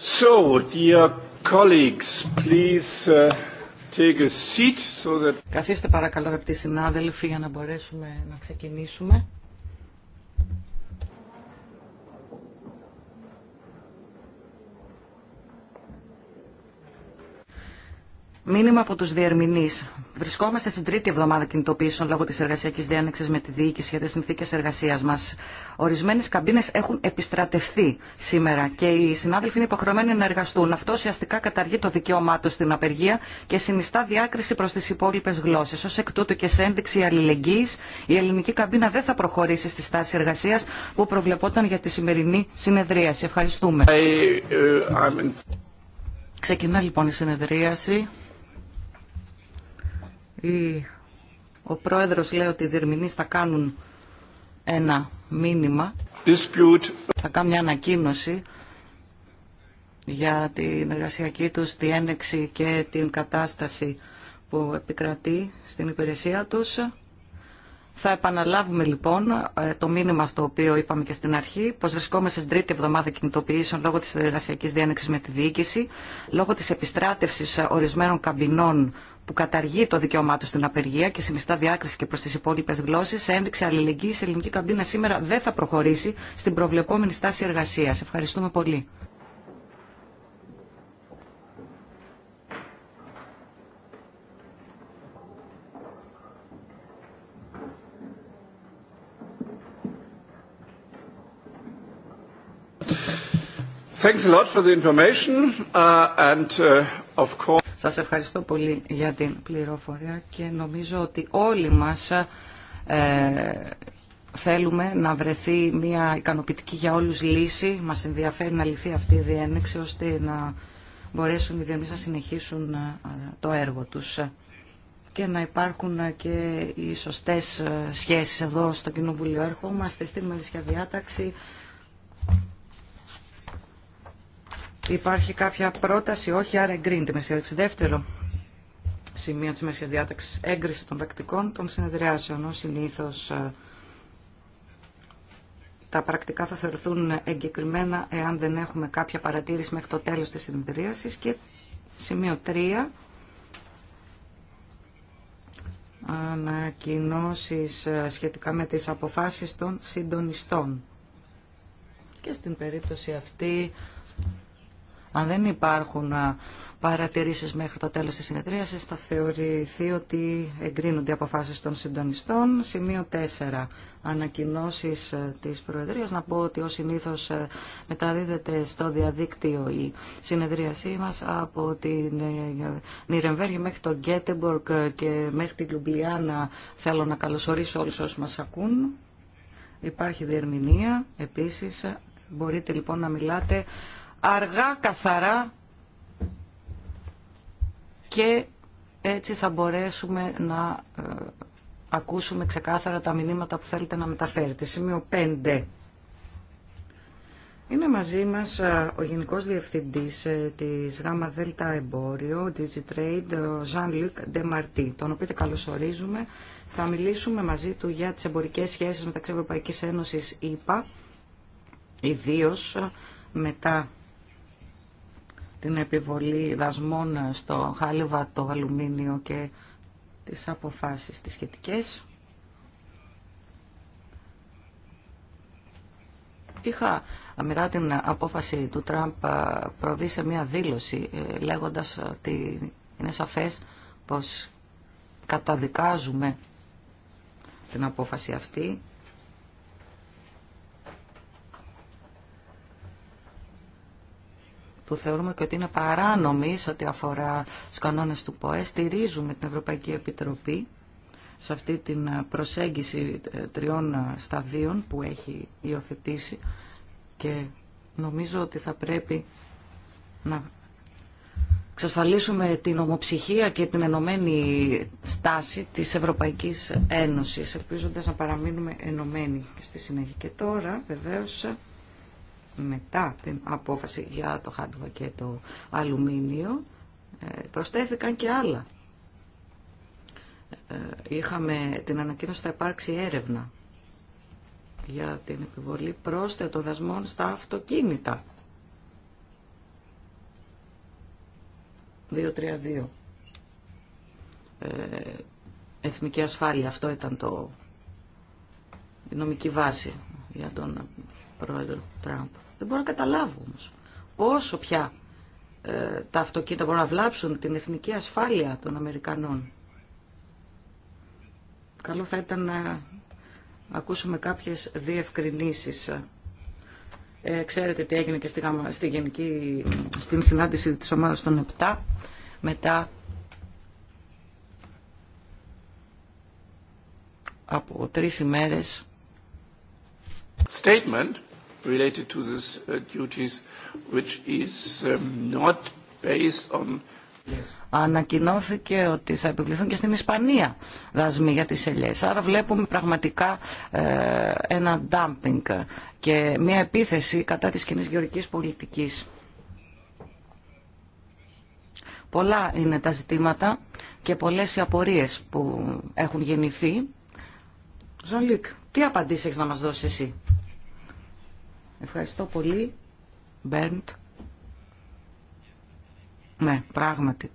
So, dear colleagues, please uh, take a seat so that... Καθίστε παρακαλώ αγαπητοί συνάδελφοι για να μπορέσουμε να ξεκινήσουμε. Μήνυμα από του διερμηνεί. Βρισκόμαστε στην τρίτη εβδομάδα κινητοποιήσεων λόγω τη εργασιακή διάνοιξη με τη διοίκηση για τι συνθήκε εργασία μα. Ορισμένε καμπίνε έχουν επιστρατευθεί σήμερα και οι συνάδελφοι είναι υποχρεωμένοι να εργαστούν. Αυτό ουσιαστικά καταργεί το δικαίωμά του στην απεργία και συνιστά διάκριση προ τι υπόλοιπε γλώσσε. Ω εκ τούτου και σε ένδειξη αλληλεγγύη, η ελληνική καμπίνα δεν θα προχωρήσει στη στάση εργασία που προβλεπόταν για τη σημερινή συνεδρίαση. Ευχαριστούμε. Uh, Ξεκινά λοιπόν η συνεδρίαση. Ο πρόεδρος λέει ότι οι διερμηνείς θα κάνουν ένα μήνυμα, Dispute. θα κάνουν μια ανακοίνωση για την εργασιακή τους διένεξη και την κατάσταση που επικρατεί στην υπηρεσία τους. Θα επαναλάβουμε λοιπόν ε, το μήνυμα αυτό οποίο είπαμε και στην αρχή, πω βρισκόμαστε στην τρίτη εβδομάδα κινητοποιήσεων λόγω τη εργασιακή διένεξη με τη διοίκηση, λόγω τη επιστράτευση ορισμένων καμπινών που καταργεί το δικαίωμά του στην απεργία και συνιστά διάκριση και προ τι υπόλοιπε γλώσσε, ένδειξη αλληλεγγύη η ελληνική καμπίνα σήμερα δεν θα προχωρήσει στην προβλεπόμενη στάση εργασία. Ευχαριστούμε πολύ. Σας ευχαριστώ πολύ για την πληροφορία και νομίζω ότι όλοι μας ε, θέλουμε να βρεθεί μια ικανοποιητική για όλους λύση. Μας ενδιαφέρει να λυθεί αυτή η διένεξη ώστε να μπορέσουν οι διεμείς να συνεχίσουν ε, το έργο τους και να υπάρχουν ε, και οι σωστές σχέσεις εδώ στο Κοινοβουλίο. Ερχόμαστε στη Μελισσιαδιάταξη. Υπάρχει κάποια πρόταση, όχι, άρα εγκρίνεται η μεσιάδεξη. Δεύτερο σημείο της μεσιάς διάταξης, έγκριση των πρακτικών των συνεδριάσεων. Ως συνήθως ε, τα πρακτικά θα θεωρηθούν εγκεκριμένα εάν δεν έχουμε κάποια παρατήρηση μέχρι το τέλος της συνεδρίασης. Και σημείο 3, ανακοινώσεις ε, σχετικά με τις αποφάσεις των συντονιστών. Και στην περίπτωση αυτή αν δεν υπάρχουν παρατηρήσεις μέχρι το τέλος της συνεδρίασης, θα θεωρηθεί ότι εγκρίνονται οι αποφάσεις των συντονιστών. Σημείο 4. Ανακοινώσεις της Προεδρίας. Να πω ότι ως συνήθως μεταδίδεται στο διαδίκτυο η συνεδρίασή μας από την ε, Νιρεμβέργη μέχρι το Γκέτεμπορκ ε, και μέχρι την Λουμπλιάνα. Θέλω να καλωσορίσω όλους όσους μας ακούν. Υπάρχει διερμηνία επίσης. Ε, μπορείτε λοιπόν να μιλάτε αργά καθαρά και έτσι θα μπορέσουμε να ε, ακούσουμε ξεκάθαρα τα μηνύματα που θέλετε να μεταφέρετε. Σημείο 5. Είναι μαζί μας ε, ο Γενικός Διευθυντής ε, της ΓΑΜΑ ΔΕΛΤΑ Εμπόριο, DigiTrade, ο Ζαν Λουκ Ντεμαρτή, τον οποίο καλωσορίζουμε. Θα μιλήσουμε μαζί του για τις εμπορικές σχέσεις μεταξύ Ευρωπαϊκής Ένωσης ΕΠΑ, ιδίως μετά την επιβολή δασμών στο χάλιβα, το αλουμίνιο και τις αποφάσεις τις σχετικές. Είχα μετά την απόφαση του Τραμπ προβεί σε μια δήλωση ε, λέγοντας ότι είναι σαφές πως καταδικάζουμε την απόφαση αυτή που θεωρούμε και ότι είναι παράνομη σε ό,τι αφορά τους κανόνες του ΠΟΕ. Στηρίζουμε την Ευρωπαϊκή Επιτροπή σε αυτή την προσέγγιση ε, τριών ε, σταδίων που έχει υιοθετήσει και νομίζω ότι θα πρέπει να εξασφαλίσουμε την ομοψυχία και την ενωμένη στάση της Ευρωπαϊκής Ένωσης, ελπίζοντας να παραμείνουμε ενωμένοι στη συνέχεια. Και τώρα, βεβαίως, μετά την απόφαση για το χάντουβα και το αλουμίνιο ε, προσθέθηκαν και άλλα. Ε, είχαμε την ανακοίνωση ότι θα υπάρξει έρευνα για την επιβολή πρόσθετων δασμών στα αυτοκίνητα. 2-3-2. Ε, εθνική ασφάλεια, αυτό ήταν το, η νομική βάση για τον πρόεδρο Τραμπ. Δεν μπορώ να καταλάβω όμως. Όσο πια ε, τα αυτοκίνητα μπορούν να βλάψουν την εθνική ασφάλεια των Αμερικανών. Καλό θα ήταν να ακούσουμε κάποιες διευκρινήσεις. Ε, ξέρετε τι έγινε και στη, στη γενική, στην συνάντηση της ομάδας των 7 μετά από τρεις ημέρες Statement related to these uh, duties, which is um, Ανακοινώθηκε ότι θα επιβληθούν και στην Ισπανία δασμοί για τις ελιές. Άρα βλέπουμε πραγματικά ε, ένα ντάμπινγκ και μια επίθεση κατά της κοινή γεωργικής πολιτικής. Πολλά είναι τα ζητήματα και πολλές οι απορίες που έχουν γεννηθεί. Ζανλίκ, τι απαντήσεις να μας δώσεις εσύ. Ευχαριστώ πολύ, Μπέρντ. Ναι, πράγματι.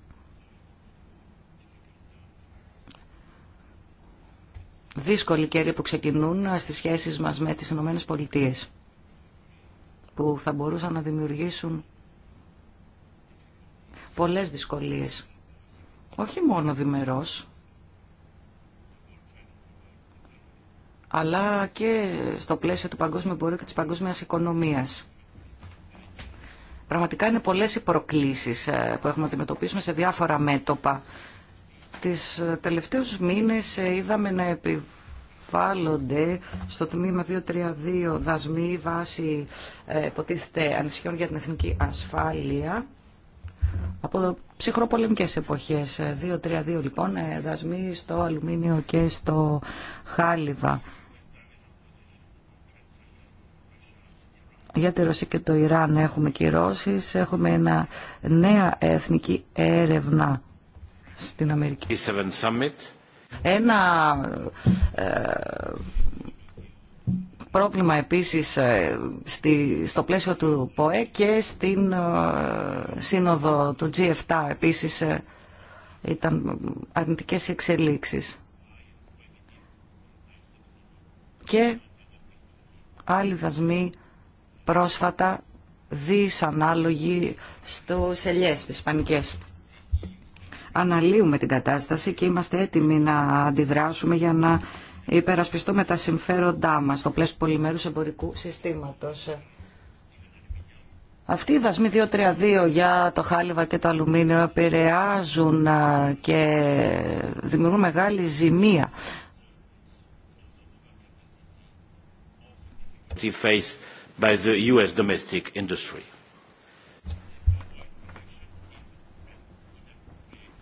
Δύσκολη καιροί που ξεκινούν στις σχέσεις μας με τις Ηνωμένες Πολιτείες που θα μπορούσαν να δημιουργήσουν πολλές δυσκολίες. Όχι μόνο διμερός, αλλά και στο πλαίσιο του παγκόσμιου εμπορίου και της παγκόσμιας οικονομίας. Πραγματικά είναι πολλές οι προκλήσεις ε, που έχουμε να αντιμετωπίσουμε σε διάφορα μέτωπα. Τις ε, τελευταίους μήνες ε, είδαμε να επιβάλλονται στο τμήμα 232 δασμοί βάση υποτίθεται ανησυχιών για την εθνική ασφάλεια από ψυχροπολεμικές εποχές. 2-3-2 λοιπόν, δασμοί στο αλουμίνιο και στο χάλιβα. για τη Ρωσία και το Ιράν έχουμε κυρώσει. έχουμε μια νέα εθνική έρευνα στην Αμερική. Ένα ε, πρόβλημα επίσης ε, στη, στο πλαίσιο του ΠΟΕ και στην ε, σύνοδο του G7 επίσης ε, ήταν αρνητικές εξελίξεις. Και άλλοι δασμοί πρόσφατα δυσανάλογοι στους ελιές, στις πανικές. Αναλύουμε την κατάσταση και είμαστε έτοιμοι να αντιδράσουμε για να υπερασπιστούμε τα συμφέροντά μας στο πλαίσιο πολυμερούς εμπορικού συστήματος. Αυτοί οι δασμοί 232 για το χάλιβα και το αλουμίνιο επηρεάζουν και δημιουργούν μεγάλη ζημία by the US domestic industry.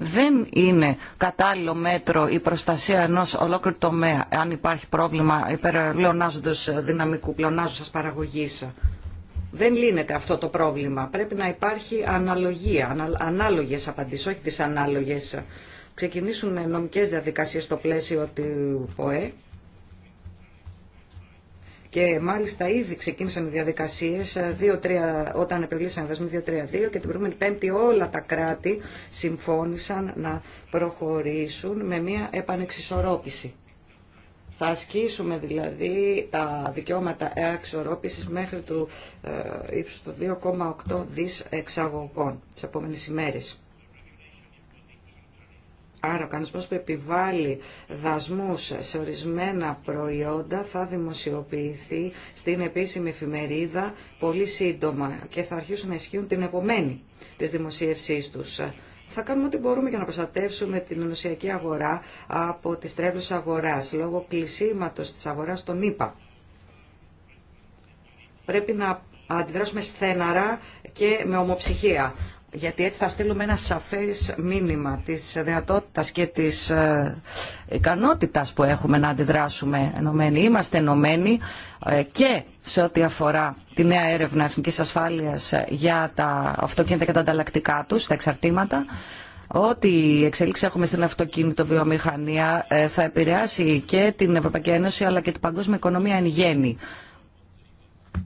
Δεν είναι κατάλληλο μέτρο η προστασία ενός ολόκληρου τομέα αν υπάρχει πρόβλημα υπερλεονάζοντος δυναμικού, πλεονάζοντας παραγωγής. Δεν λύνεται αυτό το πρόβλημα. Πρέπει να υπάρχει αναλογία, ανάλογες απαντήσεις, όχι τις ανάλογες. Ξεκινήσουν νομικές διαδικασίες στο πλαίσιο του ΠΟΕ και μάλιστα ήδη ξεκίνησαν οι διαδικασίε οι δεσμοι 2 δασμοί 2-3-2 και την προηγούμενη Πέμπτη όλα τα κράτη συμφώνησαν να προχωρήσουν με μια επανεξισορρόπηση. Θα ασκήσουμε δηλαδή τα δικαιώματα εξορρόπησης μέχρι του ε, του 2,8 δις εξαγωγών τις επόμενες ημέρες. Άρα ο κανονισμός που επιβάλλει δασμούς σε ορισμένα προϊόντα θα δημοσιοποιηθεί στην επίσημη εφημερίδα πολύ σύντομα και θα αρχίσουν να ισχύουν την επομένη της δημοσίευσής τους. Θα κάνουμε ό,τι μπορούμε για να προστατεύσουμε την ενωσιακή αγορά από τις τρέβλες αγοράς λόγω κλεισίματος της αγοράς των ΗΠΑ. Πρέπει να αντιδράσουμε στέναρα και με ομοψυχία γιατί έτσι θα στείλουμε ένα σαφές μήνυμα της δυνατότητας και της ε, ικανότητας που έχουμε να αντιδράσουμε ενωμένοι. Είμαστε ενωμένοι ε, και σε ό,τι αφορά τη νέα έρευνα εθνικής ασφάλειας ε, για τα αυτοκίνητα και τα ανταλλακτικά τους, τα εξαρτήματα. Ό,τι εξέλιξη έχουμε στην αυτοκίνητο βιομηχανία θα επηρεάσει και την Ευρωπαϊκή Ένωση αλλά και την παγκόσμια οικονομία εν γέννη.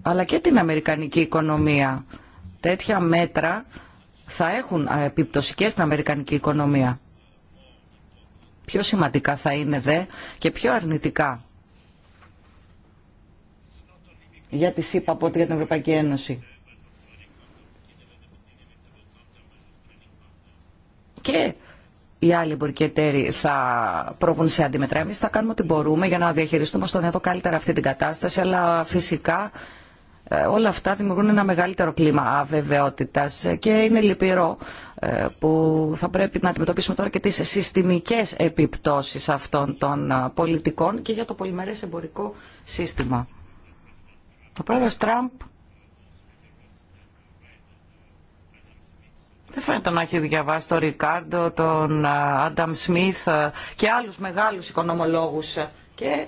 Αλλά και την Αμερικανική οικονομία. Τέτοια μέτρα θα έχουν επίπτωση και στην Αμερικανική οικονομία. Πιο σημαντικά θα είναι δε και πιο αρνητικά για τη ΣΥΠΑ από ό,τι για την Ευρωπαϊκή Ένωση. Και οι άλλοι εμπορικοί εταίροι θα προβούν σε αντιμετρά. θα κάνουμε ό,τι μπορούμε για να διαχειριστούμε στον εδώ καλύτερα αυτή την κατάσταση, αλλά φυσικά ε, όλα αυτά δημιουργούν ένα μεγαλύτερο κλίμα αβεβαιότητας και είναι λυπηρό ε, που θα πρέπει να αντιμετωπίσουμε τώρα και τις συστημικές επιπτώσεις αυτών των ε, πολιτικών και για το πολυμερές εμπορικό σύστημα. Ο πρώτος Τραμπ Δεν φαίνεται να έχει διαβάσει τον Ρικάρντο, τον Άνταμ Σμιθ και άλλους μεγάλους οικονομολόγους και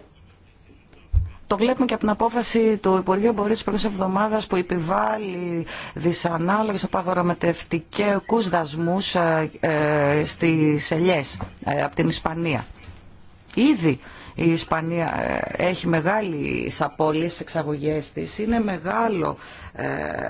το βλέπουμε και από την απόφαση του Υπουργείου Εμπορίου τη προηγούμενη εβδομάδα που επιβάλλει δυσανάλογε απαγορομετευτικού δασμού ε, ε, στι ελιέ ε, από την Ισπανία. Ήδη η Ισπανία έχει μεγάλη απώλειες στις εξαγωγές της. Είναι μεγάλο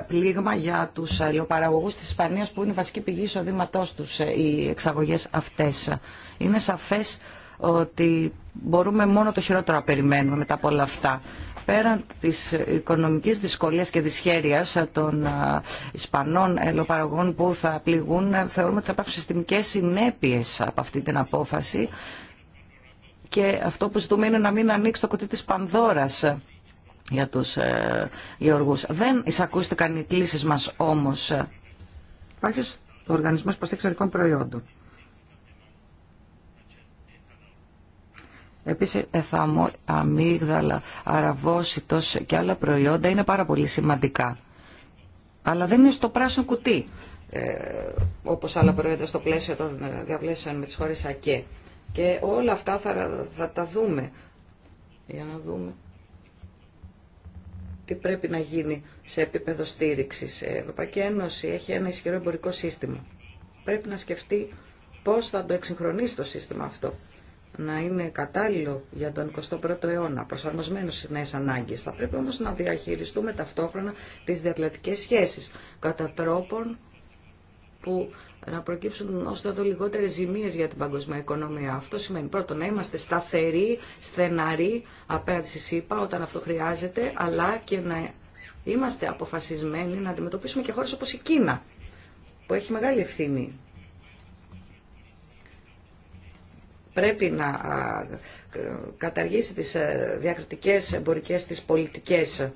πλήγμα για τους αλληλοπαραγωγούς της Ισπανίας που είναι η βασική πηγή εισοδήματός τους οι εξαγωγές αυτές. Είναι σαφές ότι μπορούμε μόνο το χειρότερο να περιμένουμε μετά από όλα αυτά. Πέραν της οικονομικής δυσκολίας και δυσχέρειας των Ισπανών ελοπαραγών που θα πληγούν, θεωρούμε ότι θα υπάρχουν συστημικές συνέπειες από αυτή την απόφαση και αυτό που ζητούμε είναι να μην ανοίξει το κουτί της Πανδώρας για τους ε, Δεν εισακούστηκαν οι κλήσεις μας όμως. Υπάρχει ε, ο Οργανισμός Προστήξης Προϊόντων Επίσης, εθαμό, αμύγδαλα, αραβόσιτος και άλλα προϊόντα είναι πάρα πολύ σημαντικά. Αλλά δεν είναι στο πράσινο κουτί, ε, όπως άλλα προϊόντα στο πλαίσιο των ε, διαβλέσεων με τις χώρες ΑΚΕ. Και όλα αυτά θα, θα τα δούμε. Για να δούμε τι πρέπει να γίνει σε επίπεδο στήριξης. Η Ευρωπαϊκή Ένωση έχει ένα ισχυρό εμπορικό σύστημα. Πρέπει να σκεφτεί πώς θα το εξυγχρονίσει το σύστημα αυτό να είναι κατάλληλο για τον 21ο αιώνα, προσαρμοσμένο στις νέες ανάγκες. Θα πρέπει όμως να διαχειριστούμε ταυτόχρονα τις διατλατικέ σχέσεις, κατά τρόπον που να προκύψουν ώστε το λιγότερες ζημίες για την παγκοσμία οικονομία. Αυτό σημαίνει πρώτον να είμαστε σταθεροί, στεναροί απέναντι στη ΣΥΠΑ όταν αυτό χρειάζεται, αλλά και να είμαστε αποφασισμένοι να αντιμετωπίσουμε και χώρες όπως η Κίνα, που έχει μεγάλη ευθύνη πρέπει να καταργήσει τις ε, διακριτικές εμπορικές τις πολιτικές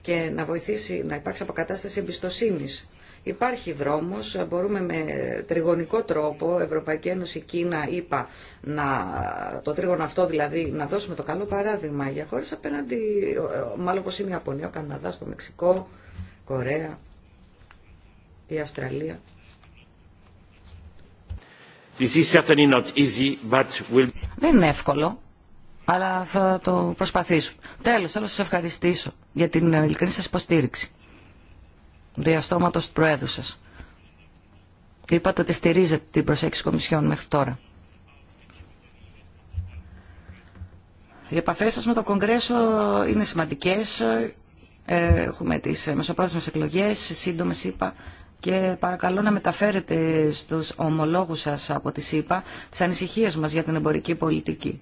και να βοηθήσει να υπάρξει αποκατάσταση εμπιστοσύνης. Υπάρχει δρόμος, μπορούμε με τριγωνικό τρόπο, Ευρωπαϊκή Ένωση, Κίνα, είπα να, το τρίγωνο αυτό δηλαδή, να δώσουμε το καλό παράδειγμα για χώρες απέναντι, μάλλον όπως είναι η Ιαπωνία, ο Καναδάς, το Μεξικό, Κορέα, η Αυστραλία. Δεν είναι εύκολο, αλλά θα το προσπαθήσω. Τέλος, θέλω να σας ευχαριστήσω για την ειλικρινή σας υποστήριξη. Διαστόματος του Προέδρου σας. Είπατε ότι στηρίζετε την προσέγγιση Κομισιόν μέχρι τώρα. Οι επαφές σας με το Κογκρέσο είναι σημαντικές. Ε, έχουμε τις μεσοπρόθεσμες εκλογές, σύντομες είπα και παρακαλώ να μεταφέρετε στους ομολόγους σας από τη ΣΥΠΑ τις ανησυχίες μας για την εμπορική πολιτική.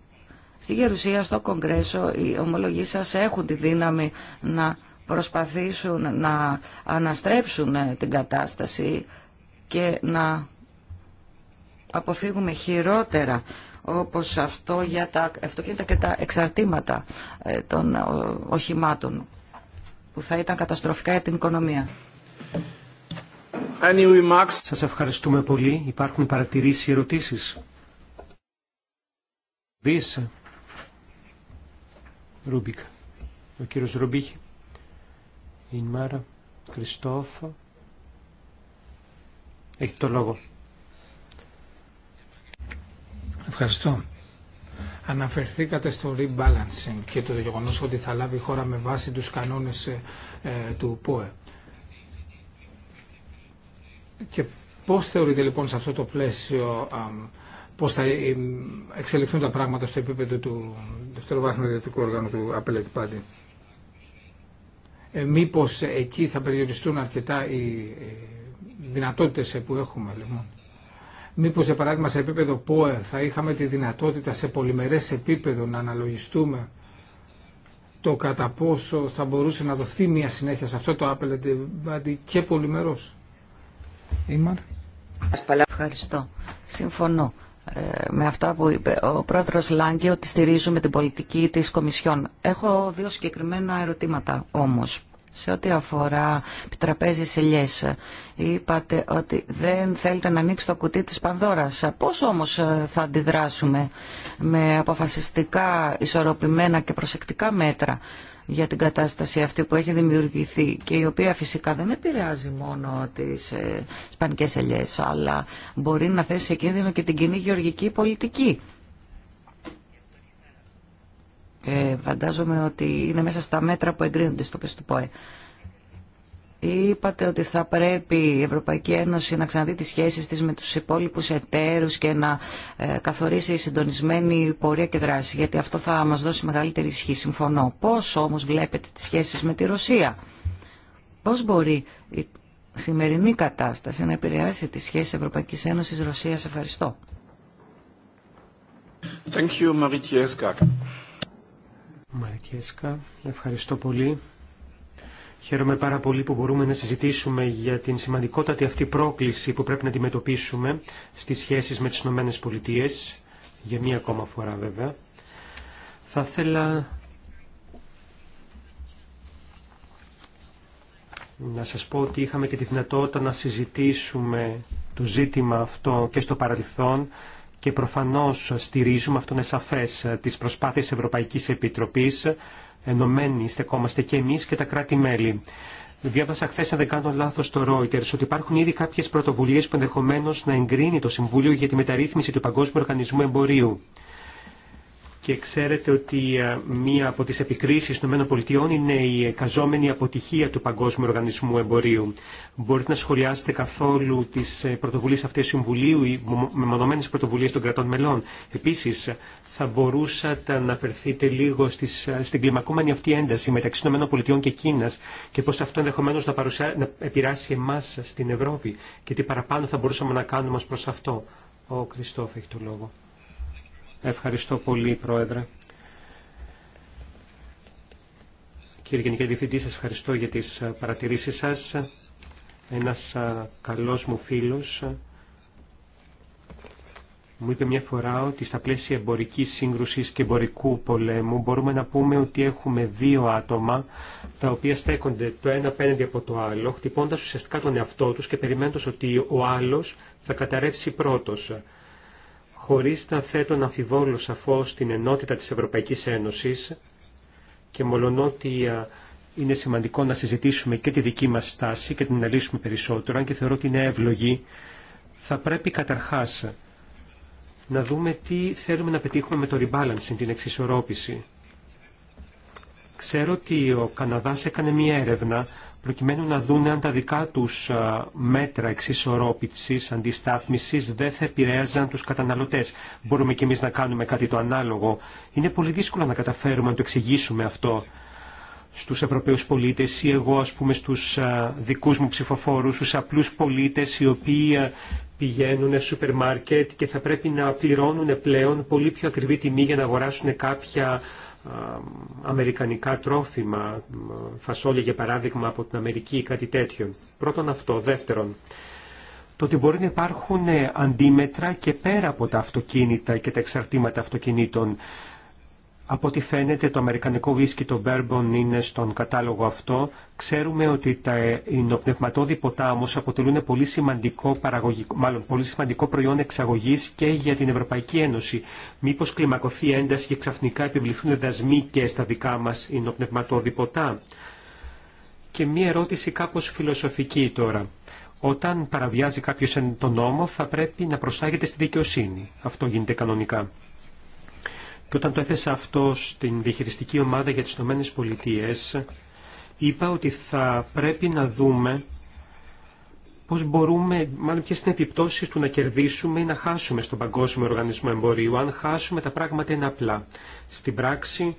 Στη Γερουσία, στο Κογκρέσο, οι ομολογοί σας έχουν τη δύναμη να προσπαθήσουν να αναστρέψουν ε, την κατάσταση και να αποφύγουμε χειρότερα όπως αυτό για τα αυτοκίνητα και τα εξαρτήματα ε, των ε, οχημάτων που θα ήταν καταστροφικά για την οικονομία. Any Σας ευχαριστούμε πολύ. Υπάρχουν παρατηρήσεις ή ερωτήσεις. Δεις. Ε, Ρούμπικ. Ο κύριος Ρούμπικ. Η ερωτησεις ρουμπικ ο κυριος εχει το λόγο. Ευχαριστώ. Αναφερθήκατε στο rebalancing και το γεγονός ότι θα λάβει η χώρα με βάση τους κανόνες ε, ε, του ΠΟΕ. Και πώς θεωρείτε λοιπόν σε αυτό το πλαίσιο πώς θα εξελιχθούν τα πράγματα στο επίπεδο του δευτεροβάθμιου ιδιωτικού όργανου του Appellate Body. Ε, μήπως εκεί θα περιοριστούν αρκετά οι δυνατότητες που έχουμε λοιπόν. Μήπως για παράδειγμα σε επίπεδο ΠΟΕ θα είχαμε τη δυνατότητα σε πολυμερές επίπεδο να αναλογιστούμε το κατά πόσο θα μπορούσε να δοθεί μια συνέχεια σε αυτό το Appellate Body και πολυμερός. Ευχαριστώ. Συμφωνώ ε, με αυτά που είπε ο πρόεδρος Λάγκη ότι στηρίζουμε την πολιτική της Κομισιόν. Έχω δύο συγκεκριμένα ερωτήματα όμως. Σε ό,τι αφορά επιτραπέζιες ελιές, είπατε ότι δεν θέλετε να ανοίξει το κουτί της Πανδώρας. Πώς όμως ε, θα αντιδράσουμε με αποφασιστικά, ισορροπημένα και προσεκτικά μέτρα για την κατάσταση αυτή που έχει δημιουργηθεί και η οποία φυσικά δεν επηρεάζει μόνο τις ε, σπανικές ελιές αλλά μπορεί να θέσει σε κίνδυνο και την κοινή γεωργική πολιτική. Ε, φαντάζομαι ότι είναι μέσα στα μέτρα που εγκρίνονται στο ΠΕΣ Είπατε ότι θα πρέπει η Ευρωπαϊκή Ένωση να ξαναδεί τις σχέσεις της με τους υπόλοιπους εταίρους και να ε, καθορίσει η συντονισμένη πορεία και δράση, γιατί αυτό θα μας δώσει μεγαλύτερη ισχύ. Συμφωνώ. Πώς όμως βλέπετε τις σχέσεις με τη Ρωσία. Πώς μπορεί η σημερινή κατάσταση να επηρεάσει τις σχέσεις Ευρωπαϊκής Ένωσης Ρωσίας. Ευχαριστώ. Thank you, Ευχαριστώ πολύ. Χαίρομαι πάρα πολύ που μπορούμε να συζητήσουμε για την σημαντικότατη αυτή πρόκληση που πρέπει να αντιμετωπίσουμε στις σχέσεις με τις Ηνωμένες Πολιτείες, για μία ακόμα φορά βέβαια. Θα ήθελα να σας πω ότι είχαμε και τη δυνατότητα να συζητήσουμε το ζήτημα αυτό και στο παρελθόν και προφανώς στηρίζουμε, αυτό είναι τις προσπάθειες Ευρωπαϊκής Επιτροπής, ενωμένοι στεκόμαστε και εμείς και τα κράτη-μέλη. Διάβασα χθε, αν δεν κάνω λάθο, στο Reuters ότι υπάρχουν ήδη κάποιε πρωτοβουλίε που ενδεχομένω να εγκρίνει το Συμβούλιο για τη μεταρρύθμιση του Παγκόσμιου Οργανισμού Εμπορίου και ξέρετε ότι ε, μία από τις επικρίσεις των ΗΠΑ είναι η εκαζόμενη αποτυχία του Παγκόσμιου Οργανισμού Εμπορίου. Μπορείτε να σχολιάσετε καθόλου τις ε, πρωτοβουλίες αυτής του Συμβουλίου ή μεμονωμένες πρωτοβουλίες των κρατών μελών. Επίσης, θα μπορούσατε να αφαιρθείτε λίγο στις, ε, στην κλιμακούμενη αυτή ένταση μεταξύ των ΗΠΑ και Κίνας και πώς αυτό ενδεχομένως να, παρουσια... να επηρεάσει εμάς στην Ευρώπη και τι παραπάνω θα μπορούσαμε να κάνουμε ως προς αυτό. Ο Κριστόφ έχει το λόγο. Ευχαριστώ πολύ, Πρόεδρε. Κύριε Γενική Διευθυντή, σας ευχαριστώ για τις ε, παρατηρήσεις σας. Ένας ε, καλός μου φίλος ε, μου είπε μια φορά ότι στα πλαίσια εμπορική σύγκρουση και εμπορικού πολέμου μπορούμε να πούμε ότι έχουμε δύο άτομα τα οποία στέκονται το ένα απέναντι από το άλλο, χτυπώντα ουσιαστικά τον εαυτό του και περιμένοντα ότι ο άλλο θα καταρρεύσει πρώτο χωρίς να θέτω να αμφιβόλω σαφώς την ενότητα της Ευρωπαϊκής Ένωσης και μολονότι είναι σημαντικό να συζητήσουμε και τη δική μας στάση και την αναλύσουμε περισσότερο, αν και θεωρώ ότι είναι εύλογη, θα πρέπει καταρχάς να δούμε τι θέλουμε να πετύχουμε με το rebalancing, την εξισορρόπηση. Ξέρω ότι ο Καναδάς έκανε μία έρευνα προκειμένου να δουν αν τα δικά τους ε, μέτρα εξισορρόπησης, αντιστάθμισης δεν θα επηρέαζαν τους καταναλωτές. Μπορούμε κι εμείς να κάνουμε κάτι το ανάλογο. Είναι πολύ δύσκολο να καταφέρουμε να το εξηγήσουμε αυτό στους Ευρωπαίους πολίτες ή εγώ ας πούμε στους ε, δικούς μου ψηφοφόρους, στους απλούς πολίτες οι οποίοι ε, πηγαίνουν σε σούπερ μάρκετ και θα πρέπει να πληρώνουν πλέον πολύ πιο ακριβή τιμή για να αγοράσουν κάποια αμερικανικά τρόφιμα, φασόλια για παράδειγμα από την Αμερική ή κάτι τέτοιο. Πρώτον αυτό. Δεύτερον, το ότι μπορεί να υπάρχουν αντίμετρα και πέρα από τα αυτοκίνητα και τα εξαρτήματα αυτοκινήτων. Από ό,τι φαίνεται το αμερικανικό βίσκι το Bourbon είναι στον κατάλογο αυτό. Ξέρουμε ότι τα υνοπνευματώδη ποτά όμως αποτελούν πολύ σημαντικό, παραγωγικό, μάλλον πολύ σημαντικό προϊόν εξαγωγής και για την Ευρωπαϊκή Ένωση. Μήπως κλιμακωθεί ένταση και ξαφνικά επιβληθούν δασμοί και στα δικά μας υνοπνευματώδη ποτά. Και μία ερώτηση κάπως φιλοσοφική τώρα. Όταν παραβιάζει κάποιος τον νόμο θα πρέπει να προσάγεται στη δικαιοσύνη. Αυτό γίνεται κανονικά. Και όταν το έθεσα αυτό στην διαχειριστική ομάδα για τις Ηνωμένες Πολιτείες, είπα ότι θα πρέπει να δούμε πώς μπορούμε, μάλλον ποιες είναι επιπτώσεις του να κερδίσουμε ή να χάσουμε στον Παγκόσμιο Οργανισμό Εμπορίου. Αν χάσουμε τα πράγματα είναι απλά. Στην πράξη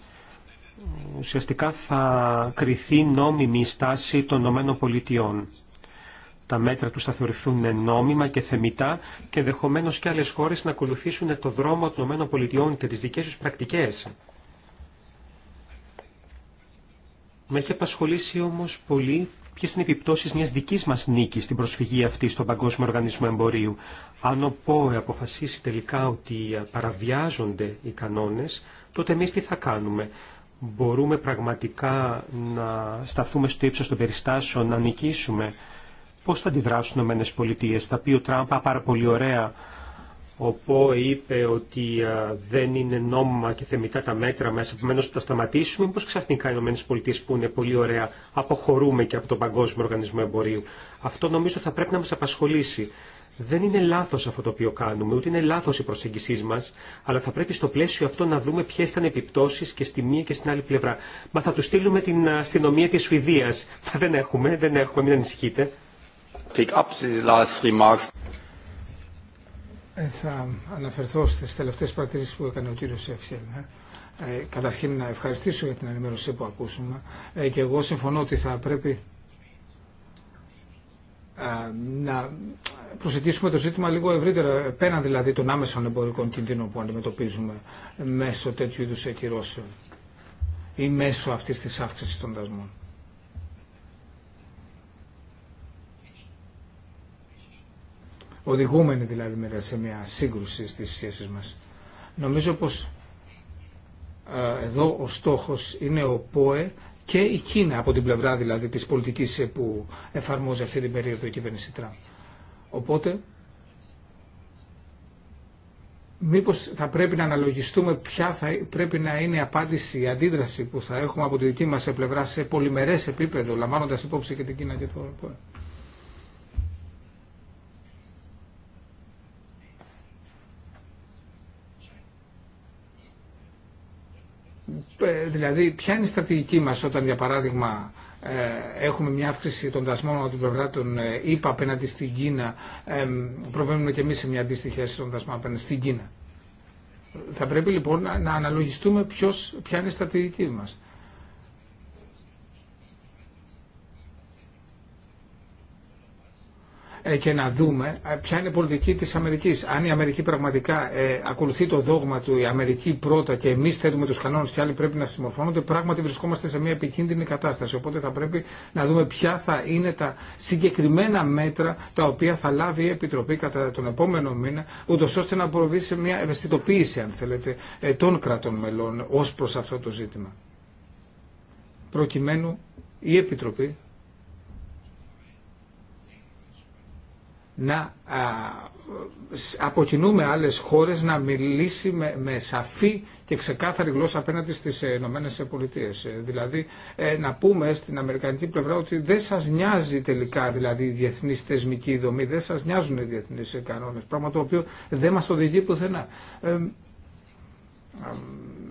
ουσιαστικά θα κριθεί νόμιμη η στάση των Ηνωμένων Πολιτειών τα μέτρα τους θα θεωρηθούν νόμιμα και θεμητά και ενδεχομένω και άλλες χώρες να ακολουθήσουν το δρόμο των ΗΠΑ και τις δικές τους πρακτικές. Με έχει απασχολήσει όμως πολύ ποιε είναι οι επιπτώσει μια δική μα νίκη στην προσφυγή αυτή στον Παγκόσμιο Οργανισμό Εμπορίου. Αν ο ΠΟΕ αποφασίσει τελικά ότι παραβιάζονται οι κανόνες τότε εμείς τι θα κάνουμε. Μπορούμε πραγματικά να σταθούμε στο ύψο των περιστάσεων, να νικήσουμε Πώ θα αντιδράσουν οι Ηνωμένες Πολιτείες. Θα πει ο Τραμπ πάρα πολύ ωραία. Ο ΠΟΕ είπε ότι δεν είναι νόμιμα και θεμητά τα μέτρα μέσα, επομένως θα τα σταματήσουμε. πώς ξαφνικά οι Ηνωμένες που είναι πολύ ωραία αποχωρούμε και από τον Παγκόσμιο Οργανισμό Εμπορίου. Αυτό νομίζω θα πρέπει να μα απασχολήσει. Δεν είναι λάθο αυτό το οποίο κάνουμε, ούτε είναι λάθο η προσέγγιση μα, αλλά θα πρέπει στο πλαίσιο αυτό να δούμε ποιε ήταν οι επιπτώσει και στη μία και στην άλλη πλευρά. Μα θα του στείλουμε την αστυνομία τη Σουηδία. Μα δεν έχουμε, δεν έχουμε, μην ανησυχείτε. Ε, θα αναφερθώ στις τελευταίες παρατηρήσει που έκανε ο κύριο Ευθύνη. Ε, καταρχήν να ευχαριστήσω για την ενημέρωση που ακούσαμε ε, και εγώ συμφωνώ ότι θα πρέπει να προσεγγίσουμε το ζήτημα λίγο ευρύτερα, πέραν δηλαδή των άμεσων εμπορικών κινδύνων που αντιμετωπίζουμε μέσω τέτοιου είδου ακυρώσεων ή μέσω αυτή τη αύξηση των δασμών. οδηγούμενοι δηλαδή μέρα σε μια σύγκρουση στις σχέσεις μας. Νομίζω πως εδώ ο στόχος είναι ο ΠΟΕ και η Κίνα από την πλευρά δηλαδή της πολιτικής ε, που εφαρμόζει αυτή την περίοδο η κυβέρνηση Τραμπ. Οπότε μήπως θα πρέπει να αναλογιστούμε ποια θα πρέπει να είναι η απάντηση, η αντίδραση που θα έχουμε από τη δική μας πλευρά σε πολυμερές επίπεδο, λαμβάνοντας υπόψη και την Κίνα και το ΠΟΕ. Ε, δηλαδή ποια είναι η στρατηγική μας όταν για παράδειγμα ε, έχουμε μια αύξηση των δασμών από την πλευρά των ε, ΗΠΑ απέναντι στην Κίνα, προβαίνουμε και εμείς σε μια αντίστοιχη αίσθηση των δασμών απέναντι στην Κίνα. Θα πρέπει λοιπόν να αναλογιστούμε ποιος, ποια είναι η στρατηγική μας. Ε, και να δούμε ε, ποια είναι η πολιτική της Αμερικής. Αν η Αμερική πραγματικά ε, ακολουθεί το δόγμα του, η Αμερική πρώτα και εμείς θέτουμε τους κανόνες και άλλοι πρέπει να συμμορφώνονται, πράγματι βρισκόμαστε σε μια επικίνδυνη κατάσταση. Οπότε θα πρέπει να δούμε ποια θα είναι τα συγκεκριμένα μέτρα τα οποία θα λάβει η Επιτροπή κατά τον επόμενο μήνα, ούτω ώστε να προβεί σε μια ευαισθητοποίηση, αν θέλετε, των κρατών μελών ως προς αυτό το ζήτημα. Προκειμένου η Επιτροπή να αποκινούμε άλλες χώρες να μιλήσει με, με σαφή και ξεκάθαρη γλώσσα απέναντι στις ε, Ηνωμένες Πολιτείες. Ε, δηλαδή ε, να πούμε στην Αμερικανική πλευρά ότι δεν σας νοιάζει τελικά δηλαδή η διεθνή θεσμική δομή, δεν σας νοιάζουν οι διεθνείς κανόνες, πράγμα το οποίο δεν μας οδηγεί πουθενά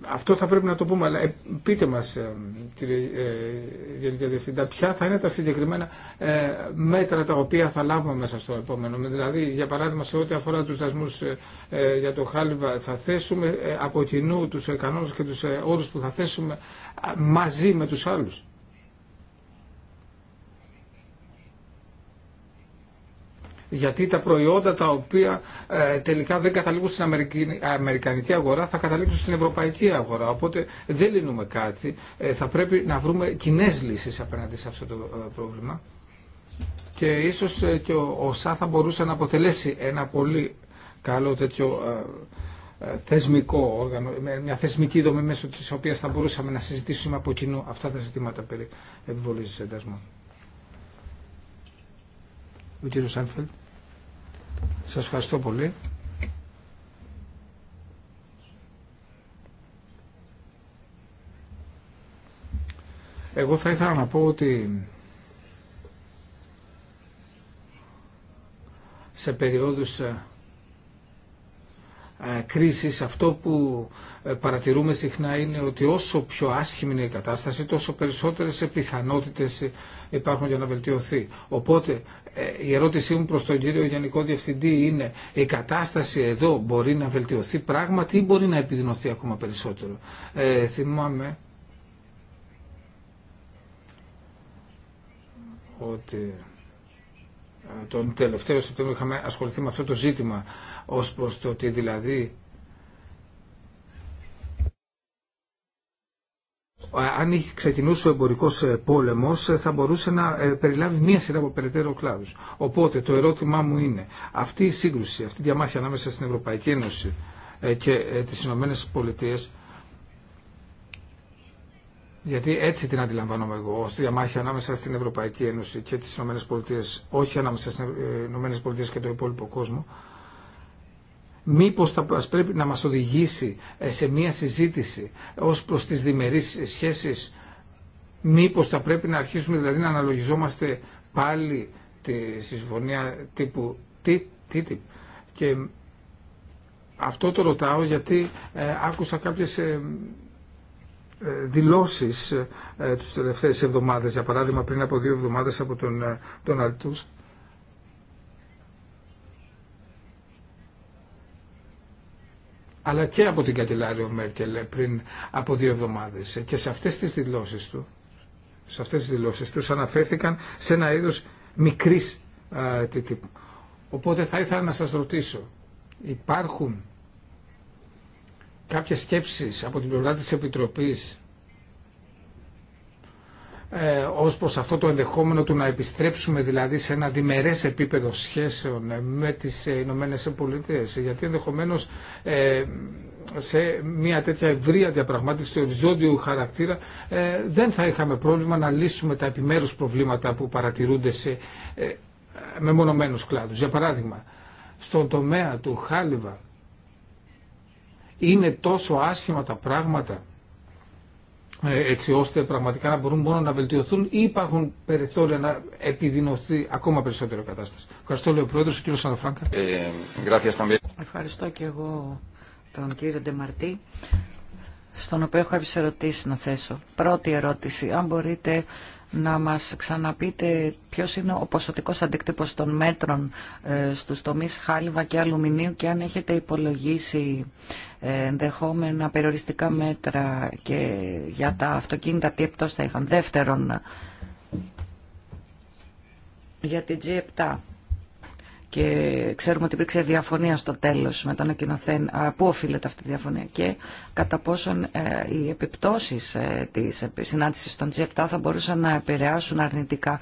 αυτό θα πρέπει να το πούμε, αλλά ε, πείτε μας, ε, κύριε ε, Γενική Διευθυντά, ποια θα είναι τα συγκεκριμένα μέτρα τα οποία θα λάβουμε μέσα στο επόμενο. Δηλαδή, για παράδειγμα, σε ό,τι αφορά τους δασμούς για το χάλιβα, θα θέσουμε από κοινού τους κανόνες και τους όρους που θα θέσουμε μαζί με τους άλλους. γιατί τα προϊόντα τα οποία ε, τελικά δεν καταλήγουν στην αμερικανική αγορά θα καταλήξουν στην ευρωπαϊκή αγορά. Οπότε δεν λύνουμε κάτι. Ε, θα πρέπει να βρούμε κοινέ λύσει απέναντι σε αυτό το ε, πρόβλημα. Και ίσως και ο Σά θα μπορούσε να αποτελέσει ένα πολύ καλό τέτοιο θεσμικό όργανο, μια θεσμική δομή μέσω της οποίας θα μπορούσαμε να συζητήσουμε από κοινού αυτά τα ζητήματα περί επιβολής εντασμών. Ο κύριος Σάνφελτ σας ευχαριστώ πολύ. Εγώ θα ήθελα να πω ότι σε περιόδους ε, κρίσης αυτό που ε, παρατηρούμε συχνά είναι ότι όσο πιο άσχημη είναι η κατάσταση τόσο περισσότερες πιθανότητες ε, υπάρχουν για να βελτιωθεί. Οπότε ε, η ερώτησή μου προς τον κύριο Γενικό Διευθυντή είναι η κατάσταση εδώ μπορεί να βελτιωθεί πράγματι ή μπορεί να επιδεινωθεί ακόμα περισσότερο. Ε, θυμάμαι ότι τον τελευταίο Σεπτέμβριο είχαμε ασχοληθεί με αυτό το ζήτημα ως προς το ότι δηλαδή αν είχε ξεκινούσε ο εμπορικό ε, πόλεμος ε, θα μπορούσε να ε, περιλάβει μία σειρά από περαιτέρω κλάδους. Οπότε το ερώτημά μου είναι, αυτή η σύγκρουση, αυτή η διαμάχη ανάμεσα στην Ευρωπαϊκή Ένωση και τις Ηνωμένε Πολιτείες γιατί έτσι την αντιλαμβάνομαι εγώ, ως διαμάχη ανάμεσα στην Ευρωπαϊκή Ένωση και τις ΗΠΑ, όχι ανάμεσα στις ΗΠΑ και το υπόλοιπο κόσμο, μήπως θα πρέπει να μας οδηγήσει ε, σε μία συζήτηση ως προς τις διμερείς σχέσεις, μήπως θα πρέπει να αρχίσουμε δηλαδή να αναλογιζόμαστε πάλι τη συμφωνία τύπου TTIP. Και αυτό το ρωτάω γιατί ε, άκουσα κάποιες... Ε, ε, δηλώσεις ε, τις τελευταίες εβδομάδες, για παράδειγμα πριν από δύο εβδομάδες από τον τον ε, αλλά και από την κατηλάριο Μέρκελ πριν από δύο εβδομάδες. Και σε αυτές τις δηλώσεις του, σε αυτές τις δηλώσεις του αναφέρθηκαν σε ένα είδος μικρής τύπου. Οπότε θα ήθελα να σας ρωτήσω, υπάρχουν κάποιες σκέψεις από την πλευρά της Επιτροπής ε, ως προς αυτό το ενδεχόμενο του να επιστρέψουμε δηλαδή σε ένα διμερές επίπεδο σχέσεων ε, με τις ε, Ηνωμένε Πολιτείε. γιατί ενδεχομένως ε, σε μια τέτοια ευρεία διαπραγμάτευση οριζόντιου χαρακτήρα ε, δεν θα είχαμε πρόβλημα να λύσουμε τα επιμέρους προβλήματα που παρατηρούνται σε ε, μεμονωμένους κλάδους. Για παράδειγμα, στον τομέα του Χάλιβα είναι τόσο άσχημα τα πράγματα ε, έτσι ώστε πραγματικά να μπορούν μόνο να βελτιωθούν ή υπάρχουν περιθώρια να επιδεινωθεί ακόμα περισσότερο η κατάσταση. Ευχαριστώ, λέει ο Πρόεδρος, ο κύριος Σαλαφράγκα. Ε, Ευχαριστώ και εγώ τον κύριο Ντεμαρτή, στον οποίο έχω κάποιες ερωτήσεις να θέσω. Πρώτη ερώτηση, αν μπορείτε να μας ξαναπείτε ποιος είναι ο ποσοτικός αντίκτυπος των μέτρων ε, στους τομείς χάλιβα και αλουμινίου και αν έχετε υπολογίσει ε, ενδεχόμενα περιοριστικά μέτρα και για τα αυτοκίνητα τι επτός θα είχαν. Δεύτερον, για την G7 και ξέρουμε ότι υπήρξε διαφωνία στο τέλος με τον ανακοινωθέν πού οφείλεται αυτή η διαφωνία και κατά πόσον ε, οι επιπτώσεις ε, της συνάντησης των G7 θα μπορούσαν να επηρεάσουν αρνητικά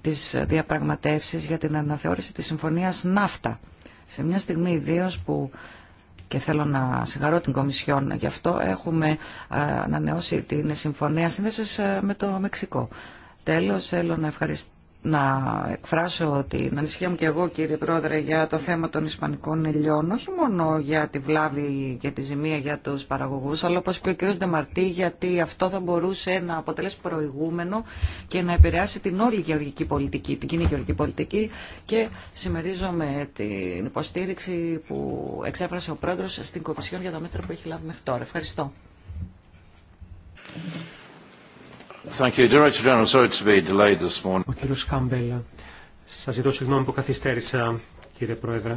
τις διαπραγματεύσεις για την αναθεώρηση της συμφωνίας ναύτα. Σε μια στιγμή ιδίω που και θέλω να συγχαρώ την Κομισιόν γι' αυτό, έχουμε ε, ανανεώσει την συμφωνία σύνδεσης με το Μεξικό. Τέλος, θέλω να ευχαριστήσω να εκφράσω την ανησυχία μου και εγώ κύριε Πρόεδρε για το θέμα των Ισπανικών ελιών όχι μόνο για τη βλάβη και τη ζημία για τους παραγωγούς αλλά όπως και ο κύριος Δεμαρτή γιατί αυτό θα μπορούσε να αποτελέσει προηγούμενο και να επηρεάσει την όλη γεωργική πολιτική, την κοινή γεωργική πολιτική και συμμερίζομαι την υποστήριξη που εξέφρασε ο Πρόεδρος στην Κομισιόν για τα μέτρα που έχει λάβει μέχρι τώρα. Ευχαριστώ. Thank you, Director General. Sorry to be delayed this morning. Ο Κάμπελα. Σας ζητώ συγγνώμη που καθυστέρησα, κύριε Πρόεδρε.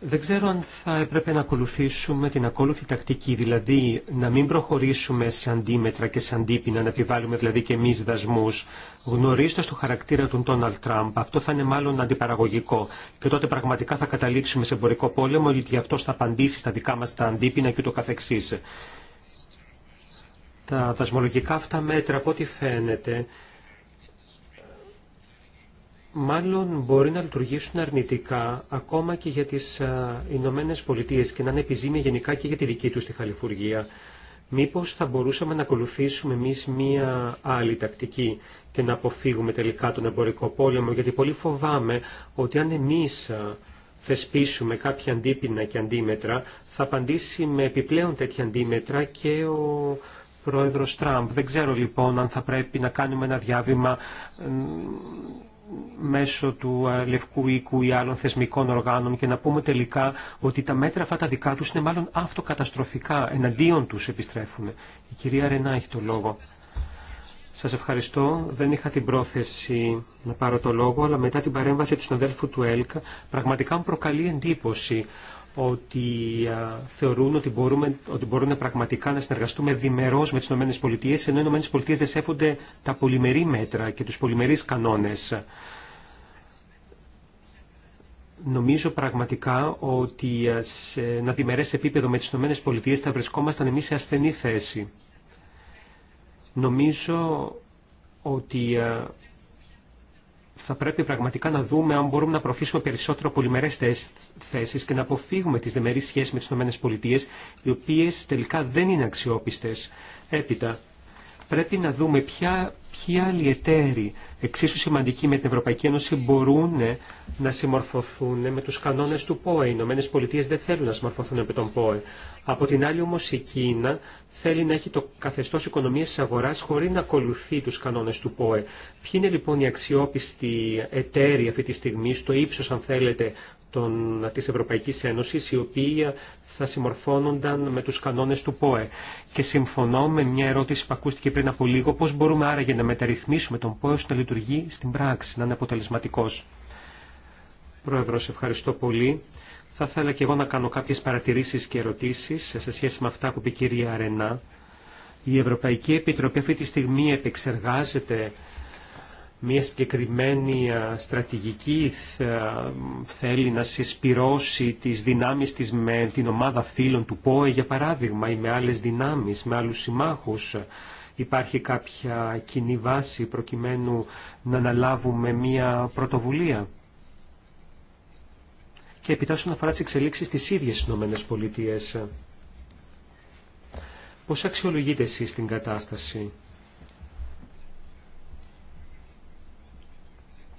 Δεν ξέρω αν θα έπρεπε να ακολουθήσουμε την ακόλουθη τακτική, δηλαδή να μην προχωρήσουμε σε αντίμετρα και σε αντίπεινα, να επιβάλλουμε δηλαδή και εμεί δασμού, γνωρίζοντα το χαρακτήρα του Ντόναλτ Τραμπ. Αυτό θα είναι μάλλον αντιπαραγωγικό. Και τότε πραγματικά θα καταλήξουμε σε εμπορικό πόλεμο, γιατί αυτό θα απαντήσει στα δικά μα τα αντίπεινα και ούτω καθεξή. Τα δασμολογικά αυτά μέτρα, από ό,τι φαίνεται, μάλλον μπορεί να λειτουργήσουν αρνητικά ακόμα και για τις Ηνωμένε Πολιτείε και να είναι επιζήμια γενικά και για τη δική τους τη χαλιφουργία. Μήπως θα μπορούσαμε να ακολουθήσουμε εμείς μία άλλη τακτική και να αποφύγουμε τελικά τον εμπορικό πόλεμο, γιατί πολύ φοβάμαι ότι αν εμείς θεσπίσουμε κάποια αντίπινα και αντίμετρα, θα απαντήσει με επιπλέον τέτοια αντίμετρα και ο πρόεδρος Τραμπ. Δεν ξέρω λοιπόν αν θα πρέπει να κάνουμε ένα διάβημα μέσω του ε, Λευκού Οίκου ή άλλων θεσμικών οργάνων και να πούμε τελικά ότι τα μέτρα αυτά τα δικά τους είναι μάλλον αυτοκαταστροφικά, εναντίον τους επιστρέφουν. Η κυρία Ρενά έχει το λόγο. Σας ευχαριστώ. Δεν είχα την πρόθεση να πάρω το λόγο, αλλά μετά την παρέμβαση του συναδέλφου του ΕΛΚ πραγματικά μου προκαλεί εντύπωση ότι θεωρούν ότι, μπορούμε, ότι μπορούν πραγματικά να συνεργαστούμε διμερώς με τις ΗΠΑ, ενώ οι ΗΠΑ δεν σέβονται τα πολυμερή μέτρα και τους πολυμερείς κανόνες. Νομίζω πραγματικά ότι σε ένα διμερές επίπεδο με τις ΗΠΑ θα βρισκόμασταν εμείς σε ασθενή θέση. Νομίζω ότι θα πρέπει πραγματικά να δούμε αν μπορούμε να προωθήσουμε περισσότερο πολυμερές θέσεις και να αποφύγουμε τις δεμερείς σχέσεις με τις ΗΠΑ, οι οποίες τελικά δεν είναι αξιόπιστες. Έπειτα, πρέπει να δούμε ποια Ποιοι άλλοι εταίροι εξίσου σημαντικοί με την Ευρωπαϊκή Ένωση μπορούν να συμμορφωθούν με τους κανόνες του ΠΟΕ. Οι Ηνωμένε Πολιτείε δεν θέλουν να συμμορφωθούν με τον ΠΟΕ. Από την άλλη όμως η Κίνα θέλει να έχει το καθεστώς οικονομίας της αγοράς χωρίς να ακολουθεί τους κανόνες του ΠΟΕ. Ποιοι είναι λοιπόν οι αξιόπιστοι εταίροι αυτή τη στιγμή στο ύψος αν θέλετε των, της Ευρωπαϊκής Ένωσης, οι οποίοι θα συμμορφώνονταν με τους κανόνες του ΠΟΕ. Και συμφωνώ με μια ερώτηση που ακούστηκε πριν από λίγο, πώς μπορούμε άραγε να μεταρρυθμίσουμε τον ΠΟΕ ώστε να λειτουργεί στην πράξη, να είναι αποτελεσματικός. Πρόεδρος, ευχαριστώ πολύ. Θα ήθελα και εγώ να κάνω κάποιες παρατηρήσεις και ερωτήσεις σε σχέση με αυτά που είπε η κυρία Αρενά. Η Ευρωπαϊκή Επιτροπή αυτή τη στιγμή επεξεργάζεται μια συγκεκριμένη στρατηγική θέλει να συσπυρώσει τις δυνάμεις της με την ομάδα φίλων του ΠΟΕ για παράδειγμα ή με άλλες δυνάμεις, με άλλους συμμάχους. Υπάρχει κάποια κοινή βάση προκειμένου να αναλάβουμε μια πρωτοβουλία. Και να αφορά τις εξελίξεις στις ίδιες Ηνωμένες Πολιτείες. Πώς αξιολογείτε εσείς την κατάσταση.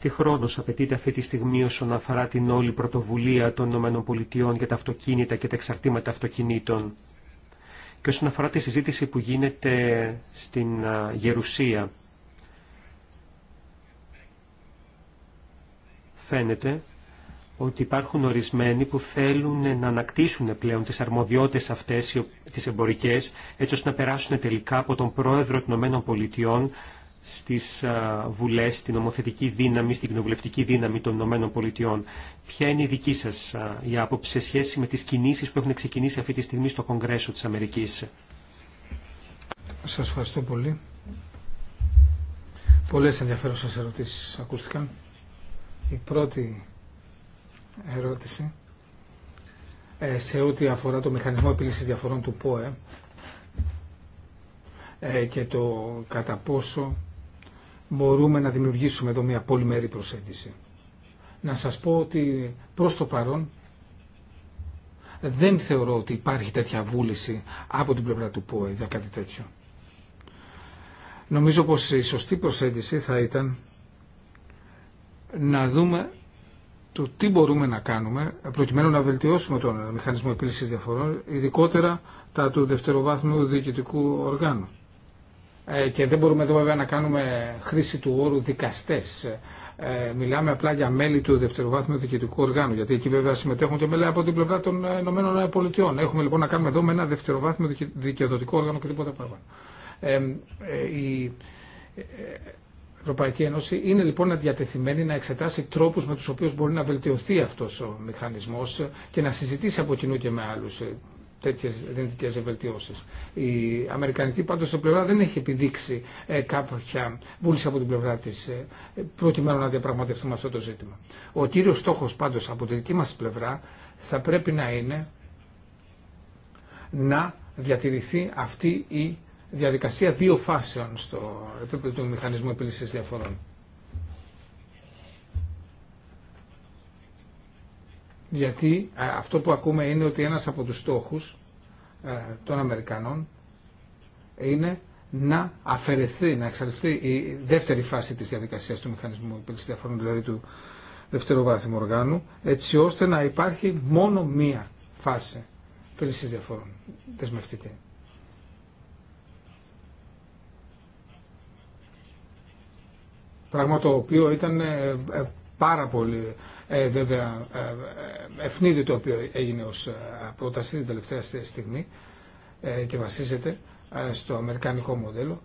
Τι χρόνο απαιτείται αυτή τη στιγμή όσον αφορά την όλη πρωτοβουλία των ΗΠΑ για τα αυτοκίνητα και τα εξαρτήματα αυτοκινήτων και όσον αφορά τη συζήτηση που γίνεται στην Γερουσία. Φαίνεται ότι υπάρχουν ορισμένοι που θέλουν να ανακτήσουν πλέον τις αρμοδιότητες αυτές, τις εμπορικές, έτσι ώστε να περάσουν τελικά από τον πρόεδρο των ΗΠΑ στις βουλές, στην ομοθετική δύναμη, στην κοινοβουλευτική δύναμη των Ηνωμένων Πολιτειών. Ποια είναι η δική σας η άποψη σε σχέση με τις κινήσεις που έχουν ξεκινήσει αυτή τη στιγμή στο Κογκρέσο της Αμερικής. Σας ευχαριστώ πολύ. Πολλές ενδιαφέρουσες ερωτήσεις ακούστηκαν. Η πρώτη ερώτηση ε, σε ό,τι αφορά το μηχανισμό επίλυσης διαφορών του ΠΟΕ ε, και το κατά πόσο μπορούμε να δημιουργήσουμε εδώ μια πολυμερή προσέγγιση. Να σας πω ότι προς το παρόν δεν θεωρώ ότι υπάρχει τέτοια βούληση από την πλευρά του ΠΟΕ για κάτι τέτοιο. Νομίζω πως η σωστή προσέγγιση θα ήταν να δούμε το τι μπορούμε να κάνουμε προκειμένου να βελτιώσουμε τον μηχανισμό επίλυσης διαφορών, ειδικότερα τα του δευτεροβάθμιου διοικητικού οργάνου. Ε, και δεν μπορούμε εδώ βέβαια να κάνουμε χρήση του όρου δικαστές. Ε, μιλάμε απλά για μέλη του δευτεροβάθμιου διοικητικού οργάνου, γιατί εκεί βέβαια συμμετέχουν και μέλη από την πλευρά των ε, ΗΠΑ. Έχουμε λοιπόν να κάνουμε εδώ με ένα δευτεροβάθμιο δικαιοδοτικό όργανο και τίποτα παραπάνω. η Ευρωπαϊκή Ένωση είναι λοιπόν διατεθειμένη να εξετάσει τρόπους με τους οποίους μπορεί να βελτιωθεί αυτός ο μηχανισμός και να συζητήσει από κοινού και με άλλους τέτοιες δυνητικές βελτιώσεις. Η Αμερικανική πάντως πλευρά δεν έχει επιδείξει ε, κάποια βούληση από την πλευρά της ε, προκειμένου να διαπραγματευτούμε αυτό το ζήτημα. Ο κύριος στόχος πάντως από τη δική μας πλευρά θα πρέπει να είναι να διατηρηθεί αυτή η διαδικασία δύο φάσεων στο επίπεδο του μηχανισμού επίλυσης διαφορών. γιατί ε, αυτό που ακούμε είναι ότι ένας από τους στόχους ε, των Αμερικανών είναι να αφαιρεθεί, να εξαλειφθεί η δεύτερη φάση της διαδικασίας του μηχανισμού επίλυσης διαφορών, δηλαδή του δευτεροβάθμου οργάνου, έτσι ώστε να υπάρχει μόνο μία φάση επίλυσης διαφορών, δεσμευτική. Πράγμα το οποίο ήταν ε, πάρα πολύ ε, βέβαια ε, ε, το οποίο έγινε ως ε, πρόταση την τελευταία στιγμή ε, και βασίζεται στο αμερικανικό μοντέλο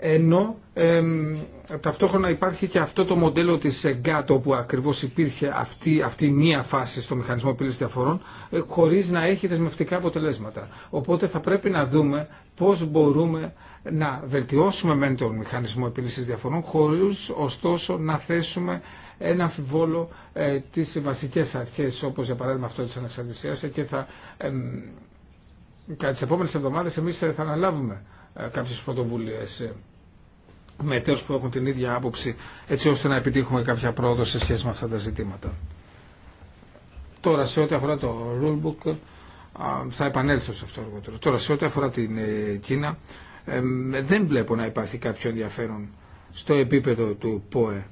ενώ ταυτόχρονα υπάρχει και αυτό το μοντέλο της ΕΓΚΑΤ όπου ακριβώς υπήρχε αυτή, αυτή μία φάση στο μηχανισμό επίλυσης διαφορών ε, χωρίς να έχει δεσμευτικά αποτελέσματα. Οπότε θα πρέπει να δούμε πώς μπορούμε να βελτιώσουμε μεν τον μηχανισμό επίλυσης διαφορών χωρίς ωστόσο να θέσουμε ένα αμφιβόλο ε, τις βασικές αρχές όπως για παράδειγμα αυτό της ανεξαρτησίας ε, και θα κατά τις επόμενες εβδομάδες εμείς ε, θα αναλάβουμε κάποιες πρωτοβουλίες με εταίρους που έχουν την ίδια άποψη έτσι ώστε να επιτύχουμε κάποια πρόοδο σε σχέση με αυτά τα ζητήματα. Τώρα σε ό,τι αφορά το rulebook θα επανέλθω σε αυτό αργότερα. Τώρα σε ό,τι αφορά την Κίνα δεν βλέπω να υπάρχει κάποιο ενδιαφέρον στο επίπεδο του ΠΟΕ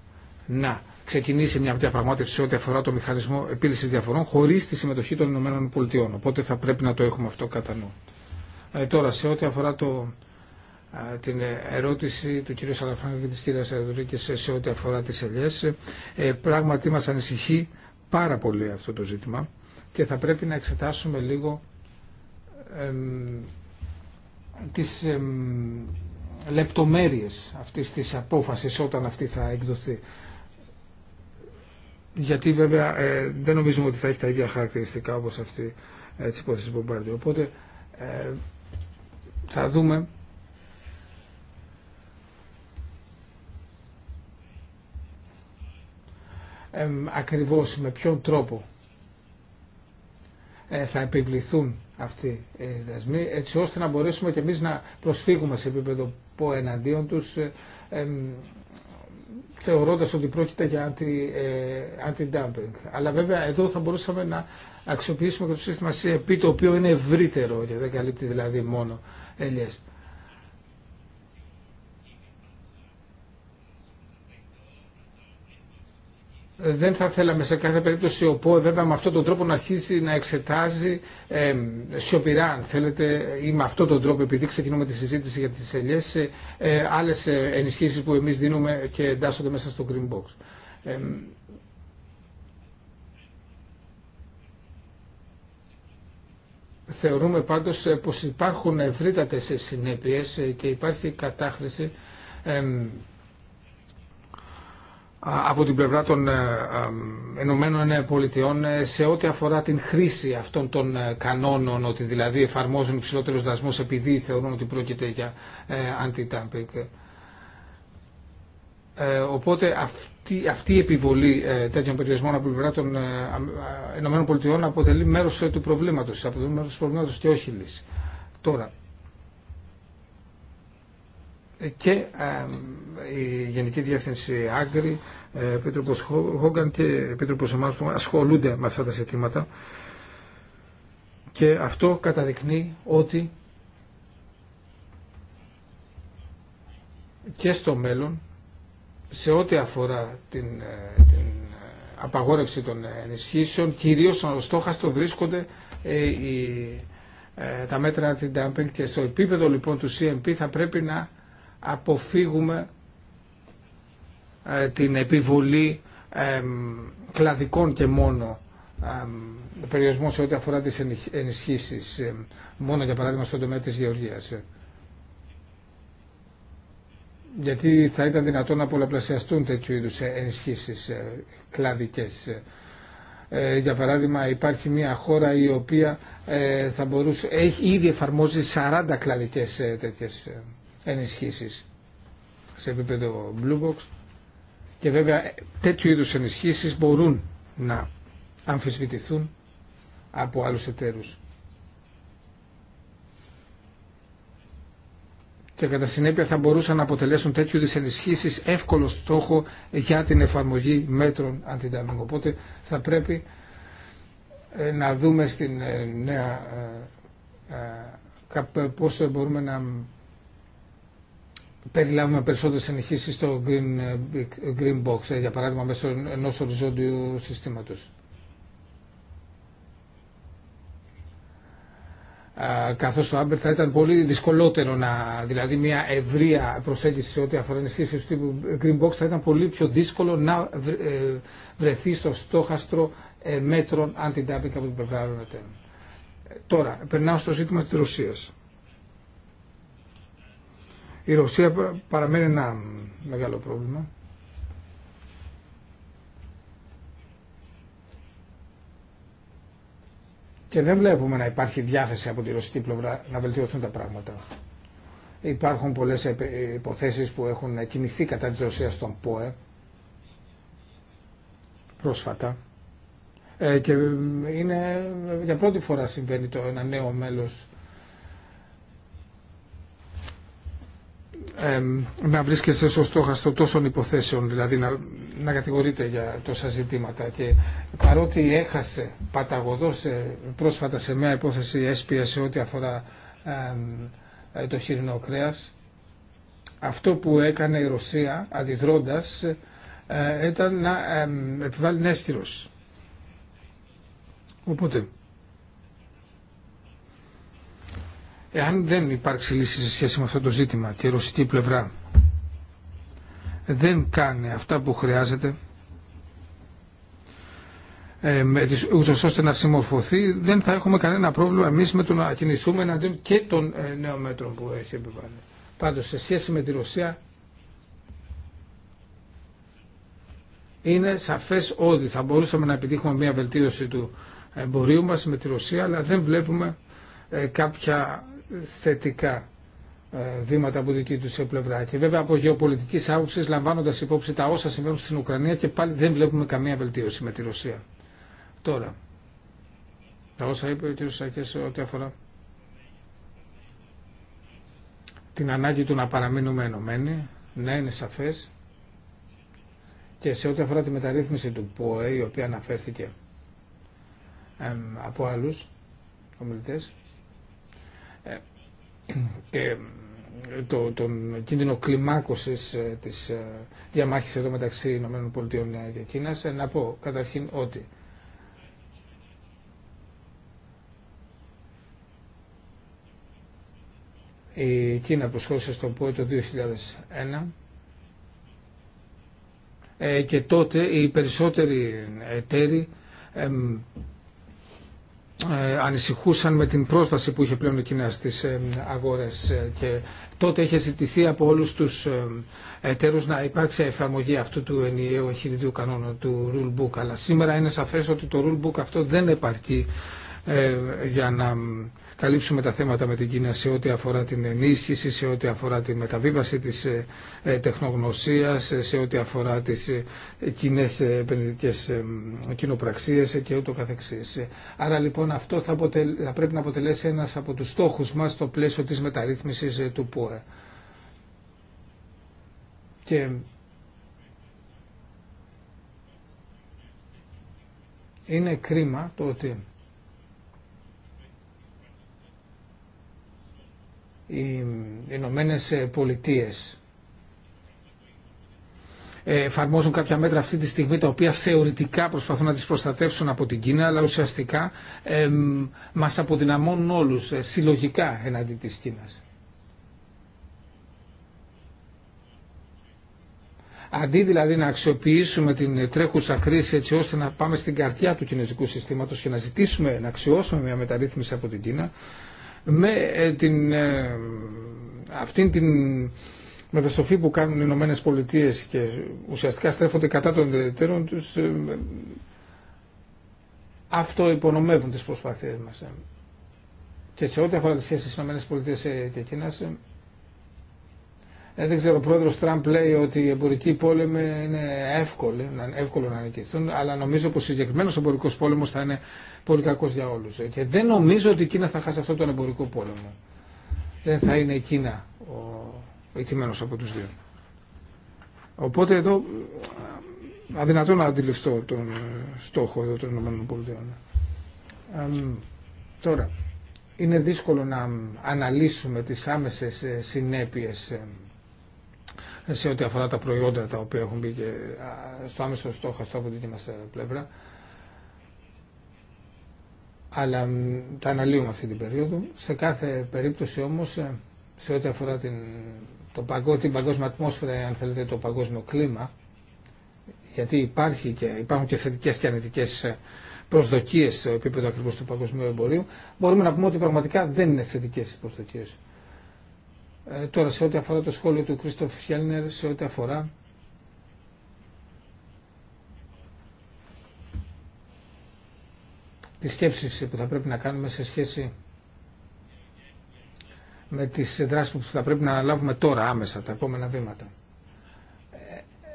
να ξεκινήσει μια διαπραγμάτευση ό,τι αφορά το μηχανισμό επίλυση διαφορών χωρί τη συμμετοχή των Ηνωμένων Πολιτειών. Οπότε θα πρέπει να το έχουμε αυτό κατά νου. Ε, τώρα, σε ό,τι αφορά το, την ερώτηση του κ. Σαλαφράνου και της κ. και σε ό,τι αφορά τις ελιές. Ε, πράγματι μας ανησυχεί πάρα πολύ αυτό το ζήτημα και θα πρέπει να εξετάσουμε λίγο τι τις ε, λεπτομέρειες αυτής της απόφασης όταν αυτή θα εκδοθεί γιατί βέβαια ε, δεν νομίζουμε ότι θα έχει τα ίδια χαρακτηριστικά όπως αυτή ε, της υπόθεσης Μπομπάρντιο. Οπότε ε, θα δούμε ε, ακριβώς με ποιον τρόπο ε, θα επιβληθούν αυτοί οι δεσμοί έτσι ώστε να μπορέσουμε και εμείς να προσφύγουμε σε επίπεδο που εναντίον τους ε, θεωρώντας ότι πρόκειται για αντι ε, dumping Αλλά βέβαια εδώ θα μπορούσαμε να αξιοποιήσουμε και το σύστημα CEP το οποίο είναι ευρύτερο και δεν καλύπτει δηλαδή μόνο ελιές. Ε, δεν θα θέλαμε σε κάθε περίπτωση ο ΠΟΕ βέβαια με αυτόν τον τρόπο να αρχίσει να εξετάζει ε, σιωπηρά αν θέλετε ή με αυτόν τον τρόπο επειδή ξεκινούμε τη συζήτηση για τις ελιές ε, ε άλλες ε, ενισχύσεις που εμείς δίνουμε και εντάσσονται μέσα στο Green Box. θεωρούμε πάντως πως υπάρχουν ευρύτατες συνέπειες και υπάρχει κατάχρηση από την πλευρά των Ηνωμένων ε, Πολιτειών ε, σε ό,τι αφορά την χρήση αυτών των ε, κανόνων, ότι δηλαδή εφαρμόζουν υψηλότερους δασμούς επειδή θεωρούν ότι πρόκειται για αντιτάμπικ. Οπότε αυτή, αυτή η επιβολή τέτοιων περιορισμών από την πλευρά των Ηνωμένων Πολιτειών αποτελεί μέρος του προβλήματος, αποτελεί μέρος του και όχι λύση. Τώρα, και η Γενική Διεύθυνση Άγκρη, ε, Επίτροπος Χόγκαν και Επίτροπος Μάλστον ασχολούνται με αυτά τα ζητήματα και αυτό καταδεικνύει ότι και στο μέλλον σε ό,τι αφορά την, ε, την απαγόρευση των ενισχύσεων κυρίως στον στόχαστο βρίσκονται ε, οι, τα μετρα αντιντάμπινγκ και στο επίπεδο λοιπόν του CMP θα πρέπει να αποφύγουμε ε, την επιβολή κλαδικών και μόνο περιορισμών σε ό,τι αφορά τις ενισχύσεις, μόνο για παράδειγμα στον τομέα της γεωργίας. Γιατί θα ήταν δυνατόν να πολλαπλασιαστούν τέτοιου είδου ε, ενισχύσεις ε, κλαδικές. Για παράδειγμα υπάρχει μια χώρα η οποία θα μπορούσε, έχει, ήδη εφαρμόζει 40 κλαδικές τέτοιες ενισχύσεις σε επίπεδο Blue Box και βέβαια τέτοιου είδους ενισχύσεις μπορούν να αμφισβητηθούν από άλλους εταίρους. και κατά συνέπεια θα μπορούσαν να αποτελέσουν τέτοιου είδους ενισχύσει εύκολο στόχο για την εφαρμογή μέτρων αντιντάμινγκ. Οπότε θα πρέπει ε, να δούμε στην ε, νέα ε, πώς μπορούμε να περιλάβουμε περισσότερες ενισχύσει στο green, green box, ε, για παράδειγμα μέσω ενό οριζόντιου συστήματο. Καθώ το Άμπερ θα ήταν πολύ δυσκολότερο να, δηλαδή μια ευρεία προσέγγιση σε ό,τι αφορά ενισχύσει του τύπου Green Box θα ήταν πολύ πιο δύσκολο να ε, βρεθεί στο στόχαστρο ε, μέτρων anti-dumping από την πλευρά Τώρα, περνάω στο ζήτημα της Ρωσίας η Ρωσία παραμένει ένα μεγάλο πρόβλημα. Και δεν βλέπουμε να υπάρχει διάθεση από τη ρωσική πλευρά να βελτιωθούν τα πράγματα. Υπάρχουν πολλές υποθέσεις που έχουν κινηθεί κατά της Ρωσίας στον ΠΟΕ πρόσφατα ε, και είναι για πρώτη φορά συμβαίνει το ένα νέο μέλος να βρίσκεστε στο στόχαστο τόσων υποθέσεων, δηλαδή να, κατηγορείτε για τόσα ζητήματα. Και παρότι έχασε παταγωδός πρόσφατα σε μια υπόθεση έσπια σε ό,τι αφορά το χοιρινό κρέα, αυτό που έκανε η Ρωσία αντιδρώντας ε, ήταν να ε, επιβάλλει Οπότε, εάν δεν υπάρξει λύση σε σχέση με αυτό το ζήτημα και η ρωσική πλευρά δεν κάνει αυτά που χρειάζεται ε, ούτως ώστε να συμμορφωθεί δεν θα έχουμε κανένα πρόβλημα εμείς με το να κινηθούμε εναντίον και των ε, νέων μέτρων που έχει επιβάλλει. Πάντως σε σχέση με τη Ρωσία είναι σαφές ότι θα μπορούσαμε να επιτύχουμε μια βελτίωση του εμπορίου μας με τη Ρωσία αλλά δεν βλέπουμε ε, κάποια θετικά ε, βήματα από δική του πλευρά. Και βέβαια από γεωπολιτική άποψη, λαμβάνοντα υπόψη τα όσα συμβαίνουν στην Ουκρανία και πάλι δεν βλέπουμε καμία βελτίωση με τη Ρωσία. Τώρα, τα όσα είπε ο κ. Σάκη ό,τι αφορά την ανάγκη του να παραμείνουμε ενωμένοι, ναι, είναι σαφέ. Και σε ό,τι αφορά τη μεταρρύθμιση του ΠΟΕ, η οποία αναφέρθηκε από άλλους ομιλητές, και ε, το, τον κίνδυνο κλιμάκωση ε, της ε, διαμάχης εδώ μεταξύ ΗΠΑ και Κίνα, να πω καταρχήν ότι η Κίνα προσχώρησε στον ΠΟΕ το 2001 και τότε οι περισσότεροι εταίροι ε, ανησυχούσαν με την πρόσβαση που είχε πλέον η Κίνα στις ε, αγορές ε, και τότε είχε ζητηθεί από όλους τους εταίρους να υπάρξει εφαρμογή αυτού του ενιαίου εγχειριδίου κανόνα του rule book αλλά σήμερα είναι σαφές ότι το rule book αυτό δεν επαρκεί για να καλύψουμε τα θέματα με την Κίνα σε ό,τι αφορά την ενίσχυση, σε ό,τι αφορά τη μεταβίβαση της ε, ε, τεχνογνωσίας, ε, σε ό,τι αφορά τις κοινές επενδυτικές κοινοπραξίες και ούτω καθεξής. Άρα λοιπόν αυτό θα, πρέπει να αποτελέσει ένας από τους στόχους μας στο πλαίσιο της μεταρρύθμισης του ΠΟΕ. Και είναι κρίμα το ότι οι Ηνωμένε Πολιτείε ε, εφαρμόζουν κάποια μέτρα αυτή τη στιγμή τα οποία θεωρητικά προσπαθούν να τις προστατεύσουν από την Κίνα αλλά ουσιαστικά ε, μας αποδυναμώνουν όλους ε, συλλογικά εναντί της Κίνας. Αντί δηλαδή να αξιοποιήσουμε την τρέχουσα κρίση έτσι ώστε να πάμε στην καρδιά του κινέζικου συστήματος και να ζητήσουμε να αξιώσουμε μια μεταρρύθμιση από την Κίνα, με ε, την, ε, αυτήν την μεταστροφή που κάνουν οι Ηνωμένε Πολιτείε και ουσιαστικά στρέφονται κατά των ιδιωτέρων τους, ε, αυτό υπονομεύουν τις προσπάθειές μας. Και σε ό,τι αφορά τις σχέσεις της ΗΠΑ και Κίνας, ε, δεν ξέρω, ο πρόεδρο Τραμπ λέει ότι οι εμπορικοί πόλεμοι είναι εύκολοι, εύκολο να νικηθούν, αλλά νομίζω πω ο συγκεκριμένο εμπορικό πόλεμο θα είναι πολύ κακό για όλου. Ε, και δεν νομίζω ότι η Κίνα θα χάσει αυτό τον εμπορικό πόλεμο. Δεν θα είναι η Κίνα ο ηθημένο από του δύο. Οπότε εδώ ε, αδυνατό να αντιληφθώ τον στόχο εδώ των ΗΠΑ. Τώρα, είναι δύσκολο να αναλύσουμε τις άμεσες συνέπειες σε ό,τι αφορά τα προϊόντα τα οποία έχουν μπει και στο άμεσο στόχο από την δική μας ε, πλευρά. Αλλά τα αναλύουμε αυτή την περίοδο. Σε κάθε περίπτωση όμως, ε, σε ό,τι αφορά την, το παγκό, την παγκόσμια ατμόσφαιρα, αν θέλετε το παγκόσμιο κλίμα, γιατί υπάρχει και, υπάρχουν και θετικές και αρνητικές ε, προσδοκίε σε επίπεδο ακριβώ του παγκοσμίου εμπορίου, μπορούμε να πούμε ότι πραγματικά δεν είναι θετικέ οι προσδοκίε. Ε, τώρα σε ό,τι αφορά το σχόλιο του Κρίστοφ Χέλνερ, σε ό,τι αφορά τις σκέψεις που θα πρέπει να κάνουμε σε σχέση με τις δράσεις που θα πρέπει να αναλάβουμε τώρα άμεσα τα επόμενα βήματα.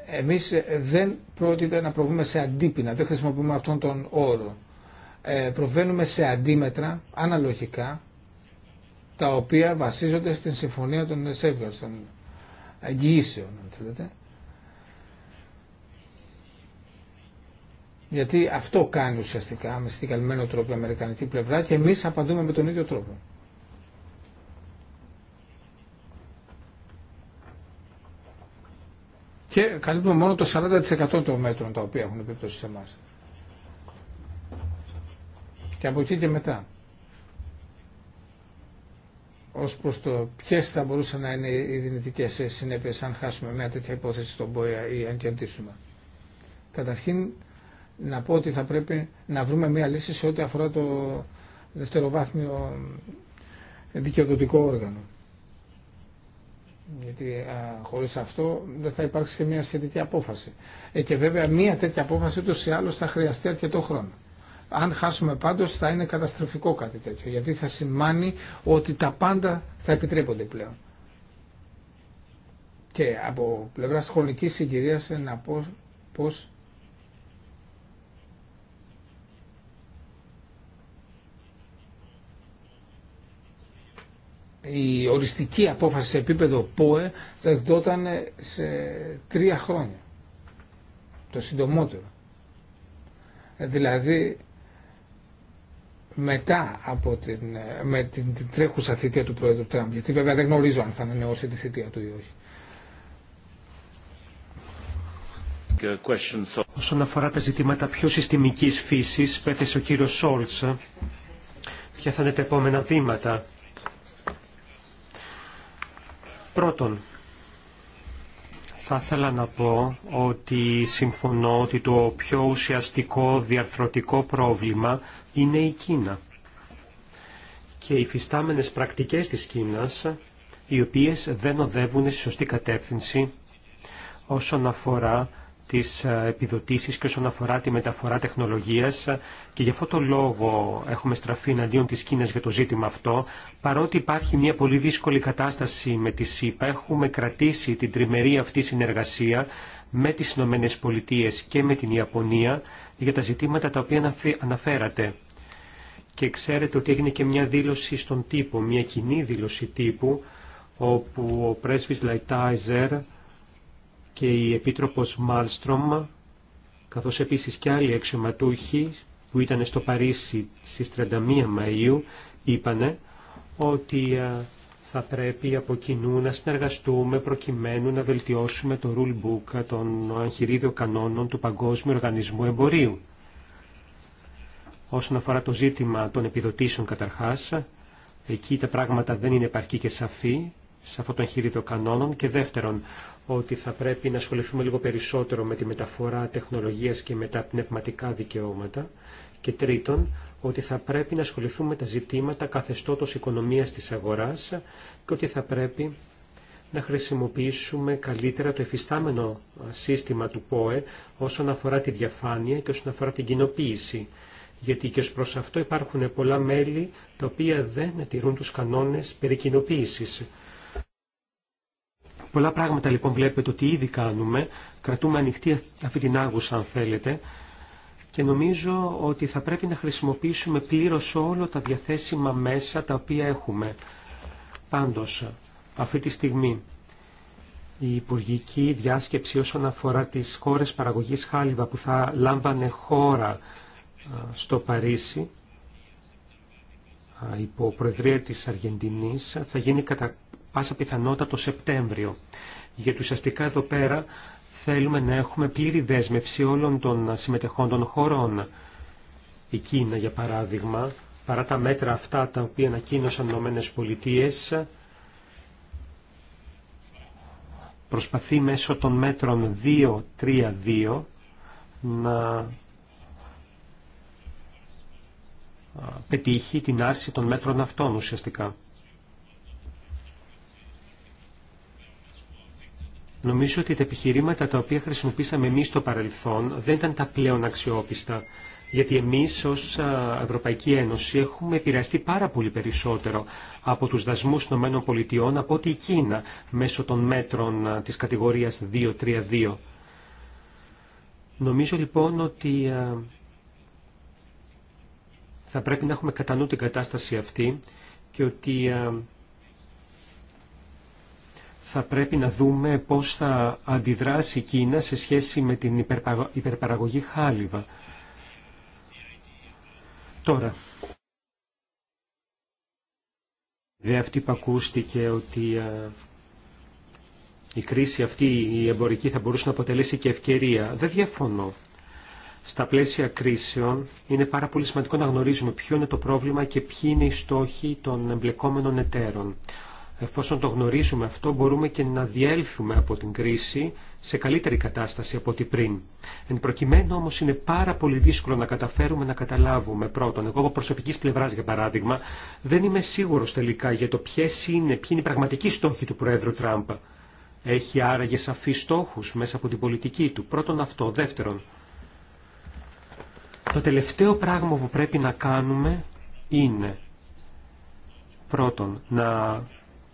Ε, εμείς δεν πρόκειται να προβούμε σε αντίπεινα, δεν χρησιμοποιούμε αυτόν τον όρο. Ε, προβαίνουμε σε αντίμετρα, αναλογικά, τα οποία βασίζονται στην συμφωνία των Εσέβιων, των εγγυήσεων, Γιατί αυτό κάνει ουσιαστικά με συγκεκριμένο τρόπο η Αμερικανική πλευρά και εμείς απαντούμε με τον ίδιο τρόπο. Και καλύπτουμε μόνο το 40% των μέτρων τα οποία έχουν επίπτωση σε εμάς. Και από εκεί και μετά. Ω προ το ποιε θα μπορούσαν να είναι οι δυνητικέ ε, συνέπειε αν χάσουμε μια τέτοια υπόθεση στον ΠΟΕΑ ή αν κερδίσουμε. Καταρχήν να πω ότι θα πρέπει να βρούμε μια λύση σε ό,τι αφορά το δευτεροβάθμιο ε, δικαιοδοτικό όργανο. Γιατί α, χωρίς αυτό δεν θα υπάρξει μια σχετική απόφαση. Ε, και βέβαια μια τέτοια απόφαση ούτως ή άλλως θα χρειαστεί αρκετό χρόνο. Αν χάσουμε πάντως θα είναι καταστροφικό κάτι τέτοιο, γιατί θα σημάνει ότι τα πάντα θα επιτρέπονται πλέον. Και από πλευρά χρονική συγκυρία ε, να πω πως η οριστική απόφαση σε επίπεδο ΠΟΕ θα εκδόταν ε, σε τρία χρόνια. Το συντομότερο. Ε, δηλαδή μετά από την, ε, με την, τρέχουσα θητεία του Πρόεδρου Τραμπ. Γιατί βέβαια δεν γνωρίζω αν θα ανανεώσει τη θητεία του ή όχι. Όσον αφορά τα ζητήματα πιο συστημικής φύσης, πέθεσε ο κύριος Σόλτς. Ποια θα είναι τα επόμενα βήματα. Πρώτον, θα ήθελα να πω ότι συμφωνώ ότι το πιο ουσιαστικό διαρθρωτικό πρόβλημα είναι η Κίνα και οι φυστάμενες πρακτικές της Κίνας, οι οποίες δεν οδεύουν στη σωστή κατεύθυνση όσον αφορά τις ε, επιδοτήσεις και όσον αφορά τη μεταφορά τεχνολογίας και γι' αυτό το λόγο έχουμε στραφεί εναντίον της Κίνας για το ζήτημα αυτό. Παρότι υπάρχει μια πολύ δύσκολη κατάσταση με τη ΣΥΠΑ, έχουμε κρατήσει την τριμερή αυτή συνεργασία με τις Ηνωμένε πολιτείες και με την Ιαπωνία για τα ζητήματα τα οποία αναφέρατε. Και ξέρετε ότι έγινε και μια δήλωση στον τύπο, μια κοινή δήλωση τύπου, όπου ο πρέσβης Λαϊτάιζερ και η Επίτροπος Μάλστρομ, καθώς επίσης και άλλοι αξιωματούχοι που ήταν στο Παρίσι στις 31 Μαΐου, είπανε ότι θα πρέπει από κοινού να συνεργαστούμε προκειμένου να βελτιώσουμε το rule book, των αγχειρίδιων κανόνων του Παγκόσμιου Οργανισμού Εμπορίου. Όσον αφορά το ζήτημα των επιδοτήσεων καταρχάς, εκεί τα πράγματα δεν είναι επαρκή και σαφή σε αυτό το εγχείρητο κανόνων και δεύτερον ότι θα πρέπει να ασχοληθούμε λίγο περισσότερο με τη μεταφορά τεχνολογίας και με τα πνευματικά δικαιώματα και τρίτον ότι θα πρέπει να ασχοληθούμε με τα ζητήματα καθεστώτος οικονομίας της αγοράς και ότι θα πρέπει να χρησιμοποιήσουμε καλύτερα το εφιστάμενο σύστημα του ΠΟΕ όσον αφορά τη διαφάνεια και όσον αφορά την κοινοποίηση. Γιατί και ως προς αυτό υπάρχουν πολλά μέλη τα οποία δεν τηρούν τους κανόνες περί κοινοποίησης. Πολλά πράγματα λοιπόν βλέπετε ότι ήδη κάνουμε. Κρατούμε ανοιχτή αυτή την άγουσα αν θέλετε. Και νομίζω ότι θα πρέπει να χρησιμοποιήσουμε πλήρως όλο τα διαθέσιμα μέσα τα οποία έχουμε. Πάντως, αυτή τη στιγμή η υπουργική διάσκεψη όσον αφορά τις χώρες παραγωγής χάλιβα που θα λάμβανε χώρα στο Παρίσι υπό Προεδρία της Αργεντινής θα γίνει κατά πάσα πιθανότητα το Σεπτέμβριο. Γιατί ουσιαστικά εδώ πέρα θέλουμε να έχουμε πλήρη δέσμευση όλων των συμμετεχόντων χωρών. Η Κίνα, για παράδειγμα, παρά τα μέτρα αυτά τα οποία ανακοίνωσαν οι Πολιτείες, προσπαθεί μέσω των μέτρων 2-3-2 να πετύχει την άρση των μέτρων αυτών ουσιαστικά. Νομίζω ότι τα επιχειρήματα τα οποία χρησιμοποίησαμε εμείς στο παρελθόν δεν ήταν τα πλέον αξιόπιστα. Γιατί εμείς ως Ευρωπαϊκή Ένωση έχουμε επηρεαστεί πάρα πολύ περισσότερο από τους δασμούς των ΗΠΑ από ότι η Κίνα μέσω των μέτρων της κατηγορίας 2 Νομίζω λοιπόν ότι θα πρέπει να έχουμε κατά νου την κατάσταση αυτή και ότι θα πρέπει να δούμε πώς θα αντιδράσει η Κίνα σε σχέση με την υπερπαραγωγή χάλιβα. Τώρα, ...δε αυτή που ακούστηκε ότι η κρίση αυτή η εμπορική θα μπορούσε να αποτελέσει και ευκαιρία. Δεν διαφωνώ. Στα πλαίσια κρίσεων είναι πάρα πολύ σημαντικό να γνωρίζουμε ποιο είναι το πρόβλημα και ποιοι είναι οι στόχοι των εμπλεκόμενων εταίρων εφόσον το γνωρίζουμε αυτό, μπορούμε και να διέλθουμε από την κρίση σε καλύτερη κατάσταση από ό,τι πριν. Εν προκειμένου όμως είναι πάρα πολύ δύσκολο να καταφέρουμε να καταλάβουμε πρώτον. Εγώ από προσωπικής πλευράς για παράδειγμα δεν είμαι σίγουρος τελικά για το ποιε είναι, ποιοι είναι οι πραγματικοί στόχοι του Προέδρου Τραμπ. Έχει άραγε σαφείς στόχους μέσα από την πολιτική του. Πρώτον αυτό. Δεύτερον, το τελευταίο πράγμα που πρέπει να κάνουμε είναι πρώτον να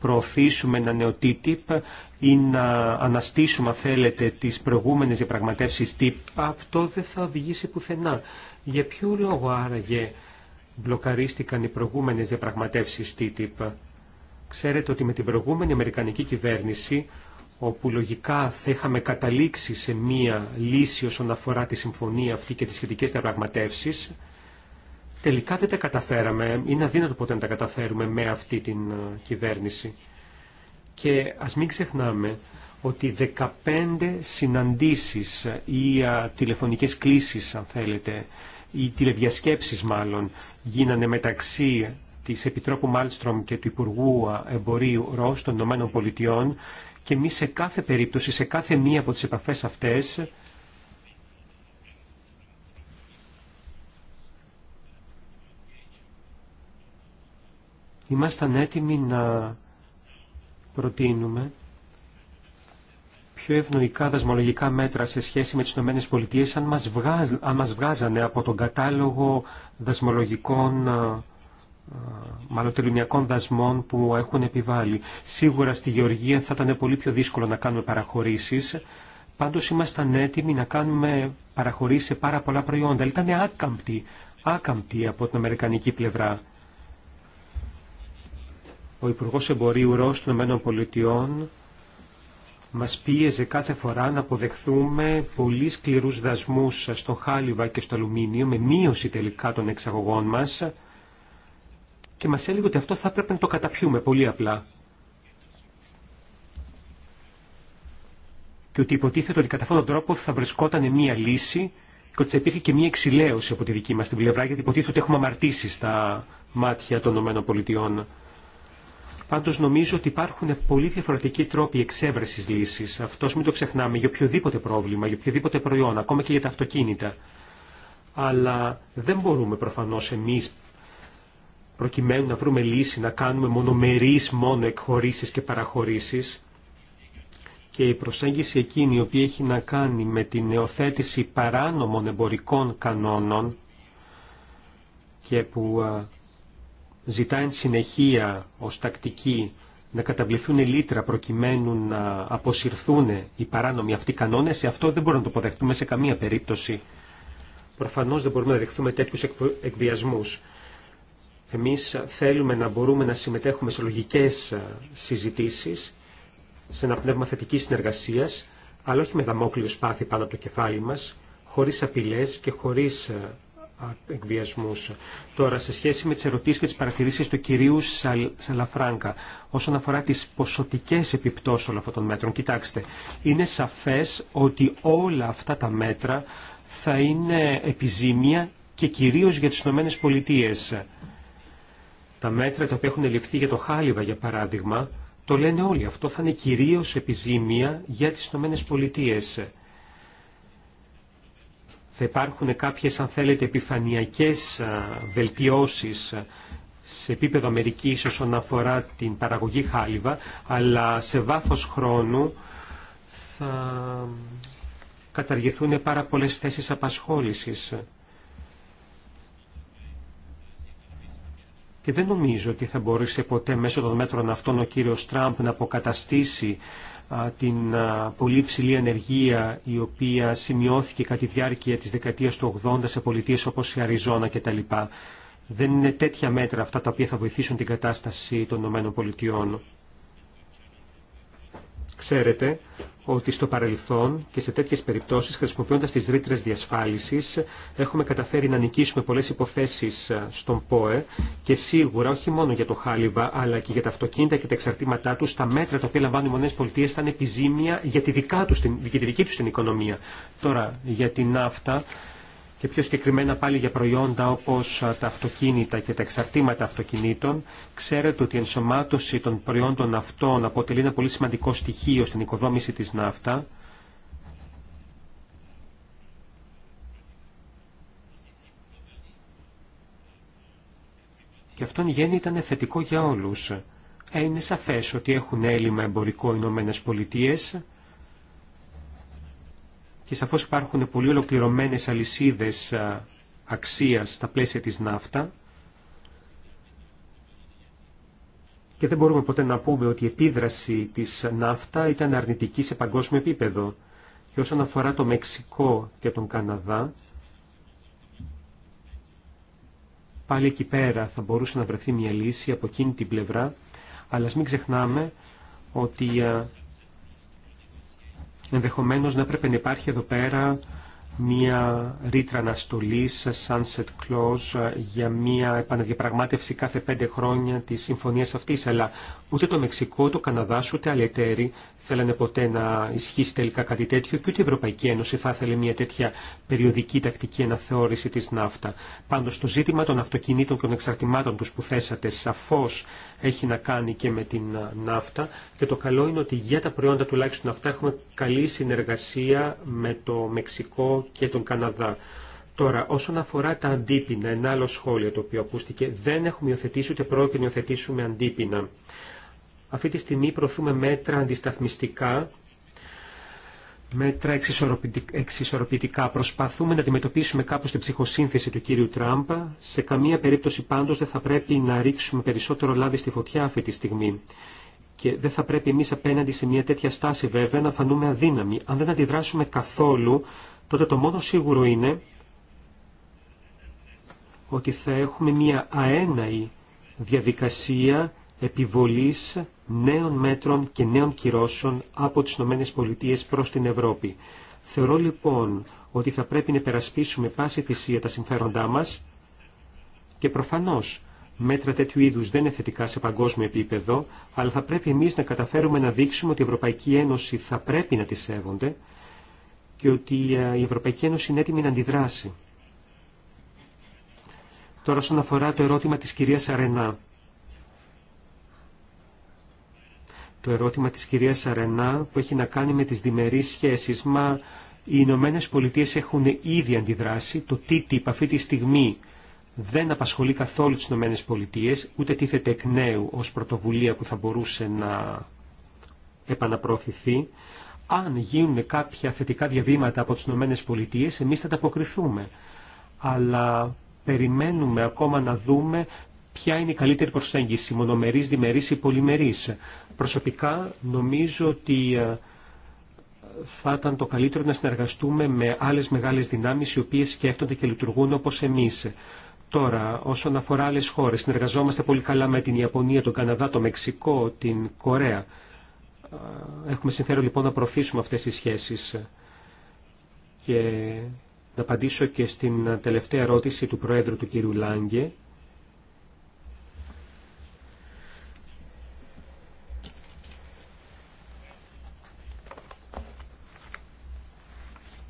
προωθήσουμε ένα νέο TTIP ή να αναστήσουμε, αν θέλετε, τις προηγούμενες διαπραγματεύσεις TTIP. αυτό δεν θα οδηγήσει πουθενά. Για ποιο λόγο άραγε μπλοκαρίστηκαν οι προηγούμενες διαπραγματεύσει TTIP. Ξέρετε ότι με την προηγούμενη Αμερικανική κυβέρνηση, όπου λογικά θα είχαμε καταλήξει σε μία λύση όσον αφορά τη συμφωνία αυτή και τις σχετικές διαπραγματεύσει τελικά δεν τα καταφέραμε, είναι αδύνατο ποτέ να τα καταφέρουμε με αυτή την ε, κυβέρνηση. Και ας μην ξεχνάμε ότι 15 συναντήσεις ε, ή α, τηλεφωνικές κλήσεις, αν θέλετε, ή τηλεδιασκέψεις μάλλον, γίνανε μεταξύ της Επιτρόπου Μάλστρομ και του Υπουργού Εμπορίου ΡΟΣ των Ηνωμένων Πολιτειών και εμεί σε κάθε περίπτωση, σε κάθε μία από τις επαφές αυτές, Ήμασταν έτοιμοι να προτείνουμε πιο ευνοϊκά δασμολογικά μέτρα σε σχέση με τις ΗΠΑ αν μας, αν μας βγάζανε από τον κατάλογο δασμολογικών ε, ε, μαλλοτελουνιακών δασμών που έχουν επιβάλει. Σίγουρα στη Γεωργία θα ήταν πολύ πιο δύσκολο να κάνουμε παραχωρήσεις. Πάντως ήμασταν έτοιμοι να κάνουμε παραχωρήσεις σε πάρα πολλά προϊόντα. Ήταν άκαμπτοι, άκαμπτοι από την Αμερικανική πλευρά. Ο Υπουργός Εμπορίου Ρώσ των ΗΠΑ μας πίεζε κάθε φορά να αποδεχθούμε πολύ σκληρούς δασμούς στο χάλιβα και στο αλουμίνιο με μείωση τελικά των εξαγωγών μας και μας έλεγε ότι αυτό θα έπρεπε να το καταπιούμε πολύ απλά. Και ότι υποτίθεται ότι κατά αυτόν τον τρόπο θα βρισκόταν μία λύση και ότι θα υπήρχε και μία εξηλαίωση από τη δική μας την πλευρά γιατί υποτίθεται ότι έχουμε αμαρτήσει στα μάτια των ΗΠΑ. Πάντως νομίζω ότι υπάρχουν πολύ διαφορετικοί τρόποι εξέβρεσης λύσης. Αυτός μην το ξεχνάμε για οποιοδήποτε πρόβλημα, για οποιοδήποτε προϊόν, ακόμα και για τα αυτοκίνητα. Αλλά δεν μπορούμε προφανώς εμείς προκειμένου να βρούμε λύση, να κάνουμε μονομερείς μόνο εκχωρήσεις και παραχωρήσεις. Και η προσέγγιση εκείνη η οποία έχει να κάνει με την νεοθέτηση παράνομων εμπορικών κανόνων και που Ζητάει εν συνεχεία ως τακτική να καταβληθούν λίτρα προκειμένου να αποσυρθούν οι παράνομοι αυτοί κανόνες, ε, αυτό δεν μπορούμε να το αποδεχτούμε σε καμία περίπτωση. Προφανώ δεν μπορούμε να δεχθούμε τέτοιου εκβιασμούς. Εμείς θέλουμε να μπορούμε να συμμετέχουμε σε λογικές ε, συζητήσεις, σε ένα πνεύμα θετική συνεργασία, αλλά όχι με δαμόκλειο σπάθη πάνω από το κεφάλι μα, χωρί απειλέ και χωρί. Ε, Τώρα, σε σχέση με τις ερωτήσεις και τις παρατηρήσεις του κυρίου Σαλαφράγκα, όσον αφορά τις ποσοτικές επιπτώσεις όλων αυτών των μέτρων, κοιτάξτε, είναι σαφές ότι όλα αυτά τα μέτρα θα είναι επιζήμια και κυρίως για τις Ηνωμένες Πολιτείες. Τα μέτρα τα οποία έχουν ληφθεί για το Χάλιβα, για παράδειγμα, το λένε όλοι. Αυτό θα είναι κυρίως επιζήμια για τις Ηνωμένες Πολιτείες θα υπάρχουν κάποιες αν θέλετε επιφανειακές βελτιώσεις σε επίπεδο Αμερικής όσον αφορά την παραγωγή χάλιβα, αλλά σε βάθος χρόνου θα καταργηθούν πάρα πολλές θέσεις απασχόλησης. Και δεν νομίζω ότι θα μπορούσε ποτέ μέσω των μέτρων αυτών ο κύριος Τραμπ να αποκαταστήσει την πολύ ψηλή ανεργία η οποία σημειώθηκε κατά τη διάρκεια της δεκαετίας του 80 σε πολιτείες όπως η Αριζόνα κτλ. Δεν είναι τέτοια μέτρα αυτά τα οποία θα βοηθήσουν την κατάσταση των ΗΠΑ. Ξέρετε ότι στο παρελθόν και σε τέτοιες περιπτώσεις χρησιμοποιώντας τις ρήτρες διασφάλισης έχουμε καταφέρει να νικήσουμε πολλές υποθέσεις ε, στον ΠΟΕ και σίγουρα όχι μόνο για το χάλιβα αλλά και για τα αυτοκίνητα και τα εξαρτήματά τους τα μέτρα τα οποία λαμβάνουν οι μονές πολιτείες ήταν επιζήμια για τη, δικά τους, για τη δική τους την οικονομία. Τώρα για την ναύτα και πιο συγκεκριμένα πάλι για προϊόντα όπως τα αυτοκίνητα και τα εξαρτήματα αυτοκινήτων, ξέρετε ότι η ενσωμάτωση των προϊόντων αυτών αποτελεί ένα πολύ σημαντικό στοιχείο στην οικοδόμηση της ναύτα. Και αυτόν γέννη ήταν θετικό για όλους. Ε, είναι σαφές ότι έχουν έλλειμμα εμπορικό οι Ηνωμένες Πολιτείες, και σαφώς υπάρχουν πολύ ολοκληρωμένες αλυσίδες αξίας στα πλαίσια της ναύτα και δεν μπορούμε ποτέ να πούμε ότι η επίδραση της ναύτα ήταν αρνητική σε παγκόσμιο επίπεδο. Και όσον αφορά το Μεξικό και τον Καναδά, πάλι εκεί πέρα θα μπορούσε να βρεθεί μια λύση από εκείνη την πλευρά, αλλά μην ξεχνάμε ότι Ενδεχομένως να πρέπει να υπάρχει εδώ πέρα μία ρήτρα αναστολή sunset clause για μία επαναδιαπραγμάτευση κάθε πέντε χρόνια της συμφωνίας αυτή, Αλλά ούτε το Μεξικό, το Καναδάς, ούτε άλλοι θέλανε ποτέ να ισχύσει τελικά κάτι τέτοιο και ούτε η Ευρωπαϊκή Ένωση θα ήθελε μια τέτοια περιοδική τακτική αναθεώρηση της ναύτα. Πάντως το ζήτημα των αυτοκινήτων και των εξαρτημάτων τους που θέσατε σαφώς έχει να κάνει και με την ναύτα και το καλό είναι ότι για τα προϊόντα τουλάχιστον αυτά έχουμε καλή συνεργασία με το Μεξικό και τον Καναδά. Τώρα, όσον αφορά τα αντίπεινα, ένα άλλο σχόλιο το οποίο ακούστηκε, δεν έχουμε υιοθετήσει ούτε πρόκειται να υιοθετήσουμε αυτή τη στιγμή προωθούμε μέτρα αντισταθμιστικά, μέτρα εξισορροπητικά. Προσπαθούμε να αντιμετωπίσουμε κάπως την ψυχοσύνθεση του κύριου Τράμπα. Σε καμία περίπτωση πάντως δεν θα πρέπει να ρίξουμε περισσότερο λάδι στη φωτιά αυτή τη στιγμή. Και δεν θα πρέπει εμείς απέναντι σε μια τέτοια στάση βέβαια να φανούμε αδύναμοι. Αν δεν αντιδράσουμε καθόλου, τότε το μόνο σίγουρο είναι ότι θα έχουμε μια αέναη διαδικασία επιβολής νέων μέτρων και νέων κυρώσεων από τις ΗΠΑ προς την Ευρώπη. Θεωρώ λοιπόν ότι θα πρέπει να περασπίσουμε πάση θυσία τα συμφέροντά μας και προφανώς μέτρα τέτοιου είδους δεν είναι θετικά σε παγκόσμιο επίπεδο, αλλά θα πρέπει εμείς να καταφέρουμε να δείξουμε ότι η Ευρωπαϊκή Ένωση θα πρέπει να τη σέβονται και ότι ε, η Ευρωπαϊκή Ένωση είναι έτοιμη να αντιδράσει. Τώρα, όσον αφορά το ερώτημα της κυρίας Αρενά, το ερώτημα της κυρίας Αρενά που έχει να κάνει με τις διμερείς σχέσεις. Μα οι Ηνωμένε Πολιτείε έχουν ήδη αντιδράσει. Το TTIP αυτή τη στιγμή δεν απασχολεί καθόλου τις Ηνωμένε Πολιτείε, ούτε τίθεται εκ νέου ως πρωτοβουλία που θα μπορούσε να επαναπροωθηθεί. Αν γίνουν κάποια θετικά διαβήματα από τις Ηνωμένε Πολιτείε, εμείς θα τα αποκριθούμε. Αλλά περιμένουμε ακόμα να δούμε ποια είναι η καλύτερη προσέγγιση, μονομερής, διμερής ή πολυμερής. Προσωπικά νομίζω ότι ε, θα ήταν το καλύτερο να συνεργαστούμε με άλλες μεγάλες δυνάμεις οι οποίες σκέφτονται και λειτουργούν όπως εμείς. Τώρα, όσον αφορά άλλε χώρε, συνεργαζόμαστε πολύ καλά με την Ιαπωνία, τον Καναδά, το Μεξικό, την Κορέα. Ε, έχουμε συμφέρον λοιπόν να προωθήσουμε αυτές τις σχέσεις. Και να απαντήσω και στην τελευταία ερώτηση του Προέδρου του κ. Λάγκε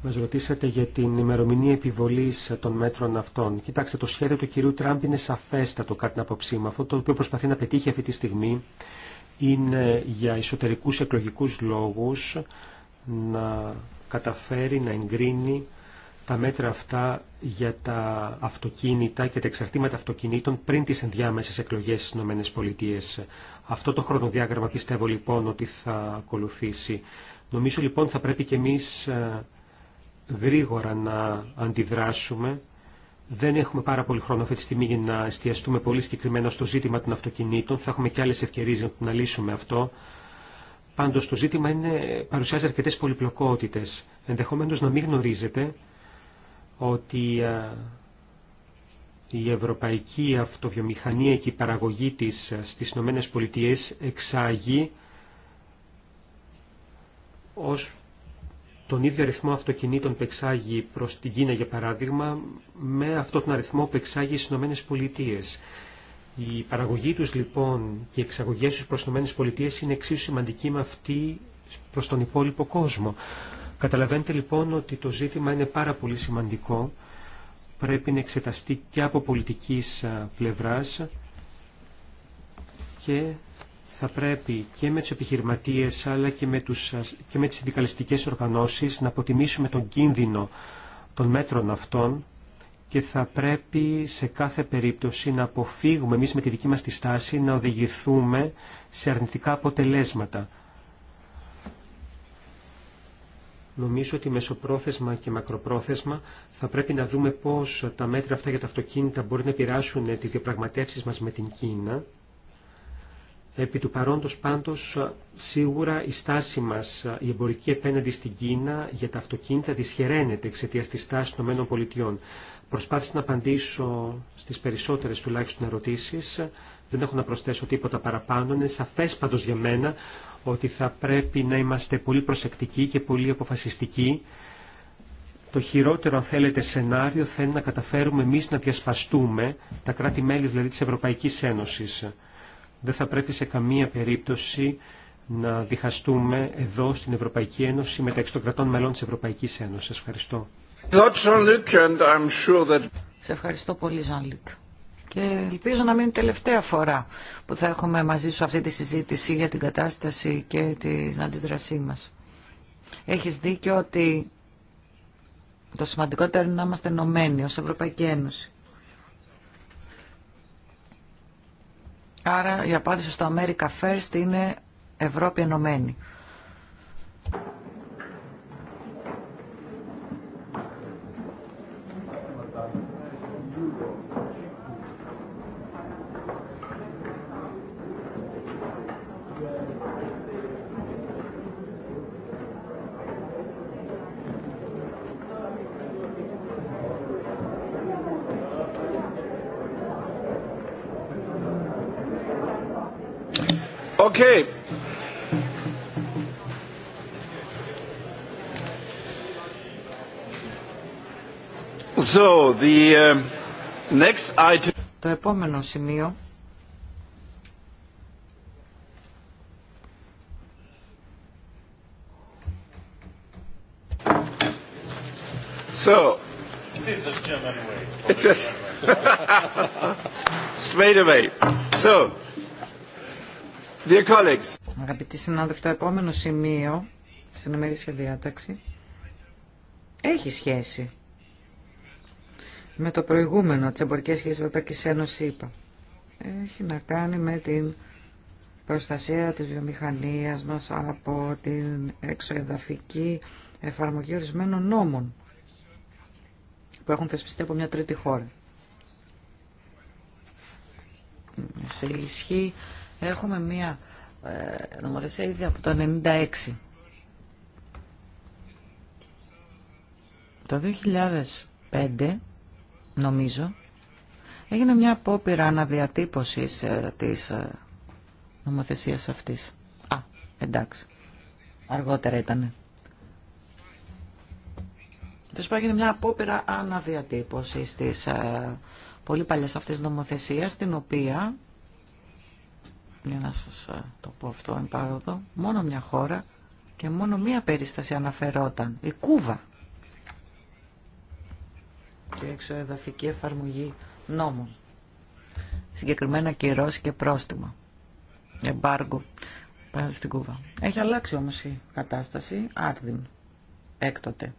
Μας ρωτήσατε για την ημερομηνία επιβολής των μέτρων αυτών. Κοιτάξτε, το σχέδιο του κυρίου Τραμπ είναι σαφέστατο κάτι να απόψή Αυτό το οποίο προσπαθεί να πετύχει αυτή τη στιγμή είναι για εσωτερικούς εκλογικούς λόγους να καταφέρει να εγκρίνει τα μέτρα αυτά για τα αυτοκίνητα και τα εξαρτήματα αυτοκινήτων πριν τις ενδιάμεσες εκλογές στις ΗΠΑ. Αυτό το χρονοδιάγραμμα πιστεύω λοιπόν ότι θα ακολουθήσει. Νομίζω λοιπόν θα πρέπει και εμείς ε, γρήγορα να αντιδράσουμε. Δεν έχουμε πάρα πολύ χρόνο αυτή τη στιγμή για να εστιαστούμε πολύ συγκεκριμένα στο ζήτημα των αυτοκινήτων. Θα έχουμε και άλλες ευκαιρίες να λύσουμε αυτό. Πάντω το ζήτημα είναι, παρουσιάζει αρκετές πολυπλοκότητες. Ενδεχομένω να μην γνωρίζετε ότι η ευρωπαϊκή αυτοβιομηχανία και η παραγωγή της στις ΗΠΑ εξάγει ως τον ίδιο αριθμό αυτοκινήτων που εξάγει προς την Κίνα για παράδειγμα με αυτόν τον αριθμό που εξάγει στι ΗΠΑ. Η παραγωγή τους λοιπόν και οι εξαγωγέ του προ τι ΗΠΑ είναι εξίσου σημαντική με αυτή προς τον υπόλοιπο κόσμο. Καταλαβαίνετε λοιπόν ότι το ζήτημα είναι πάρα πολύ σημαντικό. Πρέπει να εξεταστεί και από πολιτική ε, πλευρά και θα πρέπει και με τους επιχειρηματίες αλλά και με, τους, και με τις συνδικαλιστικές οργανώσεις να αποτιμήσουμε τον κίνδυνο των μέτρων αυτών και θα πρέπει σε κάθε περίπτωση να αποφύγουμε εμείς με τη δική μας τη στάση να οδηγηθούμε σε αρνητικά αποτελέσματα. Νομίζω ότι μεσοπρόθεσμα και μακροπρόθεσμα θα πρέπει να δούμε πώς τα μέτρα αυτά για τα αυτοκίνητα μπορεί να επηρεάσουν τις διαπραγματεύσεις μας με την Κίνα Επί του παρόντος πάντως σίγουρα η στάση μας, η εμπορική επέναντι στην Κίνα για τα αυτοκίνητα δυσχεραίνεται εξαιτία της στάσης των ΗΠΑ. Προσπάθησα να απαντήσω στις περισσότερες τουλάχιστον ερωτήσεις. Δεν έχω να προσθέσω τίποτα παραπάνω. Είναι σαφές πάντως για μένα ότι θα πρέπει να είμαστε πολύ προσεκτικοί και πολύ αποφασιστικοί. Το χειρότερο, αν θέλετε, σενάριο θα είναι να καταφέρουμε εμείς να διασπαστούμε τα κράτη-μέλη δηλαδή της Ευρωπαϊκής Ένωσης. Δεν θα πρέπει σε καμία περίπτωση να διχαστούμε εδώ στην Ευρωπαϊκή Ένωση μεταξύ των κρατών μελών της Ευρωπαϊκής Ένωσης. Ευχαριστώ. Σε ευχαριστώ πολύ, Ζανλίκ. Και ελπίζω να μην είναι τελευταία φορά που θα έχουμε μαζί σου αυτή τη συζήτηση για την κατάσταση και την αντίδρασή μας. Έχεις δίκιο ότι το σημαντικότερο είναι να είμαστε ενωμένοι ως Ευρωπαϊκή Ένωση. Άρα η απάντηση στο America First είναι Ευρώπη Ενωμένη. Okay. So, the uh, next item... Το επόμενο σημείο So, Straight away. So, Αγαπητοί συνάδελφοι, το επόμενο σημείο στην ημερήσια διάταξη έχει σχέση με το προηγούμενο τη εμπορική σχέση Ευρωπαϊκή Ένωση είπα. Έχει να κάνει με την προστασία της βιομηχανία μας από την εξοεδαφική εφαρμογή ορισμένων νόμων που έχουν θεσπιστεί από μια τρίτη χώρα. Σε ισχύ Έχουμε μία ε, νομοθεσία ήδη από το 1996. Το 2005, νομίζω, έγινε μια απόπειρα αναδιατύπωσης ε, της ε, νομοθεσίας αυτής. Α, εντάξει. Αργότερα ήτανε. Τους έγινε μια απόπειρα αναδιατύπωση της ε, πολύ παλιά αυτή νομοθεσίας, την οποία για να σας ε, το πω αυτό εν μόνο μια χώρα και μόνο μία περίσταση αναφερόταν, η Κούβα. Και εξοεδαφική εφαρμογή νόμων. Συγκεκριμένα κυρώσει και πρόστιμα. Εμπάργκο πάνω στην Κούβα. Έχει αλλάξει όμως η κατάσταση άρδιν έκτοτε.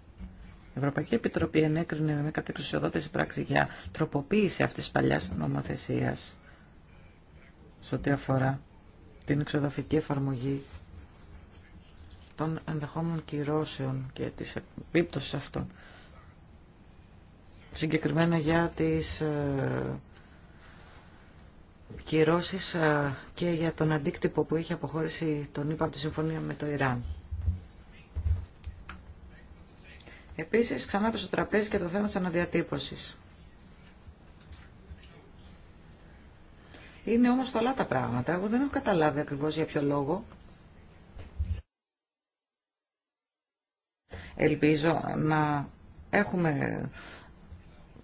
Η Ευρωπαϊκή Επιτροπή ενέκρινε με κατεξουσιοδότηση πράξη για τροποποίηση αυτής της παλιάς νομοθεσίας σε ό,τι αφορά την εξοδοφική εφαρμογή των ενδεχόμενων κυρώσεων και της επίπτωσης αυτών. Συγκεκριμένα για τις ε, κυρώσεις ε, και για τον αντίκτυπο που είχε αποχώρηση τον ΙΠΑ από τη συμφωνία με το Ιράν. Επίσης, ξανά στο τραπέζι και το θέμα της αναδιατύπωσης. Είναι όμως πολλά τα πράγματα. Εγώ δεν έχω καταλάβει ακριβώς για ποιο λόγο. Ελπίζω να έχουμε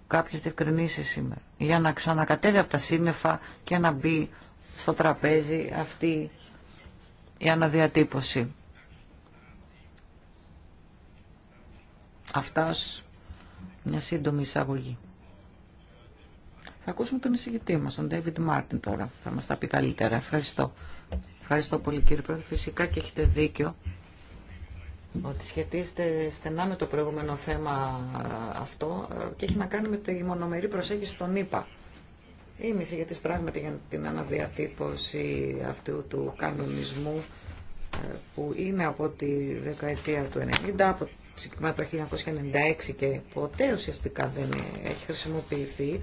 κάποιες διευκρινήσεις σήμερα για να ξανακατέβει από τα σύννεφα και να μπει στο τραπέζι αυτή η αναδιατύπωση. Αυτά ως μια σύντομη εισαγωγή. Θα ακούσουμε τον εισηγητή μας, τον David Μάρτιν τώρα. Θα μας τα πει καλύτερα. Ευχαριστώ. Ευχαριστώ πολύ κύριε Πρόεδρε. Φυσικά και έχετε δίκιο ότι σχετίζεται στενά με το προηγούμενο θέμα αυτό και έχει να κάνει με τη μονομερή προσέγγιση των ΗΠΑ. για τις πράγματα για την αναδιατύπωση αυτού του κανονισμού ε, που είναι από τη δεκαετία του 1990 από το 1996 και ποτέ ουσιαστικά δεν έχει χρησιμοποιηθεί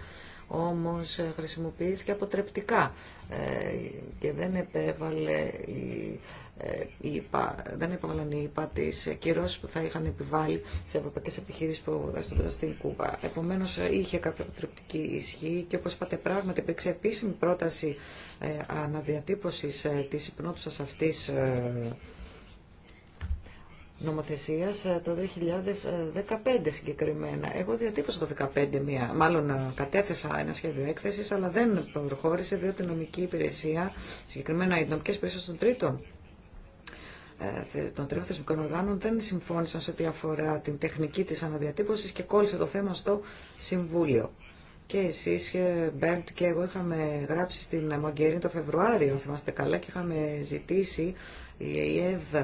όμως ε, χρησιμοποιήθηκε αποτρεπτικά ε, και δεν επέβαλε η, ε, η δεν επέβαλαν οι ΙΠΑ τις κυρώσεις που θα είχαν επιβάλει σε ευρωπαϊκές επιχειρήσεις που δραστηριοποιούνται στην Κούβα. Επομένως είχε κάποια αποτρεπτική ισχύ και όπως είπατε πράγματι υπήρξε επίσημη πρόταση αναδιατύπωσης της υπνότουσας αυτής νομοθεσίας ε, το 2015 συγκεκριμένα. Εγώ διατύπωσα το 2015 μία, μάλλον ε, κατέθεσα ένα σχέδιο έκθεσης, αλλά δεν προχώρησε διότι η νομική υπηρεσία, συγκεκριμένα οι νομικές υπηρεσίες των τρίτων, ε, των τριών θεσμικών οργάνων δεν συμφώνησαν σε ό,τι αφορά την τεχνική της αναδιατύπωσης και κόλλησε το θέμα στο Συμβούλιο. Και εσείς, Μπέρντ και εγώ είχαμε γράψει στην Μογκερίνη το Φεβρουάριο, θυμάστε καλά, και είχαμε ζητήσει η ΕΕΔ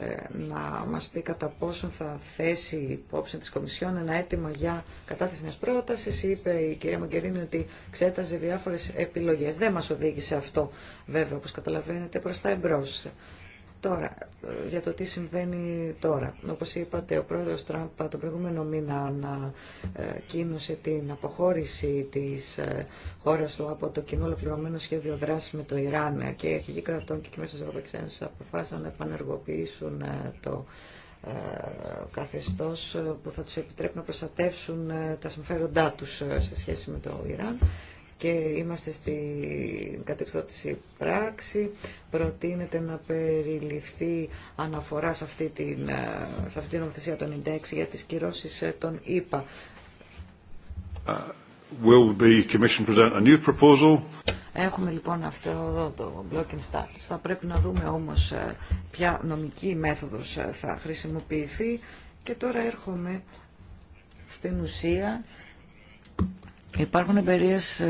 ε, να μας πει κατά πόσον θα θέσει υπόψη της Κομισιόν ένα αίτημα για κατάθεση μιας πρότασης. Είπε η κυρία Μαγκερίνη ότι ξέταζε διάφορες επιλογές. Δεν μας οδήγησε αυτό βέβαια όπως καταλαβαίνετε προς τα εμπρός. Τώρα, ε, για το τι συμβαίνει τώρα. Όπως είπατε, ο πρόεδρος Τραμπ τον προηγούμενο μήνα ανακοίνωσε ε, την αποχώρηση της ε, χώρας του από το κοινό ολοκληρωμένο σχέδιο δράση με το Ιράν και οι αρχηγοί κρατών και μέσα της Ευρωπαϊκής αποφάσισαν να επανεργοποιήσουν το καθεστώς που θα τους επιτρέπει να προστατεύσουν τα συμφέροντά τους σε σχέση με το Ιράν και είμαστε στην κατευθότηση πράξη. Προτείνεται να περιληφθεί αναφορά σε αυτή την, ε, σε αυτή την νομοθεσία των 96 για τις κυρώσεις ε, των ΙΠΑ. Will the Commission present a new proposal? Έχουμε λοιπόν αυτό εδώ το block and start. Θα πρέπει να δούμε όμως ε, ποια νομική μέθοδος θα χρησιμοποιηθεί και τώρα έρχομαι στην ουσία Υπάρχουν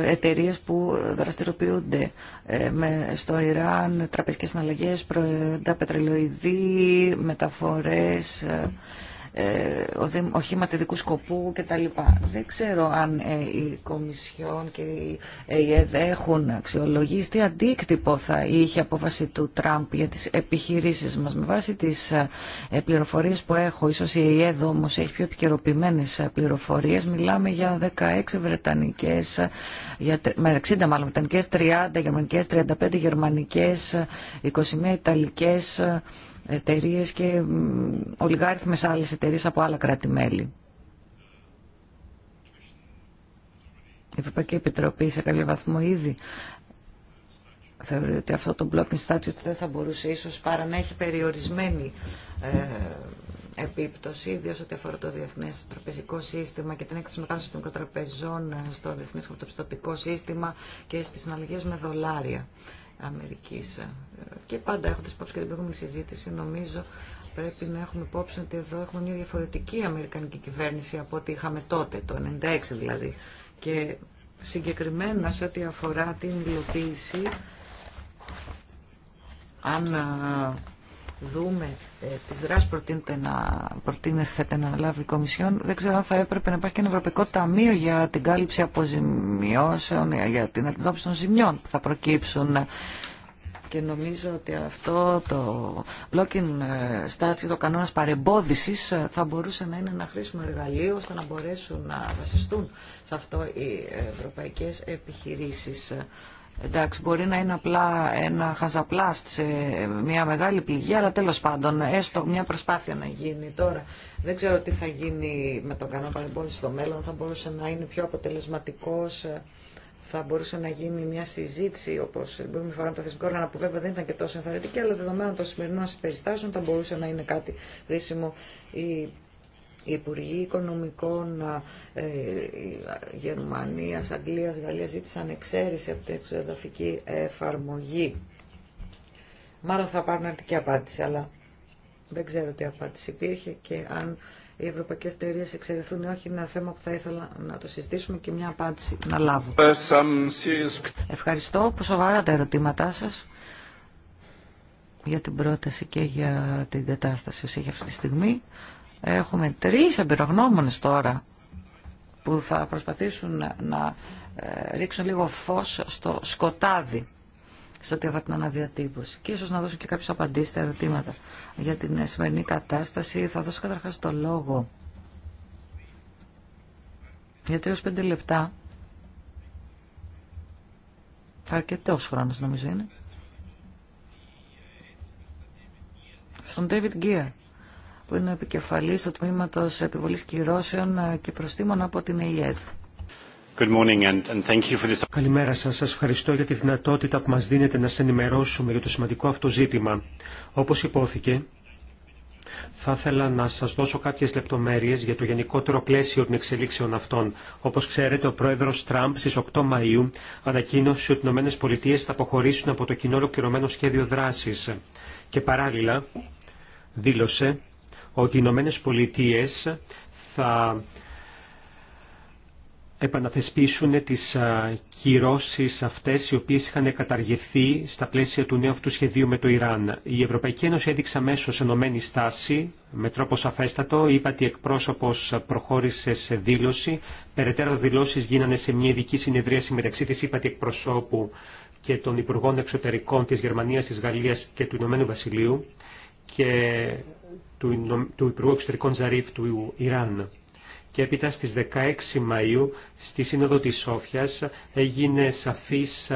εταιρείε που δραστηριοποιούνται ε, με, στο Ιράν, τραπεζικές συναλλαγές, προϊόντα πετρελαιοειδή, μεταφορές, ε, ε, οχήματα δικού σκοπού κτλ. Δεν ξέρω αν οι ε, Κομισιόν και οι ΕΕΔ έχουν αξιολογήσει τι αντίκτυπο θα είχε απόφαση του Τραμπ για τις επιχειρήσεις μας. Με βάση τις ε, πληροφορίες που έχω, ίσως η ΕΕΔ όμως έχει πιο επικαιροποιημένε πληροφορίες, μιλάμε για 16 Βρετανικές, για, με 60 μάλλον Βρετανικές, 30 Γερμανικές, 35 Γερμανικές, 21 Ιταλικές, εταιρείε και ολιγάριθμες άλλες εταιρείε από άλλα κράτη-μέλη. Η Ευρωπαϊκή Επιτροπή σε καλό βαθμό ήδη θεωρεί ότι αυτό το blocking statute δεν θα μπορούσε ίσως παρά να έχει περιορισμένη ε, επίπτωση, ιδίω ό,τι αφορά το διεθνέ τραπεζικό σύστημα και την έκθεση μεγάλων συστημικών τραπεζών στο διεθνέ χρηματοπιστωτικό σύστημα και στι συναλλαγέ με δολάρια. Ε, και πάντα έχοντας υπόψη και την προηγούμενη συζήτηση, νομίζω πρέπει να έχουμε υπόψη ότι εδώ έχουμε μια διαφορετική αμερικανική κυβέρνηση από ό,τι είχαμε τότε, το 1996 δηλαδή. Και συγκεκριμένα σε ό,τι αφορά την υλοποίηση, αν ε, δούμε ε, τις δράσεις προτείνεται να, προτείνεται να λάβει η Κομισιόν, δεν ξέρω αν θα έπρεπε να υπάρχει και ένα Ευρωπαϊκό Ταμείο για την κάλυψη αποζημιώσεων, ε, για την αντιμετώπιση των ζημιών που θα προκύψουν. Και νομίζω ότι αυτό το blocking statute, ε, το κανόνας παρεμπόδισης, ε, θα μπορούσε να είναι ένα χρήσιμο εργαλείο ώστε να μπορέσουν να βασιστούν σε αυτό οι ευρωπαϊκές επιχειρήσεις Εντάξει, μπορεί να είναι απλά ένα χαζαπλάστ σε μια μεγάλη πληγή, αλλά τέλος πάντων, έστω μια προσπάθεια να γίνει τώρα. Δεν ξέρω τι θα γίνει με τον κανόνα παρεμπόδιση στο μέλλον, θα μπορούσε να είναι πιο αποτελεσματικός, θα μπορούσε να γίνει μια συζήτηση, όπως την πρώτη φορά με τα θεσμικό όργανα, που βέβαια δεν ήταν και τόσο ενθαρρυντική, αλλά δεδομένων των σημερινών περιστάσεων θα μπορούσε να είναι κάτι χρήσιμο η οι Υπουργοί Οικονομικών ε, ε, Γερμανίας, Αγγλίας, Γαλλίας ζήτησαν εξαίρεση από την εξοδαφική εφαρμογή. Μάλλον θα πάρουν αρνητική απάντηση, αλλά δεν ξέρω τι απάντηση υπήρχε και αν οι ευρωπαϊκέ εταιρείε εξαιρεθούν ή όχι είναι ένα θέμα που θα ήθελα να το συζητήσουμε και μια απάντηση να λάβω. Ευχαριστώ που σοβαρά τα ερωτήματά σα για την πρόταση και για την κατάσταση όσο έχει αυτή τη στιγμή. Έχουμε τρεις εμπειρογνώμονες τώρα που θα προσπαθήσουν να ε, ρίξουν λίγο φως στο σκοτάδι σε ό,τι αφορά την αναδιατύπωση. Και ίσως να δώσουν και κάποιες απαντήσεις στα ερωτήματα για την ε, σημερινή κατάσταση. Θα δώσω καταρχάς το λόγο για 3 πεντε λεπτά. Θα αρκετός χρόνος νομίζω είναι. Στον David Gear που είναι επικεφαλής του τμήματος επιβολής κυρώσεων και προστήμων από την ΕΙΕΔ. Καλημέρα σας. Σας ευχαριστώ για τη δυνατότητα που μας δίνετε να σε ενημερώσουμε για το σημαντικό αυτό ζήτημα. Όπως υπόθηκε, θα ήθελα να σας δώσω κάποιες λεπτομέρειες για το γενικότερο πλαίσιο των εξελίξεων αυτών. Όπως ξέρετε, ο πρόεδρος Τραμπ στις 8 Μαΐου ανακοίνωσε ότι οι ΗΠΑ θα αποχωρήσουν από το κοινό ολοκληρωμένο σχέδιο δράσης και παράλληλα δήλωσε ότι οι Ηνωμένε Πολιτείε θα επαναθεσπίσουν τις κυρώσεις αυτές οι οποίες είχαν καταργηθεί στα πλαίσια του νέου αυτού σχεδίου με το Ιράν. Η Ευρωπαϊκή Ένωση έδειξε αμέσω ενωμένη στάση, με τρόπο σαφέστατο, είπα ότι εκπρόσωπος προχώρησε σε δήλωση, περαιτέρω δηλώσεις γίνανε σε μια ειδική συνεδρίαση μεταξύ της είπα εκπροσώπου και των Υπουργών Εξωτερικών της Γερμανίας, της Γαλλίας και του Ηνωμένου Βασιλείου και του Υπουργού Εξωτερικών Ζαρίφ του Ιράν. Και έπειτα στις 16 Μαΐου στη Σύνοδο της Σόφιας έγινε σαφής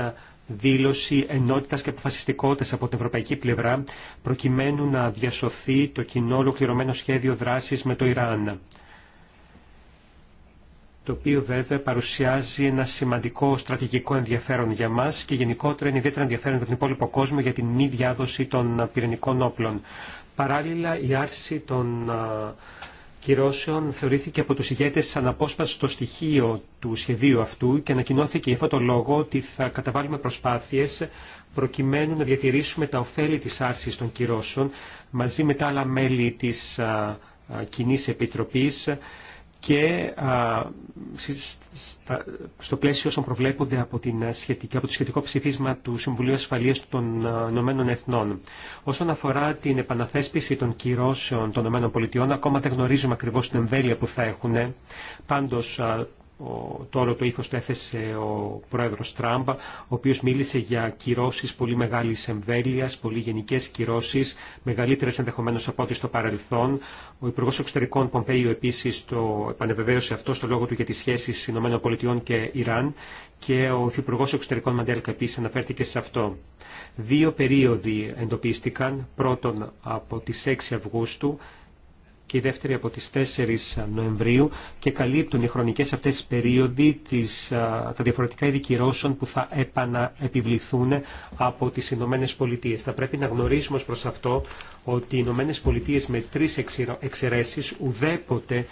δήλωση ενότητας και αποφασιστικότητας από την ευρωπαϊκή πλευρά προκειμένου να διασωθεί το κοινό ολοκληρωμένο σχέδιο δράσης με το Ιράν το οποίο βέβαια παρουσιάζει ένα σημαντικό στρατηγικό ενδιαφέρον για μας και γενικότερα είναι ιδιαίτερα ενδιαφέρον για τον υπόλοιπο κόσμο για την μη διάδοση των πυρηνικών όπλων. Παράλληλα, η άρση των κυρώσεων θεωρήθηκε από τους ηγέτες σαν απόσπαστο στοιχείο του σχεδίου αυτού και ανακοινώθηκε αυτό το λόγο ότι θα καταβάλουμε προσπάθειες προκειμένου να διατηρήσουμε τα ωφέλη της άρσης των κυρώσεων μαζί με τα άλλα μέλη της κοινής Επιτροπής και στο πλαίσιο όσων προβλέπονται από, την σχετική, από το σχετικό ψηφίσμα του Συμβουλίου Ασφαλείας των Ηνωμένων Εθνών. Όσον αφορά την επαναθέσπιση των κυρώσεων των Ηνωμένων Πολιτειών, ακόμα δεν γνωρίζουμε ακριβώς την εμβέλεια που θα έχουν. Πάντως, το όλο το ύφο το έθεσε ο πρόεδρος Τραμπ, ο οποίος μίλησε για κυρώσεις πολύ μεγάλης εμβέλειας, πολύ γενικές κυρώσεις, μεγαλύτερες ενδεχομένως από ό,τι στο παρελθόν. Ο Υπουργός Εξωτερικών Πομπέιου επίσης το επανεβεβαίωσε αυτό στο λόγο του για τις σχέσεις ΗΠΑ και Ιράν και ο Υπουργό Εξωτερικών Μαντέλκα επίση αναφέρθηκε σε αυτό. Δύο περίοδοι εντοπίστηκαν, πρώτον από τις 6 Αυγούστου και η δεύτερη από τις 4 Νοεμβρίου και καλύπτουν οι χρονικές αυτές τις περίοδοι τα διαφορετικά είδη κυρώσεων που θα επαναεπιβληθούν από τις Ηνωμένε Πολιτείε. Θα πρέπει να γνωρίσουμε ως προς αυτό ότι οι Ηνωμένε Πολιτείε με τρεις εξαιρέσει ουδέποτε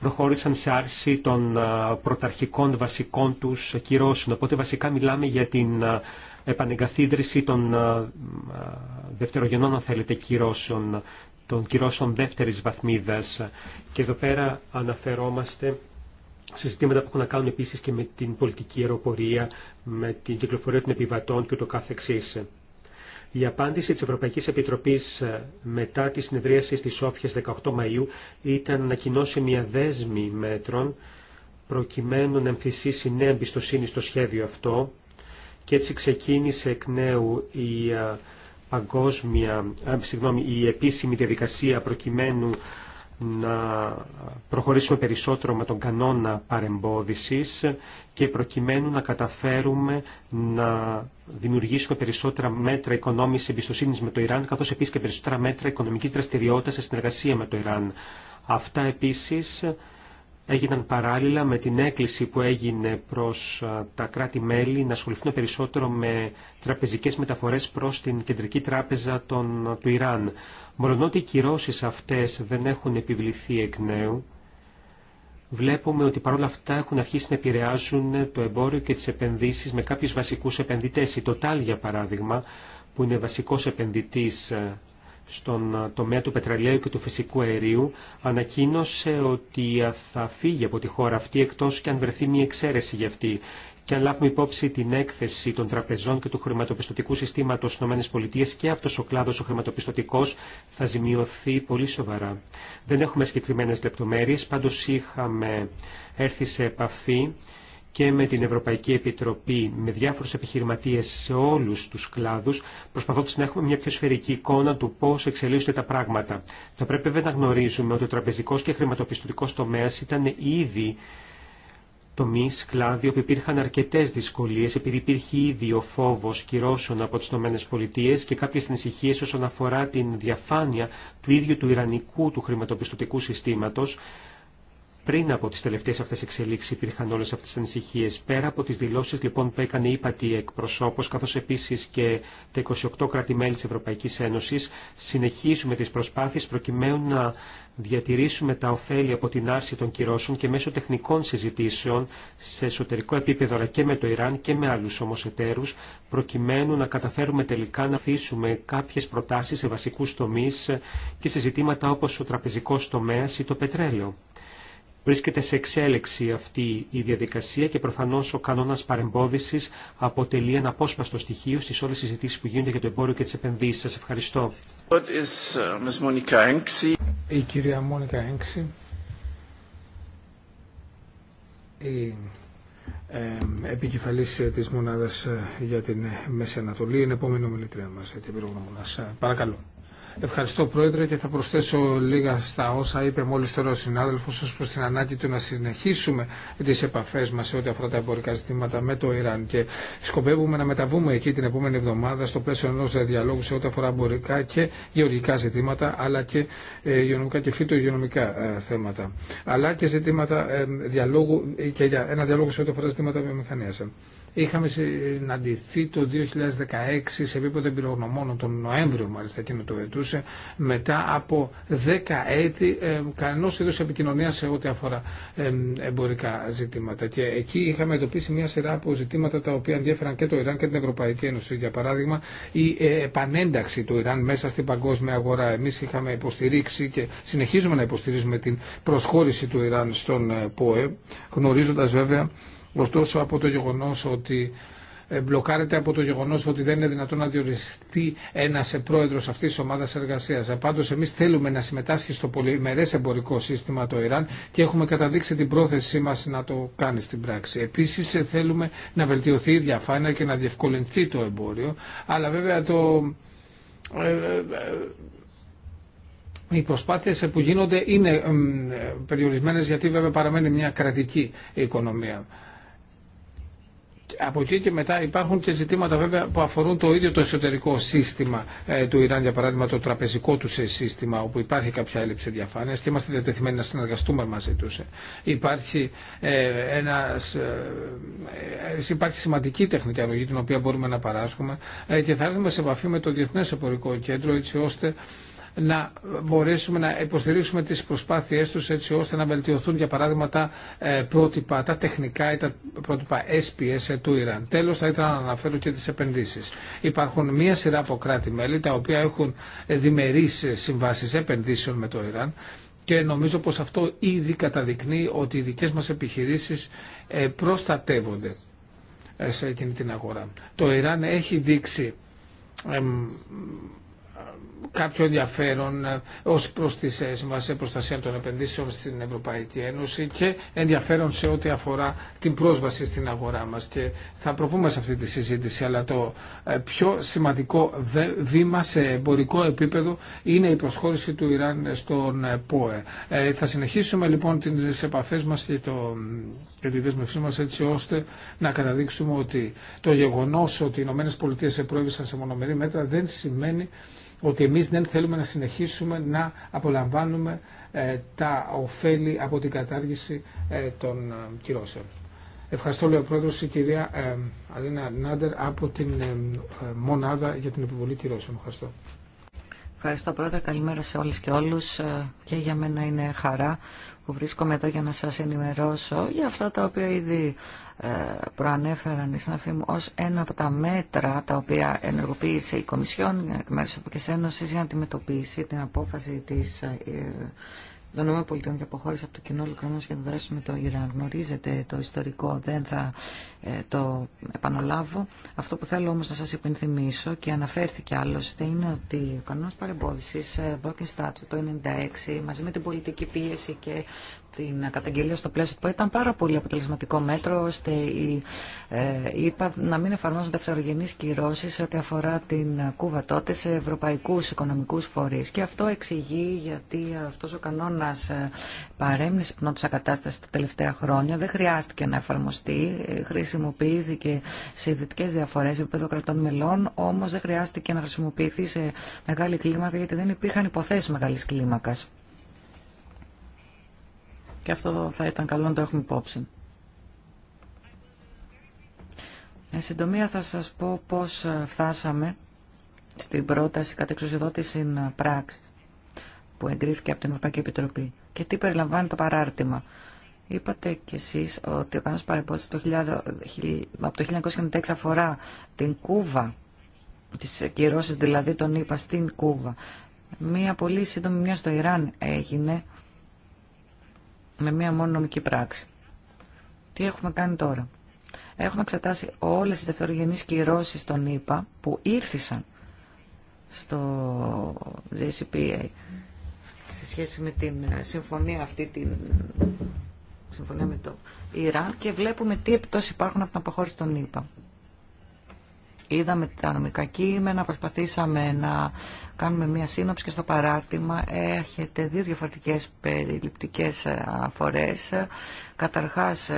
προχώρησαν σε άρση των πρωταρχικών βασικών τους κυρώσεων. Οπότε βασικά μιλάμε για την επανεγκαθίδρυση των δευτερογενών, θέλετε, κυρώσεων των κυρώσεων δεύτερης βαθμίδας. Και εδώ πέρα αναφερόμαστε σε ζητήματα που έχουν να κάνουν επίσης και με την πολιτική αεροπορία, με την κυκλοφορία των επιβατών και ούτω καθεξής. Η απάντηση της Ευρωπαϊκής Επιτροπής ε, μετά τη συνεδρίαση της Σόφιας 18 Μαΐου ήταν να κοινώσει μια δέσμη μέτρων προκειμένου να εμφυσίσει νέα εμπιστοσύνη στο σχέδιο αυτό και έτσι ξεκίνησε εκ νέου η ε, παγκόσμια, συγγνώμη, η επίσημη διαδικασία προκειμένου να προχωρήσουμε περισσότερο με τον κανόνα παρεμπόδισης και προκειμένου να καταφέρουμε να δημιουργήσουμε περισσότερα μέτρα οικονομικής εμπιστοσύνη με το Ιράν, καθώς επίσης και περισσότερα μέτρα οικονομικής δραστηριότητας σε συνεργασία με το Ιράν. Αυτά επίσης έγιναν παράλληλα με την έκκληση που έγινε προς τα κράτη-μέλη να ασχοληθούν περισσότερο με τραπεζικές μεταφορές προς την Κεντρική Τράπεζα των, του Ιράν. Μολονότι οι κυρώσεις αυτές δεν έχουν επιβληθεί εκ νέου, βλέπουμε ότι παρόλα αυτά έχουν αρχίσει να επηρεάζουν το εμπόριο και τις επενδύσεις με κάποιους βασικούς επενδυτές. Η Total, για παράδειγμα, που είναι βασικός επενδυτής στον ε, τομέα του πετρελαίου και του φυσικού αερίου ανακοίνωσε ότι θα φύγει από τη χώρα αυτή εκτός και αν βρεθεί μια εξαίρεση για αυτή. Και αν λάβουμε υπόψη την έκθεση των τραπεζών και του χρηματοπιστωτικού συστήματος στις ΗΠΑ και αυτός ο κλάδος ο χρηματοπιστωτικός θα ζημιωθεί πολύ σοβαρά. Δεν έχουμε συγκεκριμένε λεπτομέρειες, πάντως είχαμε έρθει σε επαφή και με την Ευρωπαϊκή Επιτροπή, με διάφορους επιχειρηματίες σε όλους τους κλάδους, προσπαθώντας να έχουμε μια πιο σφαιρική εικόνα του πώς εξελίσσονται τα πράγματα. Θα πρέπει βέβαια να γνωρίζουμε ότι ο τραπεζικός και χρηματοπιστωτικός τομέας ήταν ήδη τομεί, κλάδοι, όπου υπήρχαν αρκετέ δυσκολίε, επειδή υπήρχε ήδη ο φόβο κυρώσεων από τι ΗΠΑ και κάποιε ανησυχίε όσον αφορά την διαφάνεια του ίδιου του Ιρανικού του χρηματοπιστωτικού συστήματο, πριν από τις τελευταίες αυτές εξελίξεις υπήρχαν όλες αυτές τις ανησυχίες. Πέρα από τις δηλώσεις λοιπόν που έκανε η ΥΠΑΤΗ εκπροσώπος, καθώς επίσης και τα 28 κράτη-μέλη της Ευρωπαϊκής Ένωσης, συνεχίζουμε τις προσπάθειες προκειμένου να διατηρήσουμε τα ωφέλη από την άρση των κυρώσεων και μέσω τεχνικών συζητήσεων σε εσωτερικό επίπεδο αλλά και με το Ιράν και με άλλους όμως εταίρους προκειμένου να καταφέρουμε τελικά να αφήσουμε κάποιες προτάσεις σε βασικούς τομείς και σε ζητήματα όπως ο τραπεζικός τομέας ή το πετρέλαιο. Βρίσκεται σε εξέλιξη αυτή η διαδικασία και προφανώ ο κανόνα παρεμπόδιση αποτελεί ένα απόσπαστο στοιχείο στι όλε τι συζητήσει που γίνονται για το εμπόριο και τι επενδύσει. Σα ευχαριστώ. Uh, η κυρία Μόνικα Έγξη, η ε, επικεφαλή τη μονάδα για την ε, Μέση Ανατολή, είναι επόμενη ομιλητρία μα. Ε, παρακαλώ. Ευχαριστώ Πρόεδρε και θα προσθέσω λίγα στα όσα είπε μόλις τώρα ο συνάδελφος ως προς την ανάγκη του να συνεχίσουμε τις επαφές μας σε ό,τι αφορά τα εμπορικά ζητήματα με το Ιράν και σκοπεύουμε να μεταβούμε εκεί την επόμενη εβδομάδα στο πλαίσιο ενό διαλόγου σε ό,τι αφορά εμπορικά και γεωργικά ζητήματα αλλά και ε, υγειονομικά και φυτο ε, θέματα αλλά και ζητήματα ε, διαλόγου και ένα διαλόγο σε ό,τι αφορά ζητήματα βιομηχανίας. Είχαμε συναντηθεί το 2016 σε επίπεδο εμπειρογνωμόνων τον Νοέμβριο μάλιστα εκείνο το ετούσε μετά από 10 έτη ε, κανένα είδου επικοινωνία σε ό,τι αφορά ε, εμπορικά ζητήματα. Και εκεί είχαμε εντοπίσει μια σειρά από ζητήματα τα οποία ενδιαφέραν και το Ιράν και την Ευρωπαϊκή Ένωση. Για παράδειγμα, η ε, επανένταξη του Ιράν μέσα στην παγκόσμια αγορά. Εμεί είχαμε υποστηρίξει και συνεχίζουμε να υποστηρίζουμε την προσχώρηση του Ιράν στον ε, ΠΟΕ, γνωρίζοντα βέβαια ωστόσο από το γεγονό ότι ε, μπλοκάρεται από το γεγονό ότι δεν είναι δυνατόν να διοριστεί ένα πρόεδρο αυτή τη ομάδα εργασία. Ε, Πάντω, εμεί θέλουμε να συμμετάσχει στο πολυμερέ εμπορικό σύστημα το Ιράν και έχουμε καταδείξει την πρόθεσή μα να το κάνει στην πράξη. Επίση, ε, θέλουμε να βελτιωθεί η διαφάνεια και να διευκολυνθεί το εμπόριο. Αλλά βέβαια το. Οι προσπάθειες που γίνονται είναι περιορισμένες γιατί βέβαια παραμένει μια κρατική οικονομία από εκεί και μετά υπάρχουν και ζητήματα βέβαια που αφορούν το ίδιο το εσωτερικό σύστημα ε, του Ιράν, για παράδειγμα το τραπεζικό του ε, σύστημα, όπου υπάρχει κάποια έλλειψη διαφάνεια και είμαστε διατεθειμένοι να συνεργαστούμε μαζί του. Ε. Υπάρχει, ένας, υπάρχει σημαντική τεχνική αλλογή την οποία μπορούμε να παράσχουμε και θα έρθουμε σε επαφή με το Διεθνέ Εμπορικό Κέντρο έτσι ώστε να μπορέσουμε να υποστηρίξουμε τις προσπάθειές τους έτσι ώστε να βελτιωθούν για παράδειγμα τα ε, πρότυπα, τα τεχνικά ή τα πρότυπα SPS του Ιράν. Τέλος θα ήθελα να αναφέρω και τις επενδύσεις. Υπάρχουν μία σειρά από κράτη-μέλη τα οποία έχουν διμερείς συμβάσεις επενδύσεων με το Ιράν και νομίζω πως αυτό ήδη καταδεικνύει ότι οι δικές μας επιχειρήσεις ε, προστατεύονται ε, σε εκείνη την αγορά. Το Ιράν έχει δείξει κάποιο ενδιαφέρον ω προ τη σημασία Προστασία των Επενδύσεων στην Ευρωπαϊκή Ένωση και ενδιαφέρον σε ό,τι αφορά την πρόσβαση στην αγορά μα. Και θα προβούμε σε αυτή τη συζήτηση, αλλά το ε, πιο σημαντικό βήμα σε εμπορικό επίπεδο είναι η προσχώρηση του Ιράν στον ε, ΠΟΕ. Ε, θα συνεχίσουμε λοιπόν τι επαφέ μα και, το... και τη δέσμευσή μα έτσι ώστε να καταδείξουμε ότι το γεγονό ότι οι ΗΠΑ προέβησαν σε μονομερή μέτρα δεν σημαίνει ότι εμείς δεν θέλουμε να συνεχίσουμε να απολαμβάνουμε ε, τα ωφέλη από την κατάργηση ε, των ε, κυρώσεων. Ευχαριστώ, λέει ο πρόεδρος, η κυρία Αλίνα Νάντερ από την Μονάδα για την Επιβολή Κυρώσεων. Ευχαριστώ. Ευχαριστώ πρώτα. Καλημέρα σε όλες και όλους και για μένα είναι χαρά που βρίσκομαι εδώ για να σας ενημερώσω για αυτά τα οποία ήδη ε, προανέφεραν οι συναφοί μου ως ένα από τα μέτρα τα οποία ενεργοποίησε η Κομισιόν εκ μέρους της Ευρωπαϊκής Ένωσης για να αντιμετωπίσει την απόφαση της ε, των ΗΠΑ για αποχώρηση από το κοινό ολοκληρωμένο για να με το Ιράν. Γνωρίζετε το ιστορικό, δεν θα ε, το επαναλάβω. Αυτό που θέλω όμω να σα υπενθυμίσω και αναφέρθηκε άλλωστε είναι ότι ο κανόνα παρεμπόδιση Broken ε, το 1996 μαζί με την πολιτική πίεση και την καταγγελία στο πλαίσιο που ήταν πάρα πολύ αποτελεσματικό μέτρο ώστε ε, ΕΠΑ να μην εφαρμόζονται φθαρογενείς κυρώσεις ό,τι αφορά την Κούβα τότε σε ευρωπαϊκούς οικονομικούς φορείς. Και αυτό εξηγεί γιατί αυτός ο κανόνας ε, παρέμεινε σε πνότουσα κατάσταση τα τελευταία χρόνια. Δεν χρειάστηκε να εφαρμοστεί, ε, χρησιμοποιήθηκε σε δυτικές διαφορές επίπεδο κρατών μελών, όμως δεν χρειάστηκε να χρησιμοποιηθεί σε μεγάλη κλίμακα γιατί δεν υπήρχαν υποθέσεις μεγάλης κλίμακας. Και αυτό θα ήταν καλό να το έχουμε υπόψη. Εν συντομία θα σας πω πώς ε, φτάσαμε στην πρόταση εξουσιοδότηση ε, πράξη που εγκρίθηκε από την Ευρωπαϊκή Επιτροπή και τι περιλαμβάνει το παράρτημα. Είπατε κι εσείς ότι ο κανόνας παρεμπόδισης από το 1996 αφορά την Κούβα, τις κυρώσεις δηλαδή τον είπα στην Κούβα. Μία πολύ σύντομη μια στο Ιράν έγινε με μία μόνο νομική πράξη. Τι έχουμε κάνει τώρα. Έχουμε εξετάσει όλες τις δευτερογενείς κυρώσεις των ΗΠΑ που ήρθησαν στο JCPA σε σχέση με την ε, συμφωνία αυτή, την συμφωνία με το Ιράν και βλέπουμε τι επιπτώσεις υπάρχουν από την αποχώρηση των ΗΠΑ. Είδαμε τα νομικά κείμενα, προσπαθήσαμε να κάνουμε μία σύνοψη και στο παράρτημα έχετε δύο διαφορετικές περιληπτικές αφορές. Καταρχάς,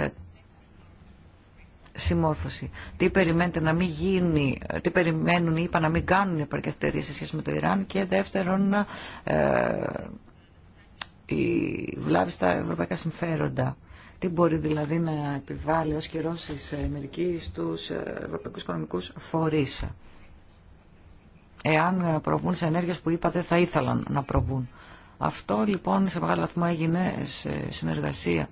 συμμόρφωση. Τι περιμένετε να μην γίνει, τι περιμένουν οι να μην κάνουν οι επαρκές σε σχέση με το Ιράν και δεύτερον, ε, η βλάβη στα ευρωπαϊκά συμφέροντα. Τι μπορεί δηλαδή να επιβάλλει ως στις ε, μερικοί στους ε, ευρωπαϊκούς οικονομικούς φορείς. Εάν ε, προβούν σε ενέργειες που είπατε θα ήθελαν να προβούν. Αυτό λοιπόν σε μεγάλο βαθμό έγινε σε συνεργασία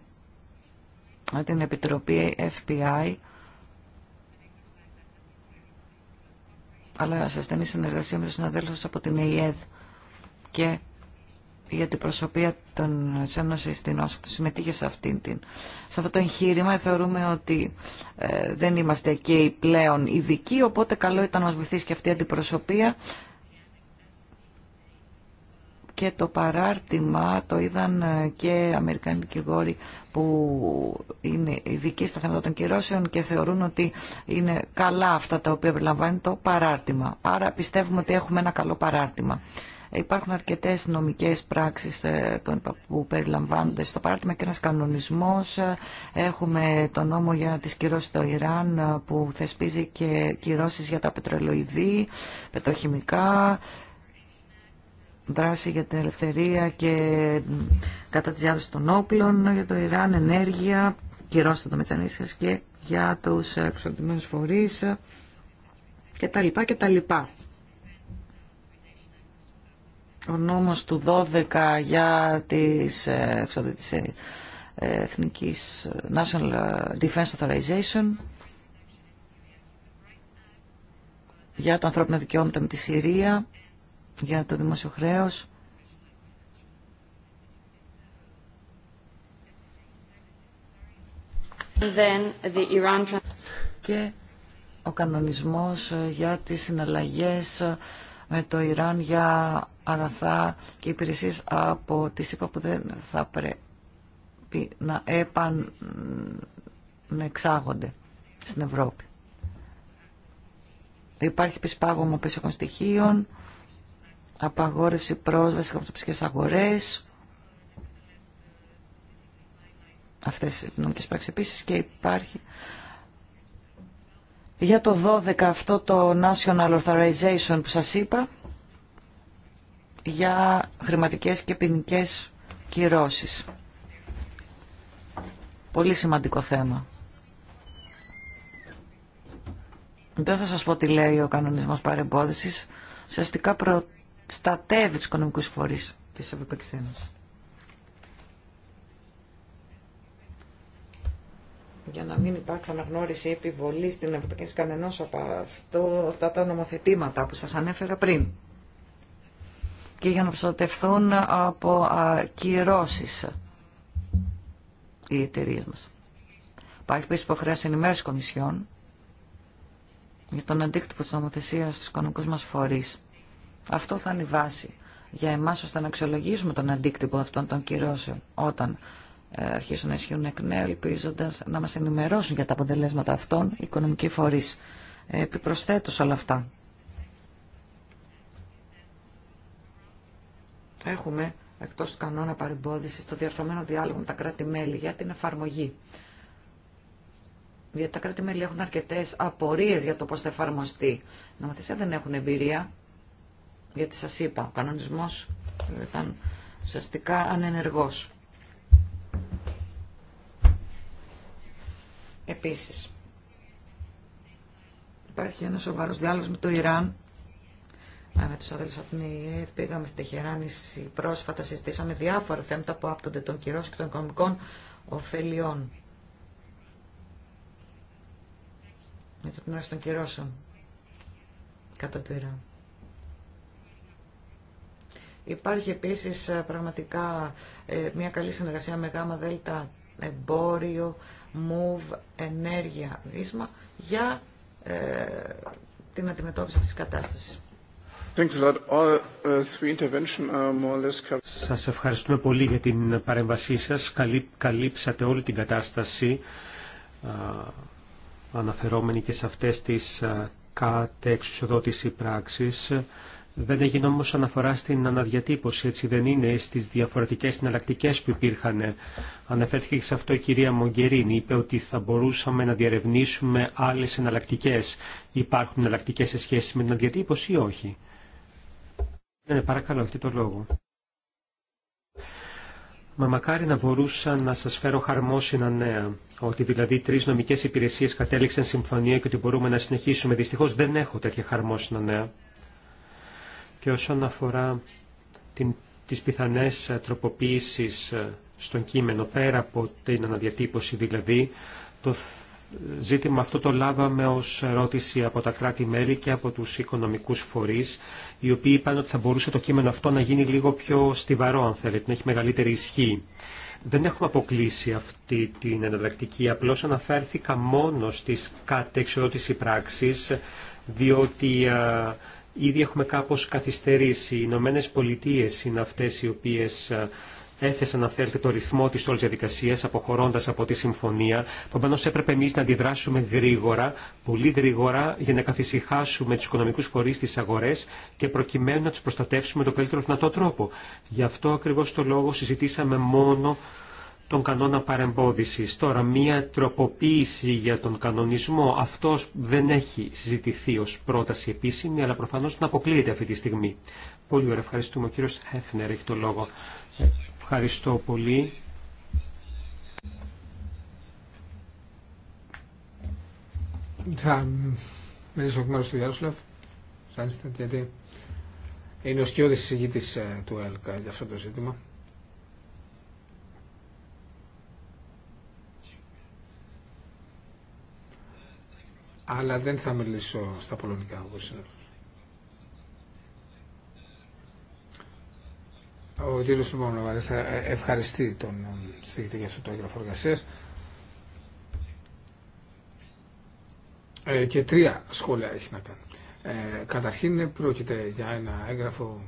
με την Επιτροπή FBI αλλά σε στενή συνεργασία με τους συναδέλφους από την ΕΙΕΔ και για την προσωπία των Ένωση στην που συμμετείχε σε, αυτή. την, σε αυτό το εγχείρημα. Θεωρούμε ότι ε, δεν είμαστε εκεί πλέον ειδικοί, οπότε καλό ήταν να μας βοηθήσει και αυτή η αντιπροσωπεία. Και το παράρτημα το είδαν ε, και Αμερικανοί δικηγόροι που είναι ειδικοί στα θέματα των κυρώσεων και θεωρούν ότι είναι καλά αυτά τα οποία περιλαμβάνει το παράρτημα. Άρα πιστεύουμε ότι έχουμε ένα καλό παράρτημα. Υπάρχουν αρκετές νομικές πράξεις ε, που περιλαμβάνονται στο παράδειγμα και ένα κανονισμός. Ε, έχουμε τον νόμο για τι κυρώσει στο Ιράν ε, που θεσπίζει και κυρώσει για τα πετρελοειδή, πετροχημικά, δράση για την ελευθερία και κατά τη διάδοση των όπλων, για το Ιράν, ενέργεια, κυρώσεις το μετσανίσεων και για τους εξωτερικού φορείς και και ο νόμος του 12 για τις ε, εξόδου ε, ε, National Defense Authorization για τα ανθρώπινα δικαιώματα με τη Συρία, για το δημόσιο χρέος. Και ο κανονισμός για τις συναλλαγές με το Ιράν για αγαθά και υπηρεσίες από τις είπα που δεν θα πρέπει να έπαν εξάγονται στην Ευρώπη. Υπάρχει πάγωμα πεσοκών στοιχείων, απαγόρευση πρόσβαση στις αγορές, αυτές οι νομικές πράξεις επίσης και υπάρχει για το 12 αυτό το National Authorization που σας είπα για χρηματικές και ποινικέ κυρώσεις. Πολύ σημαντικό θέμα. Δεν θα σας πω τι λέει ο κανονισμός παρεμπόδισης. Ουσιαστικά προστατεύει τους οικονομικούς φορείς της Ευρωπαϊκής Ένωσης. για να μην υπάρξει αναγνώριση επιβολή στην Ευρωπαϊκή Κανενός από αυτό, αυτά τα νομοθετήματα που σας ανέφερα πριν και για να προστατευθούν από κυρώσεις οι εταιρείε μας. Υπάρχει επίση υποχρέωση ενημέρωση κομισιών για τον αντίκτυπο της νομοθεσίας στους οικονομικού μας φορείς. Αυτό θα είναι η βάση για εμάς ώστε να αξιολογήσουμε τον αντίκτυπο αυτών των κυρώσεων όταν ε, αρχίσουν να ισχύουν εκ νέου, ελπίζοντα να μα ενημερώσουν για τα αποτελέσματα αυτών οι οικονομικοί φορεί. Ε, Επιπροσθέτω όλα αυτά. Έχουμε εκτό του κανόνα παρεμπόδιση το διαρθρωμένο διάλογο με τα κράτη-μέλη για την εφαρμογή. Γιατί τα κράτη-μέλη έχουν αρκετέ απορίε για το πώ θα εφαρμοστεί. Νομοθεσία δεν έχουν εμπειρία. Γιατί σα είπα, ο κανονισμό ήταν ουσιαστικά ανενεργός. Επίσης, υπάρχει ένα σοβαρός διάλογος με το Ιράν. Ε, με τους αδέλφους από την ΕΕ πήγαμε στη Τεχεράνη πρόσφατα, συζητήσαμε διάφορα θέματα που άπτονται των κυρώσεων και των οικονομικών ωφελιών. με το τμήμα των κυρώσεων κατά του Ιράν. Υπάρχει επίσης ε, πραγματικά ε, μια καλή συνεργασία με γάμα δέλτα εμπόριο, Move, ενέργεια, βίσμα για ε, την αντιμετώπιση της κατάστασης. Uh, σας ευχαριστούμε πολύ για την παρέμβασή σας. Καλύψατε όλη την κατάσταση αναφερόμενη και σε αυτές τις κατεξουσιοδότηση πράξεις. Δεν έγινε όμω αναφορά στην αναδιατύπωση, έτσι δεν είναι, στι διαφορετικέ συναλλακτικέ που υπήρχαν. Αναφέρθηκε σε αυτό η κυρία Μογκερίνη. Είπε ότι θα μπορούσαμε να διαρευνήσουμε άλλε συναλλακτικέ. Υπάρχουν εναλλακτικέ σε σχέση με την αναδιατύπωση ή όχι. Ναι, ναι, παρακαλώ, έχετε το λόγο. Μα μακάρι να μπορούσα να σας φέρω χαρμόσυνα νέα, ότι δηλαδή τρεις νομικές υπηρεσίες κατέληξαν συμφωνία και ότι μπορούμε να συνεχίσουμε. Δυστυχώς δεν έχω τέτοια χαρμόσυνα νέα και όσον αφορά την, τις πιθανές ε, τροποποίησεις ε, στον κείμενο, πέρα από την αναδιατύπωση δηλαδή, το ζήτημα αυτό το λάβαμε ως ερώτηση από τα κράτη-μέλη και από τους οικονομικούς φορείς, οι οποίοι είπαν ότι θα μπορούσε το κείμενο αυτό να γίνει λίγο πιο στιβαρό, αν θέλετε, να έχει μεγαλύτερη ισχύ. Δεν έχουμε αποκλείσει αυτή την εναλλακτική, απλώς αναφέρθηκα μόνο στις κατεξιότηση πράξεις διότι ε, Ήδη έχουμε κάπως καθυστερήσει. Οι Ηνωμένε Πολιτείε είναι αυτές οι οποίες ε, έθεσαν, να θέλετε, το ρυθμό τη όλη διαδικασία, αποχωρώντας από τη συμφωνία. Επομένω, έπρεπε εμεί να αντιδράσουμε γρήγορα, πολύ γρήγορα, για να καθησυχάσουμε του οικονομικού φορεί στι αγορέ και προκειμένου να του προστατεύσουμε το καλύτερο δυνατό τρόπο. Γι' αυτό ακριβώ το λόγο συζητήσαμε μόνο τον κανόνα παρεμπόδισης. Τώρα, μία τροποποίηση για τον κανονισμό, αυτός δεν έχει συζητηθεί ως πρόταση επίσημη, αλλά προφανώς να αποκλείεται αυτή τη στιγμή. Πολύ ωραία, ευχαριστούμε. Ο κύριος Χέφνερ έχει το λόγο. Ευχαριστώ πολύ. Θα μιλήσω εκ μέρους του γιατί είναι ο σκιώδης ε, του ΕΛΚΑ για αυτό το ζήτημα. αλλά δεν θα μιλήσω στα πολωνικά όπως Ο κύριος Λουμπανοβαρής λοιπόν, ευχαριστεί τον συγκεκριτή για αυτό το έγγραφο εργασία. Ε, και τρία σχόλια έχει να κάνει. Ε, καταρχήν πρόκειται για ένα έγγραφο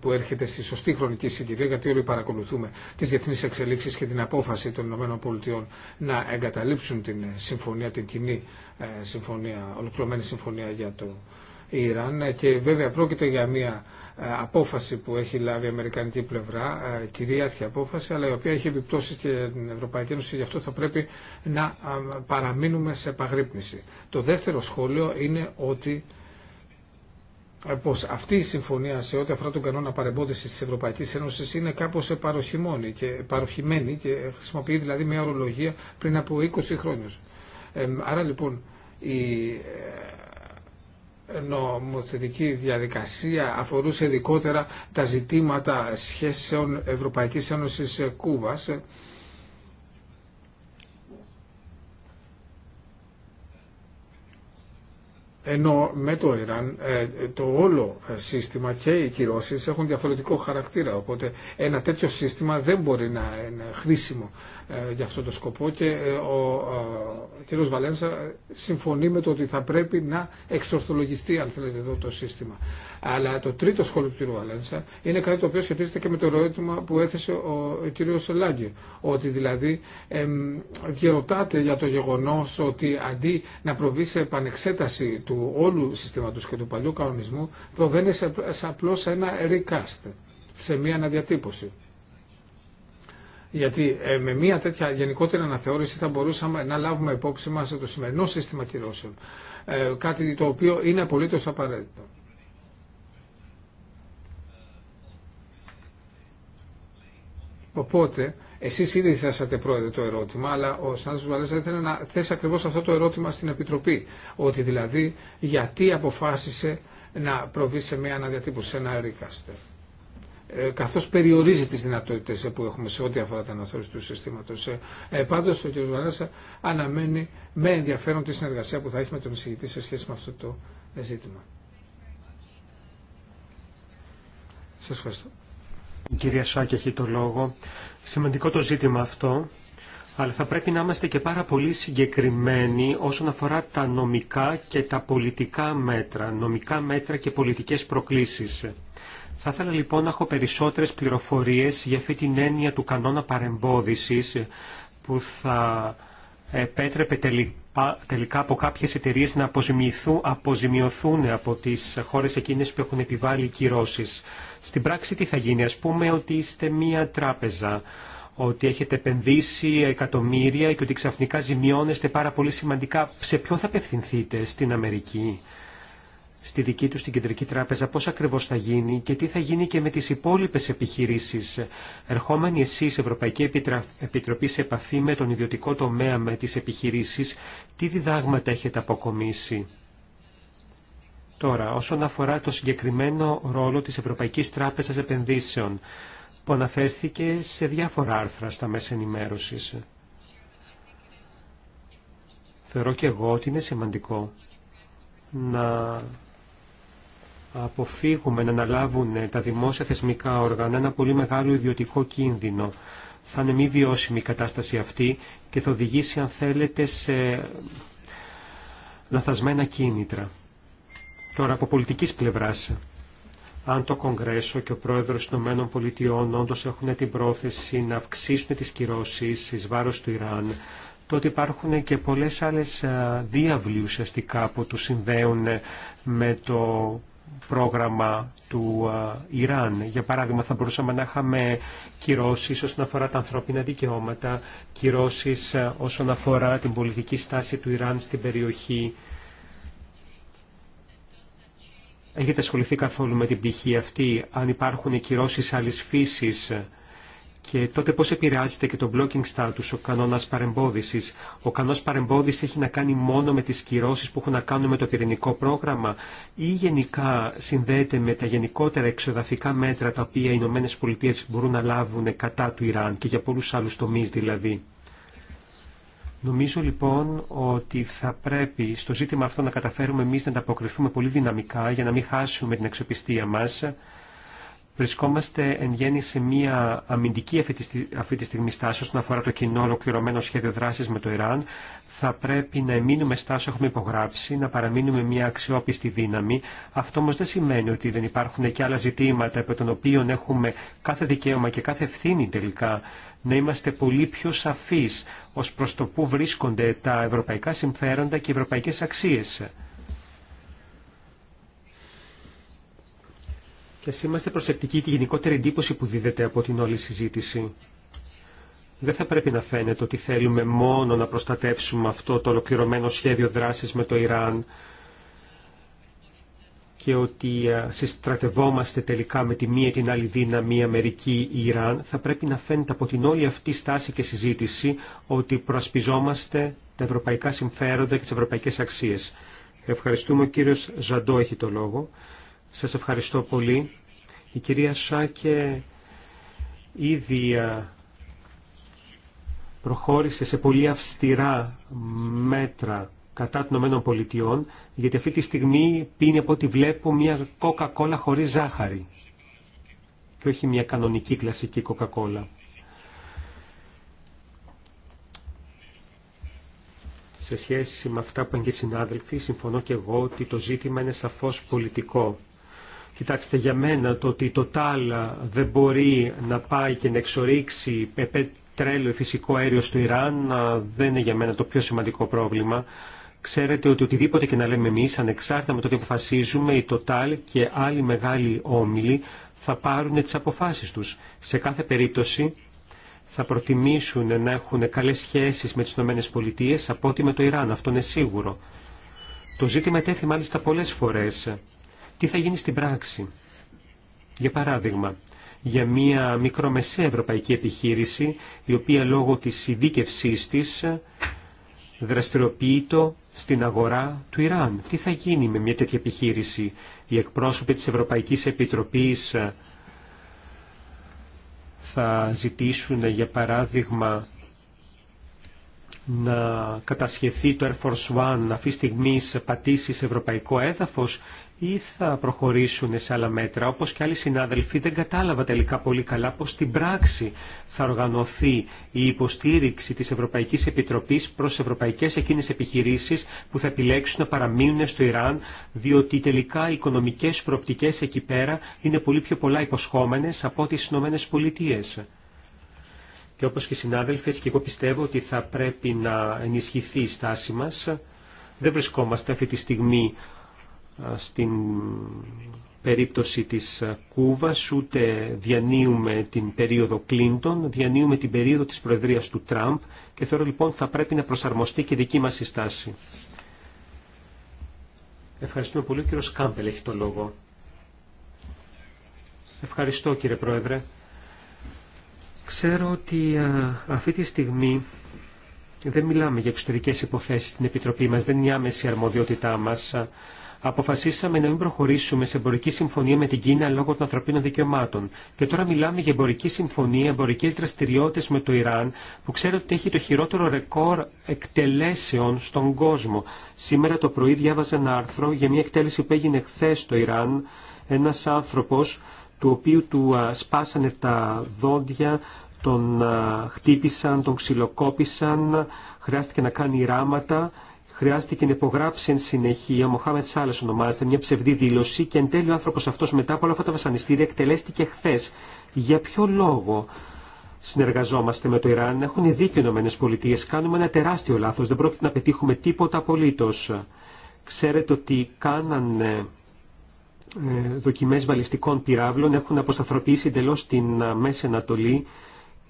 που έρχεται στη σωστή χρονική συγκυρία, γιατί όλοι παρακολουθούμε τι διεθνεί εξελίξει και την απόφαση των ΗΠΑ να εγκαταλείψουν την συμφωνία, την κοινή ε, συμφωνία, ολοκληρωμένη συμφωνία για το Ιράν. Και βέβαια πρόκειται για μια ε, απόφαση που έχει λάβει η Αμερικανική πλευρά, ε, κυρίαρχη απόφαση, αλλά η οποία έχει επιπτώσει και την Ευρωπαϊκή Ένωση, γι' αυτό θα πρέπει να παραμείνουμε σε επαγρύπνηση. Το δεύτερο σχόλιο είναι ότι ε, πως αυτή η συμφωνία σε ό,τι αφορά τον κανόνα παρεμπόδιση τη Ευρωπαϊκή Ένωση είναι κάπως παροχημένη και, παροχημένη και χρησιμοποιεί δηλαδή μια ορολογία πριν από 20 χρόνια. Ε, άρα λοιπόν η ε, νομοθετική διαδικασία αφορούσε ειδικότερα τα ζητήματα σχέσεων Ευρωπαϊκής Ένωσης Κούβας Ενώ με το Ιράν ε, το όλο ε, σύστημα και οι κυρώσεις έχουν διαφορετικό χαρακτήρα. Οπότε ένα τέτοιο σύστημα δεν μπορεί να είναι χρήσιμο ε, για αυτό το σκοπό και ο κ. Βαλένσα συμφωνεί με το ότι θα πρέπει να εξορθολογιστεί αν θέλετε εδώ το σύστημα. Αλλά το τρίτο σχόλιο του κ. Βαλένσα είναι κάτι το οποίο σχετίζεται και με το ερώτημα που έθεσε ο κ. Σελάγκη. Ότι δηλαδή εμ, διερωτάται για το γεγονός ότι αντί να προβεί σε επανεξέταση του όλου συστήματος και του παλιού κανονισμού προβαίνει σε, σε απλώς ένα recast, σε μία αναδιατύπωση. Γιατί ε, με μια τέτοια γενικότερη αναθεώρηση θα μπορούσαμε να λάβουμε υπόψη μας το σημερινό σύστημα κυρώσεων. Ε, κάτι το οποίο είναι απολύτως απαραίτητο. Οπότε, εσεί ήδη θέσατε πρόεδρε το ερώτημα, αλλά ο Σάντζο Βαλέζα ήθελε να θέσει ακριβώ αυτό το ερώτημα στην Επιτροπή. Ότι δηλαδή, γιατί αποφάσισε να προβεί σε μια αναδιατύπωση, σε ένα ρίκαστερ. Ε, καθώς περιορίζει τις δυνατότητες ε, που έχουμε σε ό,τι αφορά τα αναθεώρηση του συστήματος. Ε, ε πάντως, ο κ. Βαλέσσα ε, αναμένει με ενδιαφέρον τη συνεργασία που θα έχει με τον εισηγητή σε σχέση με αυτό το ζήτημα. Σας ευχαριστώ. Η κυρία Σάκη έχει το λόγο. Σημαντικό το ζήτημα αυτό, αλλά θα πρέπει να είμαστε και πάρα πολύ συγκεκριμένοι όσον αφορά τα νομικά και τα πολιτικά μέτρα, νομικά μέτρα και πολιτικές προκλήσεις. Θα ήθελα λοιπόν να έχω περισσότερες πληροφορίες για αυτή την έννοια του κανόνα παρεμπόδισης που θα επέτρεπε τελικά τελικά από κάποιες εταιρείες να αποζημιωθούν, από τις χώρες εκείνες που έχουν επιβάλει κυρώσεις. Στην πράξη τι θα γίνει, ας πούμε ότι είστε μία τράπεζα, ότι έχετε επενδύσει εκατομμύρια και ότι ξαφνικά ζημιώνεστε πάρα πολύ σημαντικά. Σε ποιον θα απευθυνθείτε στην Αμερική, στη δική του την Κεντρική Τράπεζα, πώς ακριβώς θα γίνει και τι θα γίνει και με τις υπόλοιπες επιχειρήσεις. Ερχόμενοι εσείς, Ευρωπαϊκή Επιτροπή, σε επαφή με τον ιδιωτικό τομέα, με τις επιχειρήσεις, τι διδάγματα έχετε αποκομίσει. Τώρα, όσον αφορά το συγκεκριμένο ρόλο της Ευρωπαϊκής Τράπεζας Επενδύσεων, που αναφέρθηκε σε διάφορα άρθρα στα μέσα ενημέρωση. Θεωρώ και εγώ ότι είναι σημαντικό να αποφύγουμε να αναλάβουν τα δημόσια θεσμικά όργανα ένα πολύ μεγάλο ιδιωτικό κίνδυνο. Θα είναι μη βιώσιμη η κατάσταση αυτή και θα οδηγήσει, αν θέλετε, σε λαθασμένα κίνητρα. Τώρα, από πολιτικής πλευράς, αν το Κογκρέσο και ο Πρόεδρος των Πολιτειών όντως έχουν την πρόθεση να αυξήσουν τις κυρώσεις εις βάρος του Ιράν, τότε υπάρχουν και πολλές άλλες διάβλοι ουσιαστικά που τους συνδέουν με το πρόγραμμα του Ιράν. Για παράδειγμα, θα μπορούσαμε να είχαμε κυρώσει όσον αφορά τα ανθρώπινα δικαιώματα, κυρώσει όσον αφορά την πολιτική στάση του Ιράν στην περιοχή. Έχετε ασχοληθεί καθόλου με την πτυχή αυτή, αν υπάρχουν κυρώσει άλλη φύση και τότε πώς επηρεάζεται και το blocking status, ο κανόνας παρεμπόδισης. Ο κανόνας παρεμπόδισης έχει να κάνει μόνο με τις κυρώσεις που έχουν να κάνουν με το πυρηνικό πρόγραμμα ή γενικά συνδέεται με τα γενικότερα εξοδαφικά μέτρα τα οποία οι Ηνωμένε Πολιτείε μπορούν να λάβουν κατά του Ιράν και για πολλούς άλλους τομείς δηλαδή. Νομίζω λοιπόν ότι θα πρέπει στο ζήτημα αυτό να καταφέρουμε εμείς να ανταποκριθούμε πολύ δυναμικά για να μην χάσουμε την αξιοπιστία μας Βρισκόμαστε εν γέννη σε μια αμυντική αυτή τη στιγμή στάση όσον αφορά το κοινό ολοκληρωμένο σχέδιο δράση με το Ιράν. Θα πρέπει να εμείνουμε στάση, έχουμε υπογράψει, να παραμείνουμε μια αξιόπιστη δύναμη. Αυτό όμω δεν σημαίνει ότι δεν υπάρχουν και άλλα ζητήματα από των οποίων έχουμε κάθε δικαίωμα και κάθε ευθύνη τελικά να είμαστε πολύ πιο σαφεί ω προ το πού βρίσκονται τα ευρωπαϊκά συμφέροντα και οι ευρωπαϊκέ αξίε. και ας είμαστε προσεκτικοί τη γενικότερη εντύπωση που δίδεται από την όλη συζήτηση. Δεν θα πρέπει να φαίνεται ότι θέλουμε μόνο να προστατεύσουμε αυτό το ολοκληρωμένο σχέδιο δράσης με το Ιράν και ότι ε, συστρατευόμαστε τελικά με τη μία ή την άλλη δύναμη Αμερική ή Ιράν, θα πρέπει να φαίνεται από την όλη αυτή στάση και συζήτηση ότι προασπιζόμαστε τα ευρωπαϊκά συμφέροντα και τις ευρωπαϊκές αξίες. Ευχαριστούμε. Ο κύριος Ζαντό έχει το λόγο σας ευχαριστώ πολύ. Η κυρία Σάκε ήδη προχώρησε σε πολύ αυστηρά μέτρα κατά των Ηνωμένων Πολιτειών, γιατί αυτή τη στιγμή πίνει από ό,τι βλέπω μια κοκακόλα κολα χωρίς ζάχαρη και όχι μια κανονική κλασική κοκακόλα. Σε σχέση με αυτά που είπαν και οι συνάδελφοι, συμφωνώ και εγώ ότι το ζήτημα είναι σαφώς πολιτικό. Κοιτάξτε, για μένα το ότι η Total δεν μπορεί να πάει και να εξορίξει πετρέλαιο φυσικό αέριο στο Ιράν δεν είναι για μένα το πιο σημαντικό πρόβλημα. Ξέρετε ότι οτιδήποτε και να λέμε εμεί, ανεξάρτητα με το τι αποφασίζουμε, η Total και άλλοι μεγάλοι όμιλοι θα πάρουν τι αποφάσει του. Σε κάθε περίπτωση θα προτιμήσουν να έχουν καλέ σχέσει με τις ΗΠΑ από ότι με το Ιράν. Αυτό είναι σίγουρο. Το ζήτημα τέθη μάλιστα πολλέ φορέ. Τι θα γίνει στην πράξη. Για παράδειγμα, για μια μικρομεσαία ευρωπαϊκή επιχείρηση, η οποία λόγω της συνδίκευσής της δραστηριοποιείται στην αγορά του Ιράν. Τι θα γίνει με μια τέτοια επιχείρηση. Οι εκπρόσωποι της Ευρωπαϊκής Επιτροπής ε, θα ζητήσουν, ε, για παράδειγμα, να κατασχεθεί το Air Force One αυτή τη στιγμή πατήσει σε ευρωπαϊκό έδαφος ή θα προχωρήσουν σε άλλα μέτρα. Όπως και άλλοι συνάδελφοι δεν κατάλαβα τελικά πολύ καλά πως στην πράξη θα οργανωθεί η υποστήριξη της Ευρωπαϊκής Επιτροπής προς ευρωπαϊκές εκείνες επιχειρήσεις που θα επιλέξουν να παραμείνουν στο Ιράν διότι τελικά οι οικονομικές προοπτικές εκεί πέρα είναι πολύ πιο πολλά υποσχόμενες από τις Ηνωμένες και όπως και οι συνάδελφοι, και εγώ πιστεύω ότι θα πρέπει να ενισχυθεί η στάση μας. Δεν βρισκόμαστε αυτή τη στιγμή στην περίπτωση της Κούβας, ούτε διανύουμε την περίοδο Κλίντον, διανύουμε την περίοδο της προεδρίας του Τραμπ και θεωρώ λοιπόν ότι θα πρέπει να προσαρμοστεί και δική μας η στάση. Ευχαριστούμε πολύ. Ο κύριος Κάμπελ έχει το λόγο. Ευχαριστώ κύριε Πρόεδρε. Ξέρω ότι α, αυτή τη στιγμή δεν μιλάμε για εξωτερικές υποθέσεις στην Επιτροπή μας, δεν είναι η άμεση αρμοδιότητά μας. Αποφασίσαμε να μην προχωρήσουμε σε εμπορική συμφωνία με την Κίνα λόγω των ανθρωπίνων δικαιωμάτων. Και τώρα μιλάμε για εμπορική συμφωνία, εμπορικέ δραστηριότητε με το Ιράν, που ξέρω ότι έχει το χειρότερο ρεκόρ εκτελέσεων στον κόσμο. Σήμερα το πρωί διάβαζα ένα άρθρο για μια εκτέλεση που έγινε χθε στο Ιράν. Ένα άνθρωπο του οποίου του σπάσανε τα δόντια, τον χτύπησαν, τον ξυλοκόπησαν, χρειάστηκε να κάνει ράματα, χρειάστηκε να υπογράψει εν συνεχεία, ο Μοχάμετ Σάλε ονομάζεται, μια ψευδή δήλωση και εν τέλει ο άνθρωπο αυτό μετά από όλα αυτά τα βασανιστήρια εκτελέστηκε χθε. Για ποιο λόγο συνεργαζόμαστε με το Ιράν, έχουν δίκιο οι ΗΠΑ, κάνουμε ένα τεράστιο λάθο, δεν πρόκειται να πετύχουμε τίποτα απολύτω. Ξέρετε ότι κάνανε ε, δοκιμές βαλιστικών πυράβλων έχουν αποσταθροποιήσει εντελώ την ε, Μέση Ανατολή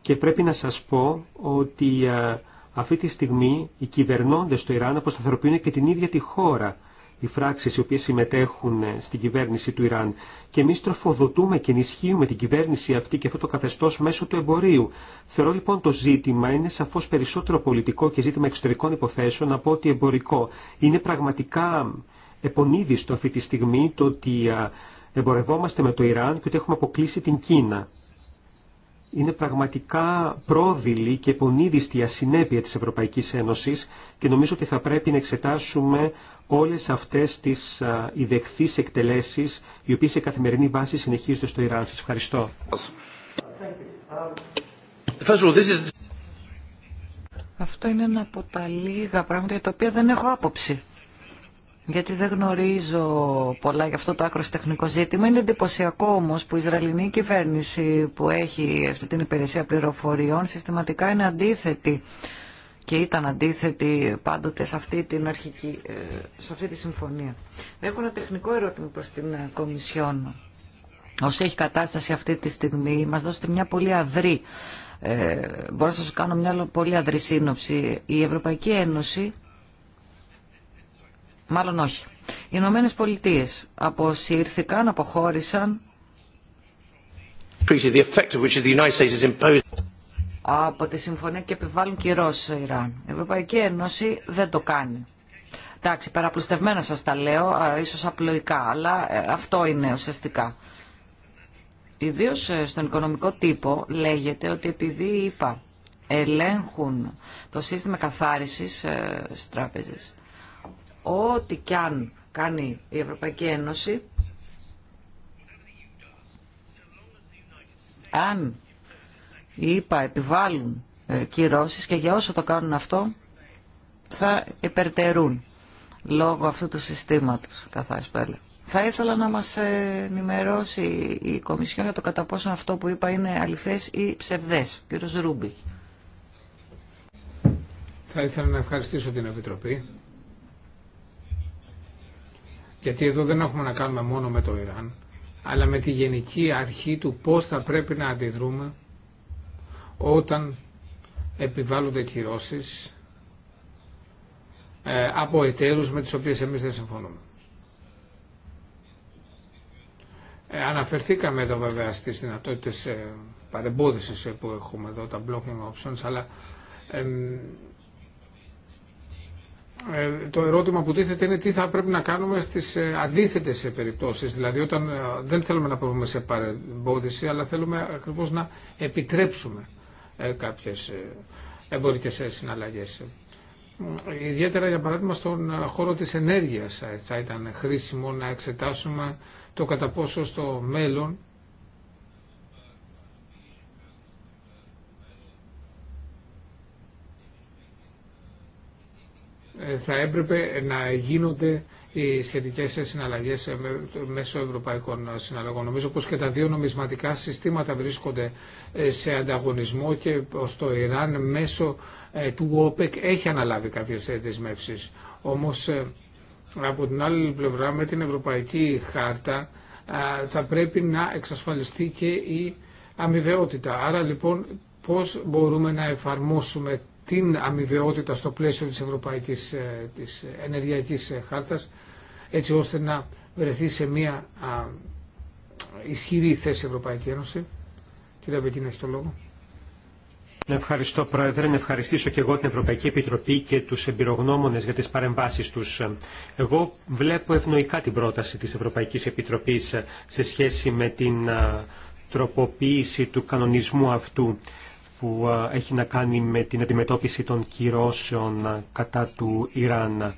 και πρέπει να σας πω ότι ε, αυτή τη στιγμή οι κυβερνώντες στο Ιράν αποσταθροποιούν και την ίδια τη χώρα οι φράξεις οι οποίες συμμετέχουν στην κυβέρνηση του Ιράν. Και εμείς τροφοδοτούμε και ενισχύουμε την κυβέρνηση αυτή και αυτό το καθεστώς μέσω του εμπορίου. Θεωρώ λοιπόν το ζήτημα είναι σαφώς περισσότερο πολιτικό και ζήτημα εξωτερικών υποθέσεων από ότι εμπορικό. Είναι πραγματικά επονίδιστο αυτή τη στιγμή το ότι εμπορευόμαστε με το Ιράν και ότι έχουμε αποκλείσει την Κίνα. Είναι πραγματικά πρόδειλη και επονίδιστη η ασυνέπεια της Ευρωπαϊκής Ένωσης και νομίζω ότι θα πρέπει να εξετάσουμε όλες αυτές τις ιδεχθείς εκτελέσεις οι οποίες σε καθημερινή βάση συνεχίζονται στο Ιράν. Σας ευχαριστώ. Αυτό είναι ένα από τα λίγα πράγματα για τα οποία δεν έχω άποψη γιατί δεν γνωρίζω πολλά για αυτό το άκρο τεχνικό ζήτημα. Είναι εντυπωσιακό όμω που η Ισραηλινή κυβέρνηση που έχει αυτή την υπηρεσία πληροφοριών συστηματικά είναι αντίθετη και ήταν αντίθετη πάντοτε σε αυτή, την αρχική, ε, σε αυτή τη συμφωνία. Έχω ένα τεχνικό ερώτημα προς την ε, Κομισιόν. Όσοι έχει κατάσταση αυτή τη στιγμή, Μα δώσετε μια πολύ αδρή, ε, μπορώ να σας κάνω μια πολύ αδρή σύνοψη. Η Ευρωπαϊκή Ένωση Μάλλον όχι. Οι Ηνωμένε Πολιτείε αποσύρθηκαν, αποχώρησαν από τη συμφωνία και επιβάλλουν Ρώσοι στο Ιράν. Η Ευρωπαϊκή Ένωση δεν το κάνει. Εντάξει, παραπλουστευμένα σας τα λέω, ίσως απλοϊκά, αλλά ε, αυτό είναι ουσιαστικά. Ιδίω ε, στον οικονομικό τύπο λέγεται ότι επειδή είπα ελέγχουν το σύστημα καθάρισης ε, ό,τι κι αν κάνει η Ευρωπαϊκή Ένωση, αν οι επιβάλλουν ε, κυρώσεις και για όσο το κάνουν αυτό θα υπερτερούν λόγω αυτού του συστήματος Πέλε. Θα ήθελα να μας ενημερώσει η Κομισιόν για το κατά πόσο αυτό που είπα είναι αληθές ή ψευδές. Κύριος Ρούμπιχ. Θα ήθελα να ευχαριστήσω την Επιτροπή γιατί εδώ δεν έχουμε να κάνουμε μόνο με το Ιράν, αλλά με τη γενική αρχή του πώς θα πρέπει να αντιδρούμε όταν επιβάλλονται κυρώσεις ε, από εταίρους με τις οποίες εμείς δεν συμφωνούμε. Ε, αναφερθήκαμε εδώ βέβαια στις δυνατότητες ε, παρεμπόδισης που έχουμε εδώ, τα blocking options, αλλά ε, το ερώτημα που τίθεται είναι τι θα πρέπει να κάνουμε στις ε, αντίθετες περιπτώσεις. Δηλαδή όταν ε, δεν θέλουμε να προβούμε σε παρεμπόδιση, αλλά θέλουμε ακριβώς να επιτρέψουμε κάποιες εμπορικές συναλλαγές. Ιδιαίτερα για παράδειγμα στον χώρο της ενέργειας θα ήταν χρήσιμο να εξετάσουμε το κατά πόσο στο μέλλον θα έπρεπε να γίνονται οι σχετικέ συναλλαγέ μέσω ευρωπαϊκών συναλλαγών. Νομίζω πω και τα δύο νομισματικά συστήματα βρίσκονται ε, σε ανταγωνισμό και ως το Ιράν μέσω ε, του ΟΠΕΚ έχει αναλάβει κάποιε δεσμεύσει. Όμω ε, από την άλλη πλευρά με την Ευρωπαϊκή Χάρτα θα πρέπει να εξασφαλιστεί και η αμοιβαιότητα. Άρα λοιπόν πώς μπορούμε να εφαρμόσουμε την αμοιβαιότητα στο πλαίσιο της Ευρωπαϊκής ε, της Ενεργειακής ε, Χάρτας έτσι ώστε να βρεθεί σε μια ισχυρή θέση Ευρωπαϊκή Ένωση. Κύριε Αμπεκίνη, έχει το λόγο. Ευχαριστώ Πρόεδρε, να ευχαριστήσω και εγώ την Ευρωπαϊκή Επιτροπή και τους εμπειρογνώμονες για τις παρεμβάσεις τους. Εγώ βλέπω ευνοϊκά την πρόταση της Ευρωπαϊκής Επιτροπής ε, σε σχέση με την τροποποίηση του κανονισμού αυτού που έχει να κάνει με την αντιμετώπιση των κυρώσεων κατά του Ιράν.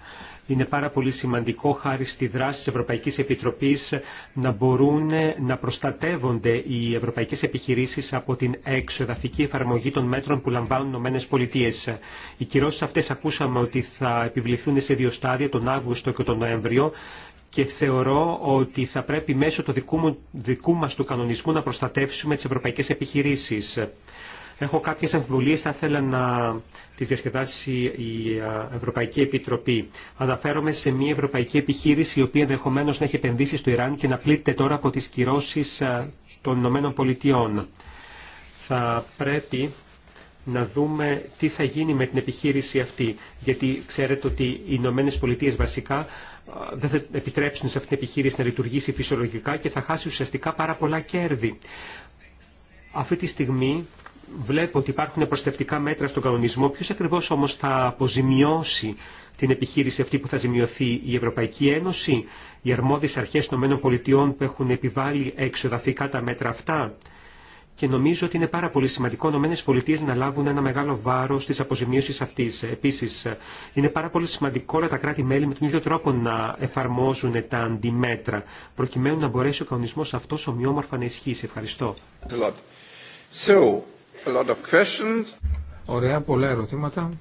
Είναι πάρα πολύ σημαντικό χάρη στη δράση της Ευρωπαϊκής Επιτροπής να μπορούν ε, να προστατεύονται οι ευρωπαϊκές επιχειρήσεις από την εξοδαφική εφαρμογή των μέτρων που λαμβάνουν οι ΗΠΑ. Οι κυρώσει αυτές ακούσαμε ότι θα επιβληθούν σε δύο στάδια, τον Αύγουστο και τον Νοέμβριο και θεωρώ ότι θα πρέπει μέσω του δικού, μου, δικού μας του κανονισμού να προστατεύσουμε τις ευρωπαϊκές επιχειρήσεις. Έχω κάποιε αμφιβολίες, θα ήθελα να τι διασκεδάσει η ε, Ευρωπαϊκή Επιτροπή. Αναφέρομαι σε μια ευρωπαϊκή επιχείρηση η οποία ενδεχομένω να έχει επενδύσει στο Ιράν και να πλήττεται τώρα από τι κυρώσει ε, των Ηνωμένων Πολιτειών. Θα πρέπει να δούμε τι θα γίνει με την επιχείρηση αυτή. Γιατί ξέρετε ότι οι Ηνωμένε Πολιτείε βασικά ε, δεν θα επιτρέψουν σε αυτή την επιχείρηση να λειτουργήσει φυσιολογικά και θα χάσει ουσιαστικά πάρα πολλά κέρδη. Αυτή τη στιγμή βλέπω ότι υπάρχουν προστευτικά μέτρα στον κανονισμό. Ποιο ακριβώ όμω θα αποζημιώσει την επιχείρηση αυτή που θα ζημιωθεί η Ευρωπαϊκή Ένωση, οι αρμόδιες αρχέ των ΗΠΑ που έχουν επιβάλει εξοδαφικά τα μέτρα αυτά. Και νομίζω ότι είναι πάρα πολύ σημαντικό οι ΗΠΑ να λάβουν ένα μεγάλο βάρο τη αποζημίωση αυτή. Επίση, είναι πάρα πολύ σημαντικό όλα τα κράτη-μέλη με τον ίδιο τρόπο να εφαρμόζουν τα αντιμέτρα, προκειμένου να μπορέσει ο κανονισμό αυτό ομοιόμορφα να ισχύσει. Ευχαριστώ. A lot of questions. Ωραία, πολλά ερωτήματα.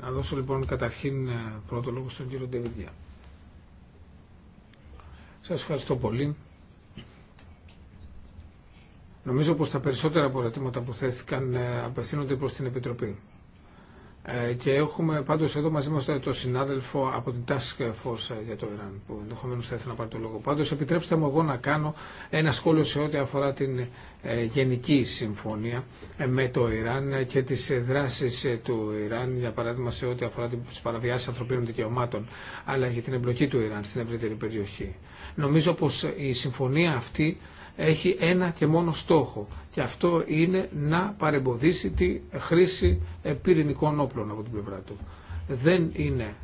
Να δώσω λοιπόν καταρχήν ε, πρώτο λόγο στον κύριο Ντεβιδιά Σας ευχαριστώ πολύ. Νομίζω πως τα περισσότερα από που θέθηκαν ε, απευθύνονται προς την Επιτροπή. Ε, και έχουμε πάντως εδώ μαζί μας το συνάδελφο από την Task Force για το Ιράν που ενδεχομένω θα ήθελα να πάρει το λόγο. Πάντως επιτρέψτε μου εγώ να κάνω ένα σχόλιο σε ό,τι αφορά την ε, γενική συμφωνία ε, με το Ιράν και τις δράσεις του Ιράν για παράδειγμα σε ό,τι αφορά τις παραβιάσεις ανθρωπίνων δικαιωμάτων αλλά και την εμπλοκή του Ιράν στην ευρύτερη περιοχή. Νομίζω πως η συμφωνία αυτή έχει ένα και μόνο στόχο και αυτό είναι να παρεμποδίσει τη χρήση ε, πυρηνικών όπλων από την πλευρά του. Δεν είναι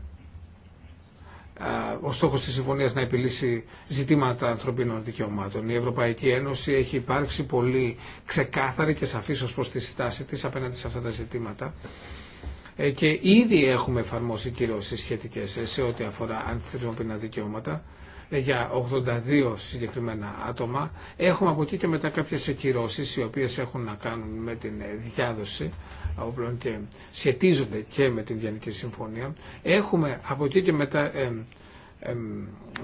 ο στόχο τη συμφωνία να επιλύσει ζητήματα ανθρωπίνων δικαιωμάτων. Η Ευρωπαϊκή Ένωση έχει υπάρξει πολύ ξεκάθαρη και σαφή ω προ τη στάση τη απέναντι σε αυτά τα ζητήματα ε, και ήδη έχουμε εφαρμόσει κυρώσει σχετικέ ε, σε ό,τι αφορά ανθρώπινα δικαιώματα ε, για 82 συγκεκριμένα άτομα. Έχουμε από εκεί και μετά κάποιες ακυρώσεις οι οποίες έχουν να κάνουν με την ε, διάδοση όπλων και σχετίζονται και με την Γενική Συμφωνία. Έχουμε από εκεί και μετά ε,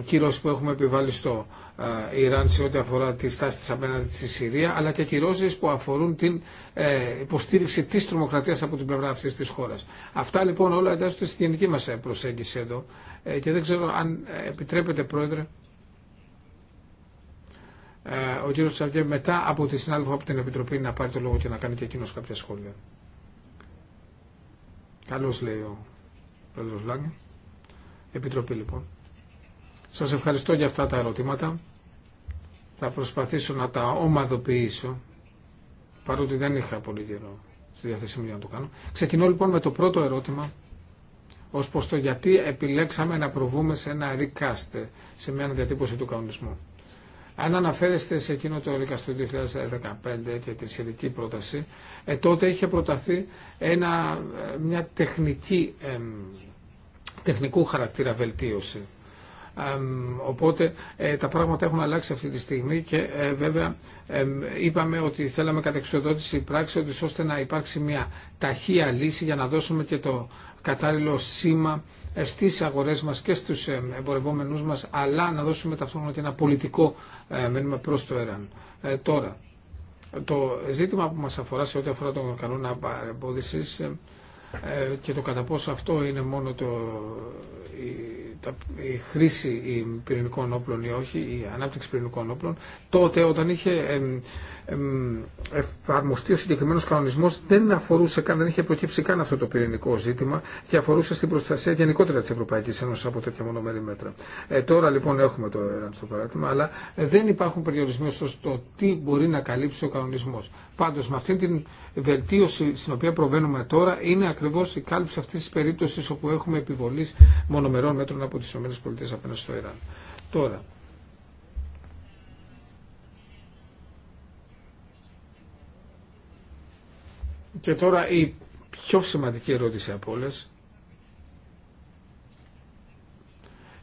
κυρώσεις που έχουμε επιβάλει στο Ιράν σε ό,τι αφορά τη στάση της απέναντι στη Συρία, αλλά και κυρώσεις που αφορούν την ε, υποστήριξη της τρομοκρατίας από την πλευρά αυτής της χώρας. Αυτά λοιπόν όλα εντάσσονται στη γενική μας ε, προσέγγιση εδώ ε, και δεν ξέρω αν επιτρέπετε Πρόεδρε ο κύριος Τσαβγέ μετά από τη συνάδελφο από την Επιτροπή να πάρει το λόγο και να κάνει και εκείνο κάποια σχόλια. Καλώς λέει ο Πρόεδρος Λάγκη. Επιτροπή λοιπόν. Σας ευχαριστώ για αυτά τα ερωτήματα. Θα προσπαθήσω να τα ομαδοποιήσω, παρότι δεν είχα πολύ καιρό στη διάθεσή μου για να το κάνω. Ξεκινώ λοιπόν με το πρώτο ερώτημα, ως προς το γιατί επιλέξαμε να προβούμε σε ένα recast, σε μια διατύπωση του κανονισμού. Αν αναφέρεστε σε εκείνο το recast του 2015 και τη σχετική πρόταση, ε, τότε είχε προταθεί ένα, ε, μια τεχνική, τεχνικού χαρακτήρα βελτίωση Οπότε ε, τα πράγματα έχουν αλλάξει αυτή τη στιγμή και ε, βέβαια είπαμε ότι θέλαμε κατεξοδότηση πράξη ώστε να υπάρξει μια ταχεία λύση για να δώσουμε και το κατάλληλο σήμα ε, στις αγορές μας και στους εμπορευόμενους μας αλλά να δώσουμε ταυτόχρονα και ένα πολιτικό μένουμε προς το ΕΡΑΝ. Τώρα, το ζήτημα που μας αφορά σε ό,τι αφορά τον κανόνα παρεμπόδισης και το κατά πόσο αυτό είναι μόνο το, η χρήση πυρηνικών όπλων ή όχι, η ανάπτυξη πυρηνικών όπλων, τότε όταν είχε εφαρμοστεί ο συγκεκριμένο κανονισμό δεν αφορούσε καν, δεν είχε προκύψει καν αυτό το πυρηνικό ζήτημα και αφορούσε στην προστασία γενικότερα τη Ευρωπαϊκή Ένωση από τέτοια μονομερή μέτρα. Ε, τώρα λοιπόν έχουμε το ΕΡΑΝ στο παράδειγμα, αλλά δεν υπάρχουν περιορισμοί στο τι μπορεί να καλύψει ο κανονισμό. Πάντω με αυτή την βελτίωση στην οποία προβαίνουμε τώρα είναι ακριβώ η κάλυψη αυτή τη περίπτωση όπου έχουμε επιβολή μονομερών μέτρων από τις Πολιτείες απέναντι στο Ιράν. Τώρα, και τώρα η πιο σημαντική ερώτηση από όλες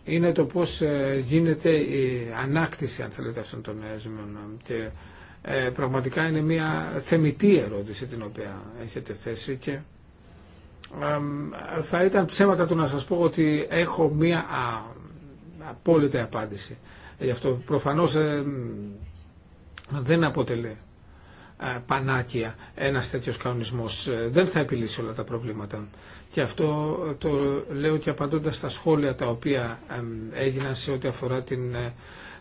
είναι το πώς ε, γίνεται η ανάκτηση αν θέλετε αυτών των ζημιών και ε, πραγματικά είναι μια θεμητή ερώτηση την οποία έχετε θέσει και θα ήταν ψέματα του να σας πω ότι έχω μία απόλυτη απάντηση. Γι' αυτό προφανώς ε, δεν αποτελεί πανάκια ένας τέτοιος κανονισμός. Ε, δεν θα επιλύσει όλα τα προβλήματα. Και αυτό ε, το λέω και απαντώντας στα σχόλια τα οποία έγιναν σε ό,τι αφορά την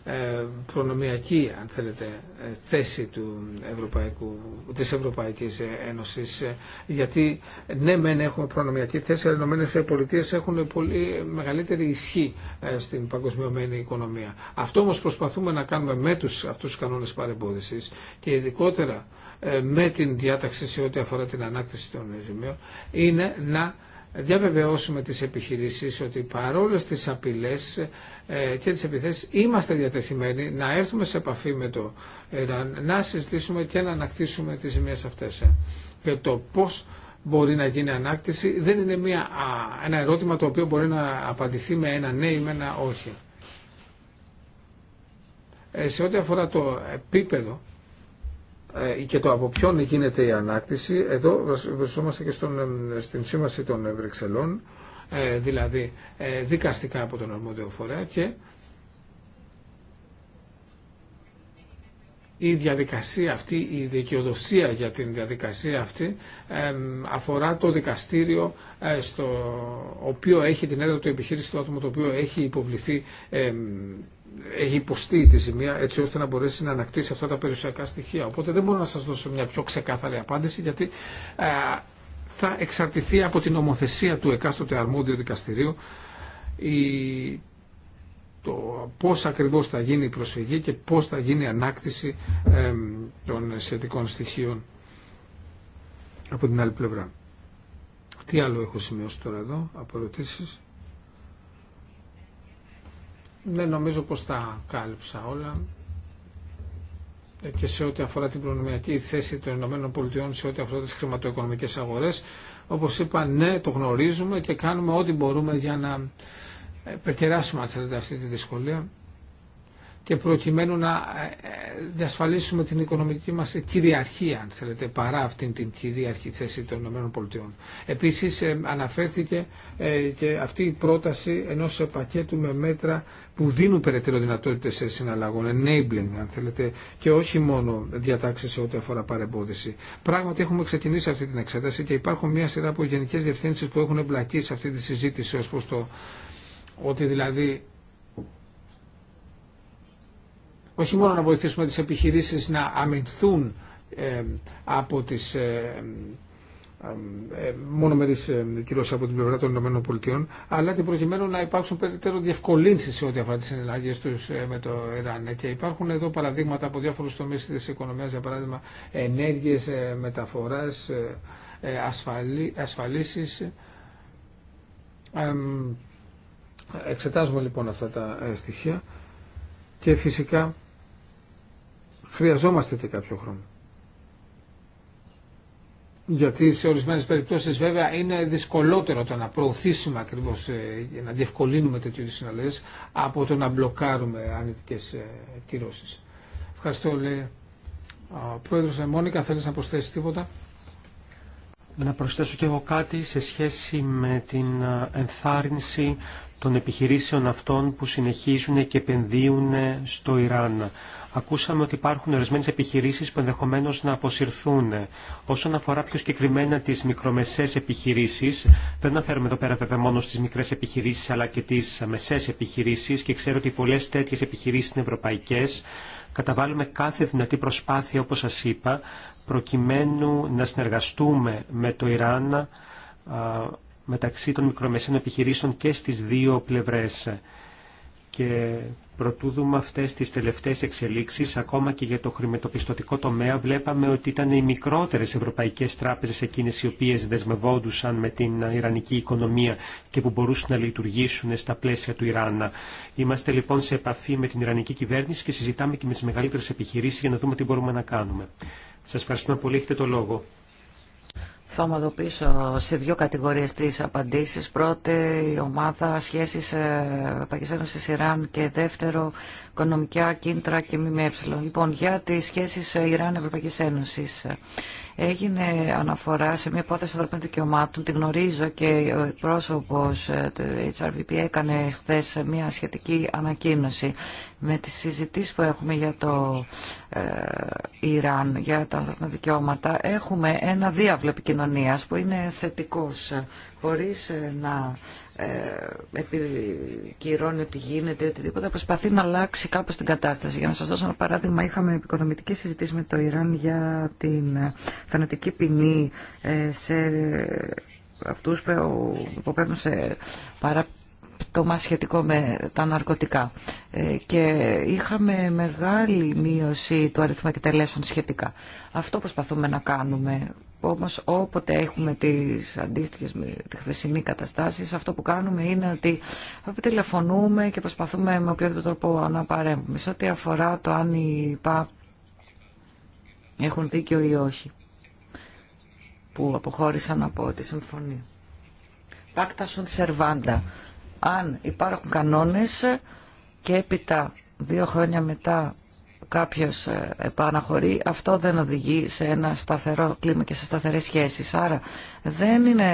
ε, προνομιακή αν θέλετε ε, θέση του Ευρωπαϊκού, της Ευρωπαϊκής Ένωσης ε, γιατί ναι μεν έχουμε προνομιακή θέση αλλά οι Ηνωμένες έχουν πολύ μεγαλύτερη ισχύ στην παγκοσμιωμένη οικονομία. Αυτό όμως προσπαθούμε να κάνουμε με τους αυτούς τους κανόνες παρεμπόδισης και ειδικότερα με την διάταξη σε ό,τι αφορά την ανάκτηση των ζημιών είναι να διαβεβαιώσουμε τις επιχειρήσεις ότι παρόλες τις απειλές ε, και τις επιθέσεις είμαστε διατεθειμένοι να έρθουμε σε επαφή με το Ιράν, να συζητήσουμε και να ανακτήσουμε τις ζημίες αυτές. Και το πώς μπορεί να γίνει ανάκτηση δεν είναι μια, ένα ερώτημα το οποίο μπορεί να απαντηθεί με ένα ναι ή με ένα όχι. Ε, σε ό,τι αφορά το επίπεδο ε, και το από ποιον γίνεται η ανάκτηση, εδώ βρισκόμαστε και στον, στην σύμβαση των Βρυξελών, ε, δηλαδή ε, δικαστικά από τον αρμόδιο φορέα και η διαδικασία αυτή, η δικαιοδοσία για την διαδικασία αυτή αφορά το δικαστήριο ε, στο οποίο έχει την έδρα του επιχείρηση το άτομο το οποίο έχει υποβληθεί έχει υποστεί τη ζημία έτσι ώστε να μπορέσει να ανακτήσει αυτά τα περιουσιακά στοιχεία. Οπότε δεν μπορώ να σας δώσω μια πιο ξεκάθαρη απάντηση γιατί ε, θα εξαρτηθεί από την ομοθεσία του εκάστοτε αρμόδιου δικαστηρίου η το πώς ακριβώς θα γίνει η προσφυγή και πώς θα γίνει η ανάκτηση των σχετικών στοιχείων από την άλλη πλευρά. Τι άλλο έχω σημειώσει τώρα εδώ από ερωτήσεις. Ναι, νομίζω πως τα κάλυψα όλα ε, και σε ό,τι αφορά την προνομιακή θέση των Ηνωμένων Πολιτειών, σε ό,τι αφορά τις χρηματοοικονομικές αγορές. Όπως είπα, ναι, το γνωρίζουμε και κάνουμε ό,τι μπορούμε για να ε, περκεράσουμε αν θέλετε αυτή τη δυσκολία και προκειμένου να ε, ε, διασφαλίσουμε την οικονομική μας κυριαρχία, αν θέλετε, παρά αυτήν την κυρίαρχη θέση των ΗΠΑ. Επίσης, αναφέρθηκε και αυτή η πρόταση ενός πακέτου με μέτρα που δίνουν περαιτέρω δυνατότητε σε συναλλαγών, enabling, αν θέλετε, και όχι μόνο διατάξει σε ό,τι αφορά παρεμπόδιση. Πράγματι, έχουμε ξεκινήσει αυτή την εξέταση και υπάρχουν μια σειρά από γενικέ διευθύνσει που έχουν εμπλακεί σε αυτή τη συζήτηση ω προ το ότι δηλαδή όχι μόνο να βοηθήσουμε τις επιχειρήσεις να αμυνθούν από τις ε, μονομερεί ε, κυρώσει από την πλευρά των Πολιτείων αλλά και προκειμένου να υπάρξουν περαιτέρω διευκολύνσεις σε ό,τι αφορά τι συναλλαγέ του ε, με το Ιράν. Και υπάρχουν εδώ παραδείγματα από διάφορου τομεί τη οικονομία, για παράδειγμα ενέργειε, μεταφορά, ασφαλίσει Εξετάζουμε λοιπόν αυτά τα ε, στοιχεία και φυσικά χρειαζόμαστε και κάποιο χρόνο. Γιατί σε ορισμένε περιπτώσει βέβαια είναι δυσκολότερο το να προωθήσουμε ακριβώ ε, να διευκολύνουμε τέτοιου είδου από το να μπλοκάρουμε αρνητικέ ε, κυρώσει. Ευχαριστώ, λέει. Πρόεδρο Μόνικα, θέλει να προσθέσει τίποτα. Να προσθέσω και εγώ κάτι σε σχέση με την ενθάρρυνση των επιχειρήσεων αυτών που συνεχίζουν και επενδύουν ε, στο Ιράν. Ακούσαμε ότι υπάρχουν ορισμένε επιχειρήσει που ενδεχομένω να αποσυρθούν. Όσον αφορά πιο συγκεκριμένα τι μικρομεσαίες επιχειρήσει, δεν αναφέρομαι εδώ πέρα βέβαια μόνο στι μικρέ επιχειρήσει αλλά και τι μεσαίες επιχειρήσει και ξέρω ότι πολλέ τέτοιε επιχειρήσει είναι ευρωπαϊκές. Καταβάλουμε κάθε δυνατή προσπάθεια όπω σα είπα προκειμένου να συνεργαστούμε με το Ιράν μεταξύ των μικρομεσαίων επιχειρήσεων και στις δύο πλευρές. Και προτού δούμε αυτές τις τελευταίες εξελίξεις, ακόμα και για το χρηματοπιστωτικό τομέα, βλέπαμε ότι ήταν οι μικρότερες ευρωπαϊκές τράπεζες εκείνες οι οποίες δεσμευόντουσαν με την Ιρανική οικονομία και που μπορούσαν να λειτουργήσουν στα πλαίσια του Ιράν. Είμαστε λοιπόν σε επαφή με την Ιρανική κυβέρνηση και συζητάμε και με τις μεγαλύτερες επιχειρήσεις για να δούμε τι μπορούμε να κάνουμε. Σας ευχαριστούμε πολύ. Έχετε το λόγο. Θα ομαδοποιήσω σε δύο κατηγορίες τις απαντήσεις. Πρώτη, η ομάδα σχέσεις ε, Ευρωπαϊκής Ένωσης Ιράν και δεύτερο, οικονομικά κίνητρα και ΜΜΕ. Λοιπόν, για τις σχέσεις ε, Ιράν-Ευρωπαϊκής Ένωσης. Έγινε αναφορά σε μια υπόθεση ανθρωπίνων δικαιωμάτων, την γνωρίζω και ο πρόσωπος ε, του HRVP έκανε χθε μια σχετική ανακοίνωση με τις συζητήσεις που έχουμε για το ε, Ιράν, για τα ανθρώπινα δικαιώματα. Έχουμε ένα διάβλο επικοινωνία που είναι θετικός, χωρίς ε, να ε, επικυρώνει ότι γίνεται οτιδήποτε, προσπαθεί να αλλάξει κάπως την κατάσταση. Για να σα δώσω ένα παράδειγμα, είχαμε επικοδομητική συζήτηση με το Ιράν για την ε, θανατική ποινή ε, σε αυτού που υποπέμπουν σε παρά το σχετικό με τα ναρκωτικά. Και είχαμε μεγάλη μείωση του αριθμού εκτελέσεων σχετικά. Αυτό προσπαθούμε να κάνουμε. Όμως όποτε έχουμε τις αντίστοιχες με τη χθεσινή καταστάσεις, αυτό που κάνουμε είναι ότι τηλεφωνούμε και προσπαθούμε με οποιοδήποτε τρόπο να παρέμβουμε. Σε ό,τι αφορά το αν οι ΠΑ έχουν δίκιο ή όχι, που αποχώρησαν από τη συμφωνία. Πάκτα sunt σερβάντα Αν υπάρχουν κανόνες και έπειτα δύο χρόνια μετά κάποιος ε, επαναχωρεί, αυτό δεν οδηγεί σε ένα σταθερό κλίμα και σε σταθερές σχέσεις. Άρα δεν είναι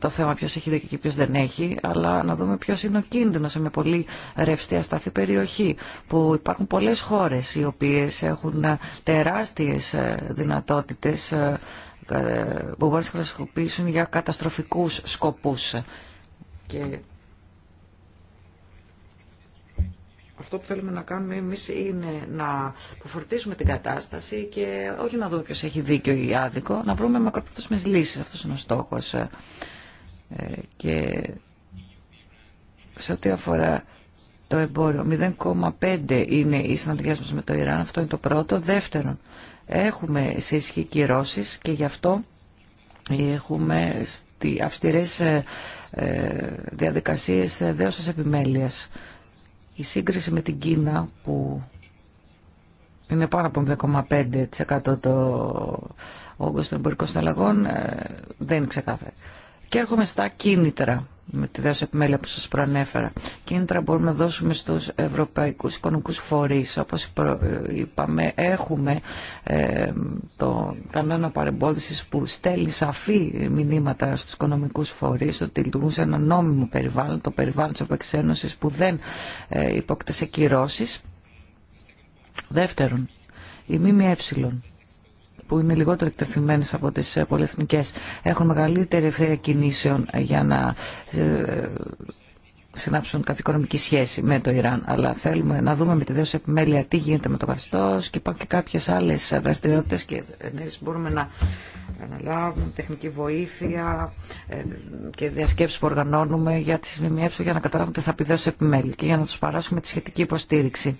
το θέμα ποιος έχει δίκιο και ποιος δεν έχει, αλλά να δούμε ποιος είναι ο κίνδυνος σε μια πολύ ρευστή ασταθή περιοχή, που υπάρχουν πολλές χώρες οι οποίες έχουν ε, τεράστιες ε, δυνατότητες που μπορούν να χρησιμοποιήσουν για καταστροφικούς σκοπούς. Και Αυτό που θέλουμε να κάνουμε εμεί είναι να προφορτήσουμε την κατάσταση και όχι να δούμε ποιο έχει δίκιο ή άδικο, να βρούμε μακροπρόθεσμες λύσεις. αυτό είναι ο στόχος. Ε, και σε ό,τι αφορά το εμπόριο, 0,5 είναι η συναλλαγές μα με το Ιράν, αυτό είναι το πρώτο. Δεύτερον, έχουμε σε ισχύ κυρώσει και γι' αυτό έχουμε αυστηρές ε, ε, διαδικασίες δέωσας επιμέλεια. Η σύγκριση με την Κίνα που είναι πάνω από 0,5% το όγκος των εμπορικών συναλλαγών ε, δεν είναι ξεκάθαρη. Και έρχομαι στα κίνητρα με τη δεύτερη επιμέλεια που σας προανέφερα. Κίνητρα μπορούμε να δώσουμε στους ευρωπαϊκούς οικονομικούς φορείς. Όπως είπαμε, έχουμε ε, το κανόνα παρεμπόδισης που στέλνει σαφή μηνύματα στους οικονομικούς φορείς ότι λειτουργούν σε ένα νόμιμο περιβάλλον, το περιβάλλον της Ένωση που δεν ε, υπόκειται σε κυρώσεις. Δεύτερον, η ΜΜΕ που είναι λιγότερο εκτεθειμένες από τις ε, πολυεθνικές έχουν μεγαλύτερη ευθεία κινήσεων ε, για να ε, συνάψουν κάποια οικονομική σχέση με το Ιράν. Αλλά θέλουμε να δούμε με τη δέωση επιμέλεια τι γίνεται με το καθεστώ και υπάρχουν και κάποιε άλλε δραστηριότητε και ενέργειε που μπορούμε να αναλάβουμε, τεχνική βοήθεια και διασκέψει που οργανώνουμε για τη ΜΜΕ για να καταλάβουν τι θα πει δέωση επιμέλεια και για να του παράσουμε τη σχετική υποστήριξη.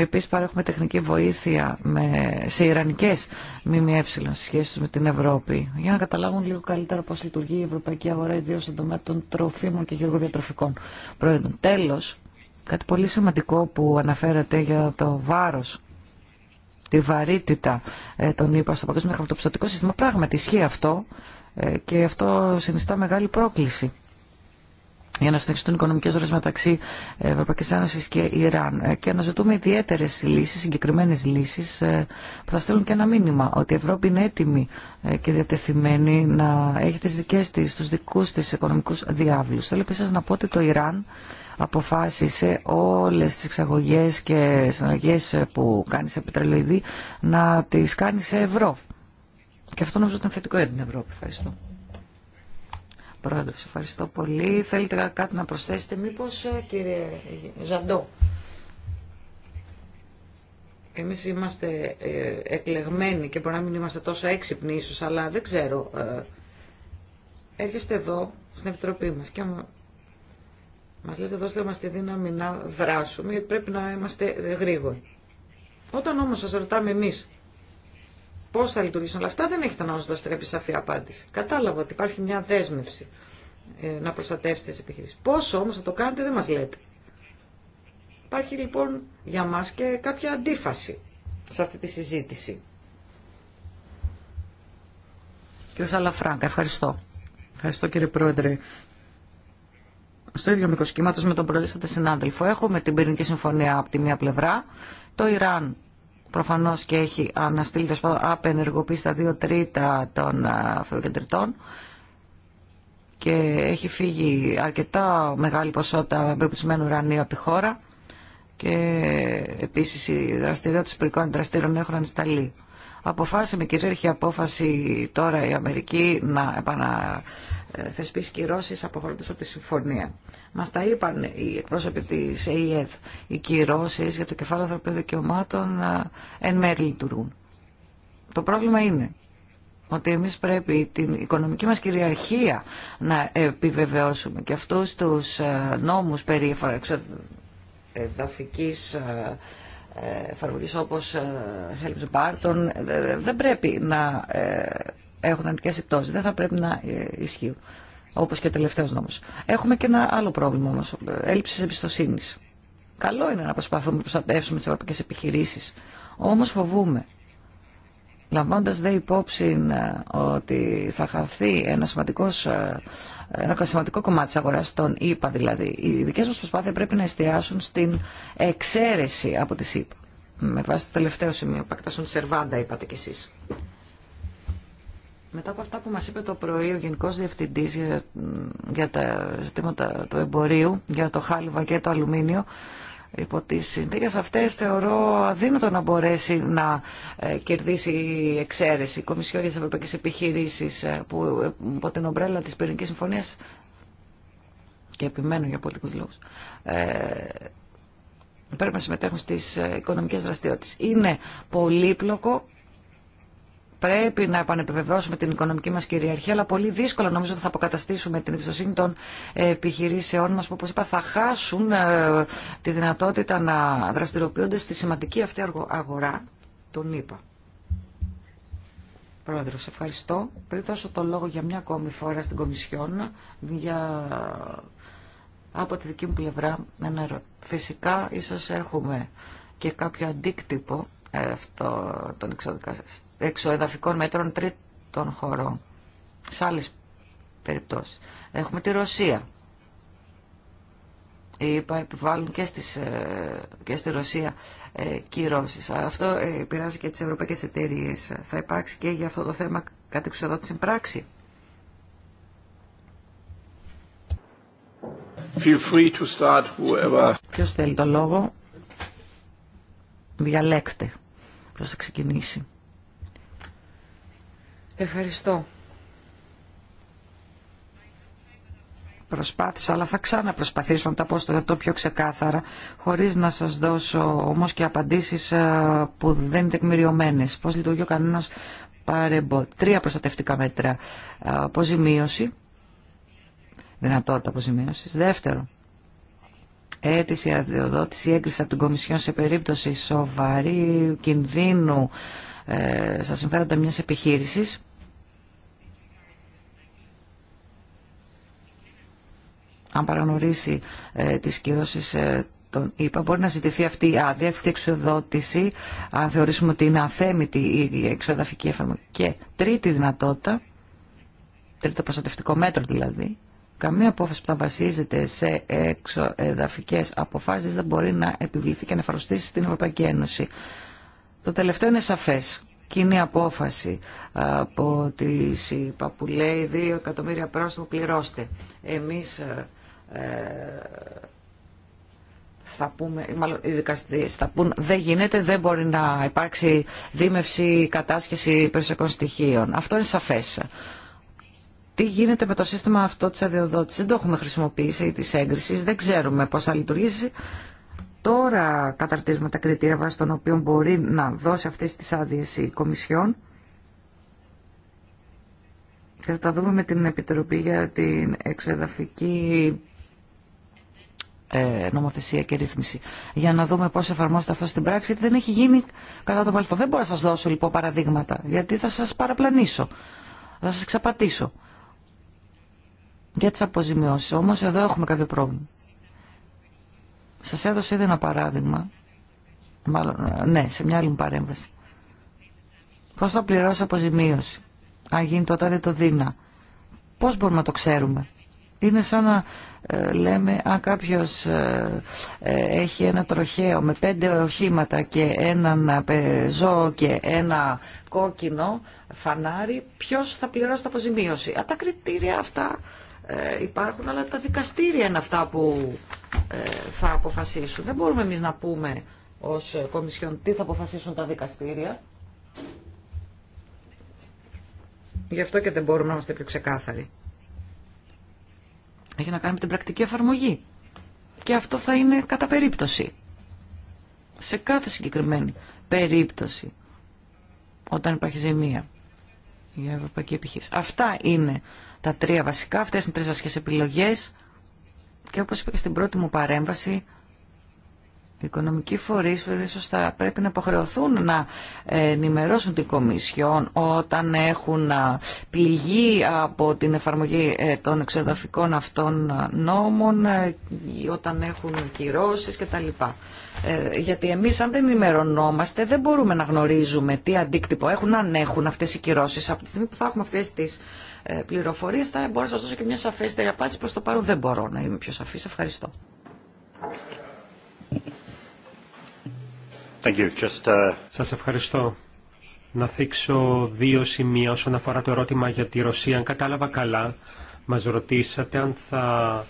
Επίσης παρέχουμε τεχνική βοήθεια με, σε ιρανικές ΜΜΕ σχέσεις με την Ευρώπη για να καταλάβουν λίγο καλύτερα πώς λειτουργεί η ευρωπαϊκή αγορά ιδίως στον τομέα των τροφίμων και γεωργοδιατροφικών προϊόντων. Τέλος, κάτι πολύ σημαντικό που αναφέρατε για το βάρος τη βαρύτητα ε, των ΗΠΑ στο παγκόσμιο χρηματοπιστωτικό σύστημα. Πράγματι ισχύει αυτό ε, και αυτό συνιστά μεγάλη πρόκληση για να συνεχιστούν οικονομικέ ώρε μεταξύ Ευρωπαϊκή Ένωση και Ιράν. Ε, και να ζητούμε ιδιαίτερε λύσει, συγκεκριμένε λύσει, ε, που θα στέλνουν και ένα μήνυμα ότι η Ευρώπη είναι έτοιμη ε, και διατεθειμένη να έχει τις δικές της, τους δικούς της οικονομικούς διάβλους. Θέλω επίσης να πω ότι το Ιράν αποφάσισε όλες τις εξαγωγές και συναλλαγές που κάνει σε πετρελαιοειδή να τις κάνει σε ευρώ. Και αυτό νομίζω ότι είναι θετικό για την Ευρώπη. Ευχαριστώ. Ευχαριστώ πολύ. Θέλετε κάτι να προσθέσετε μήπως ε, κύριε Ζαντό. Εμείς είμαστε ε, εκλεγμένοι και μπορεί να μην είμαστε τόσο έξυπνοι ίσως, αλλά δεν ξέρω. Ε, έρχεστε εδώ, στην Επιτροπή μας και μας λέτε δώστε μας τη δύναμη να δράσουμε, γιατί πρέπει να είμαστε γρήγοροι. Όταν όμως σας ρωτάμε εμείς Πώ θα λειτουργήσουν όλα αυτά δεν έχετε να μα δώσετε κάποια σαφή απάντηση. Κατάλαβα ότι υπάρχει μια δέσμευση ε, να προστατεύσετε τι επιχειρήσει. Πόσο όμω θα το κάνετε δεν μα λέτε. Υπάρχει λοιπόν για μα και κάποια αντίφαση σε αυτή τη συζήτηση. Κύριε Σαλαφράγκα, ευχαριστώ. Ευχαριστώ κύριε Πρόεδρε. Στο ίδιο μικρό με τον προελίσσατε συνάδελφο. Έχουμε την πυρηνική συμφωνία από τη μία πλευρά, το Ιράν Προφανώ και έχει αναστείλει, απενεργοποιήσει τα δύο τρίτα των φοροκεντριτών και έχει φύγει αρκετά μεγάλη ποσότητα εμπεπισμένου ουρανίου από τη χώρα και επίσης οι δραστηριότητες των πυρικών έχουν ανασταλεί αποφάσισε με κυρίαρχη απόφαση τώρα η Αμερική να επαναθεσπίσει κυρώσεις αποχωρώντας από τη συμφωνία. Μας τα είπαν οι εκπρόσωποι τη ΕΕΔ. Οι κυρώσεις για το κεφάλαιο ανθρωπίνων δικαιωμάτων ε, εν μέρει λειτουργούν. Το πρόβλημα είναι ότι εμείς πρέπει την οικονομική μας κυριαρχία να επιβεβαιώσουμε και αυτούς τους ε, νόμους περί εξοδαφικής ε, εφαρμογής όπως ε, Helms Barton ε, δεν πρέπει να ε, έχουν αντικές επιπτώσει. δεν θα πρέπει να ισχύουν όπως και ο τελευταίος νόμος. Έχουμε και ένα άλλο πρόβλημα όμως, έλλειψη εμπιστοσύνης. Καλό είναι να προσπαθούμε να προστατεύσουμε τις ευρωπαϊκές επιχειρήσεις, όμως φοβούμε Λαμβάνοντας δε υπόψη ε, ότι θα χαθεί ένα σημαντικό ε, ένα σημαντικό κομμάτι της αγοράς των ΙΠΑ δηλαδή. Οι δικές μας προσπάθειες πρέπει να εστιάσουν στην εξαίρεση από τις ΙΠΑ. Με βάση το τελευταίο σημείο, πακτάσουν τη Σερβάντα είπατε κι εσείς. Μετά από αυτά που μας είπε το πρωί ο Γενικός Διευθυντής για, για τα ζητήματα του εμπορίου, για το χάλιβα και το αλουμίνιο, Υπό τις συνθήκες αυτές θεωρώ αδύνατο να μπορέσει να ε, κερδίσει η εξαίρεση η Κομισιόν για τις Επιχειρήσεις ε, που ε, υπό την ομπρέλα της Πυρηνικής Συμφωνίας και επιμένω για πολιτικούς λόγους πρέπει να συμμετέχουν στις οικονομικές δραστηριότητες. Είναι πολύπλοκο πρέπει να επανεπιβεβαιώσουμε την οικονομική μα κυριαρχία, αλλά πολύ δύσκολα νομίζω ότι θα αποκαταστήσουμε την εμπιστοσύνη των επιχειρήσεών μας, που όπως είπα θα χάσουν ε, τη δυνατότητα να δραστηριοποιούνται στη σημαντική αυτή αγορά, τον είπα. Πρόεδρος, ευχαριστώ. Πριν δώσω το λόγο για μια ακόμη φορά στην Κομισιόν, για... από τη δική μου πλευρά, φυσικά ίσως έχουμε και κάποιο αντίκτυπο ε, αυτό των εξωδικαστών εξοεδαφικών μέτρων τρίτων χωρών. Σε άλλε περιπτώσει. Έχουμε τη Ρωσία. Οι ΙΠΑ επιβάλλουν και, στις, ε, και στη Ρωσία ε, κυρώσεις. Αυτό ε, επηρεάζει και τι ευρωπαϊκέ εταιρείε. Θα υπάρξει και για αυτό το θέμα κάτι εξοδότηση πράξη. Feel θέλει το λόγο, διαλέξτε Ποιο θα ξεκινήσει. Ευχαριστώ. προσπάθησα, αλλά θα ξαναπροσπαθήσω να τα πω στο λεπτό πιο ξεκάθαρα, χωρίς να σας δώσω όμως και απαντήσεις ε, που δεν είναι τεκμηριωμένες. Πώς λειτουργεί ο κανόνας παρεμπό. Τρία προστατευτικά μέτρα. Ε, αποζημίωση, δυνατότητα αποζημίωση. Δεύτερο, αίτηση αδειοδότηση έγκριση από την Κομισιόν σε περίπτωση σοβαρή κινδύνου ε, στα συμφέροντα μιας επιχείρησης αν παραγνωρίσει ε, τις κυρώσεις ε, τον είπα, μπορεί να ζητηθεί αυτή η άδεια, αυτή η εξοδότηση, αν θεωρήσουμε ότι είναι αθέμητη η εξοδαφική εφαρμογή. Και τρίτη δυνατότητα, τρίτο προστατευτικό μέτρο δηλαδή, καμία απόφαση που θα βασίζεται σε εξοδαφικές αποφάσεις δεν μπορεί να επιβληθεί και να εφαρμοστεί στην Ευρωπαϊκή Ένωση. Το τελευταίο είναι σαφές. Κοινή απόφαση ε, από τη ΣΥΠΑ που λέει 2 εκατομμύρια πρόστιμο πληρώστε. Εμείς ε, θα πούμε, μάλλον οι θα πούν δεν γίνεται, δεν μπορεί να υπάρξει δίμευση, κατάσχεση περισσοκών στοιχείων. Αυτό είναι σαφές. Τι γίνεται με το σύστημα αυτό της αδειοδότησης. Δεν το έχουμε χρησιμοποιήσει ή της έγκρισης, δεν ξέρουμε πώς θα λειτουργήσει. Τώρα καταρτίζουμε τα κριτήρια βάσει των οποίων μπορεί να δώσει αυτές τις άδειες η της εγκρισης δεν ξερουμε πως θα λειτουργησει τωρα καταρτιζουμε τα κριτηρια βασει των οποιων μπορει να δωσει αυτή τις αδειες η κομισιον και θα τα δούμε με την Επιτροπή για την εξεδαφική ε, νομοθεσία και ρύθμιση. Για να δούμε πώς εφαρμόζεται αυτό στην πράξη, γιατί δεν έχει γίνει κατά το παρελθόν. Δεν μπορώ να σας δώσω λοιπόν παραδείγματα, γιατί θα σας παραπλανήσω, θα σας ξαπατήσω. Για τις αποζημιώσεις όμως εδώ έχουμε κάποιο πρόβλημα. Σας έδωσα ήδη ένα παράδειγμα, μάλλον, ε, ναι, σε μια άλλη παρέμβαση. Πώς θα πληρώσω αποζημίωση, αν γίνει τότε δεν το δίνα. Πώς μπορούμε να το ξέρουμε είναι σαν να ε, λέμε αν κάποιος ε, ε, έχει ένα τροχαίο με πέντε οχήματα και ένα ζώο και ένα κόκκινο φανάρι, ποιος θα πληρώσει τα αποζημίωση. Α, τα κριτήρια αυτά υπάρχουν, αλλά τα δικαστήρια είναι αυτά που θα αποφασίσουν. Δεν μπορούμε εμείς να πούμε ως Κομισιόν τι θα αποφασίσουν τα δικαστήρια. Γι' αυτό και δεν μπορούμε να είμαστε πιο ξεκάθαροι. Έχει να κάνει με την πρακτική εφαρμογή. Και αυτό θα είναι κατά περίπτωση. Σε κάθε συγκεκριμένη περίπτωση. Όταν υπάρχει ζημία για ευρωπαϊκή επιχείρηση. Αυτά είναι τα τρία βασικά. Αυτές είναι τρεις βασικές επιλογές. Και όπως είπα και στην πρώτη μου παρέμβαση, οι οικονομικοί φορεί βέβαια ίσως πρέπει να υποχρεωθούν να ενημερώσουν την Κομισιόν όταν έχουν πληγεί από την εφαρμογή ε, των εξεδαφικών αυτών νόμων, ε, όταν έχουν κυρώσει κτλ. Ε, γιατί εμεί, αν δεν ενημερωνόμαστε δεν μπορούμε να γνωρίζουμε τι αντίκτυπο έχουν, αν έχουν αυτέ οι κυρώσει. Από τη στιγμή που θα έχουμε αυτές τις πληροφορίε. θα μπορώ να σα δώσω και μια σαφέστερη απάντηση προ το παρόν. Δεν μπορώ να είμαι πιο σαφή. Ευχαριστώ. Uh, Σας ευχαριστώ. Να θίξω δύο σημεία όσον αφορά το ερώτημα για τη Ρωσία. Αν κατάλαβα καλά, μας ρωτήσατε αν θα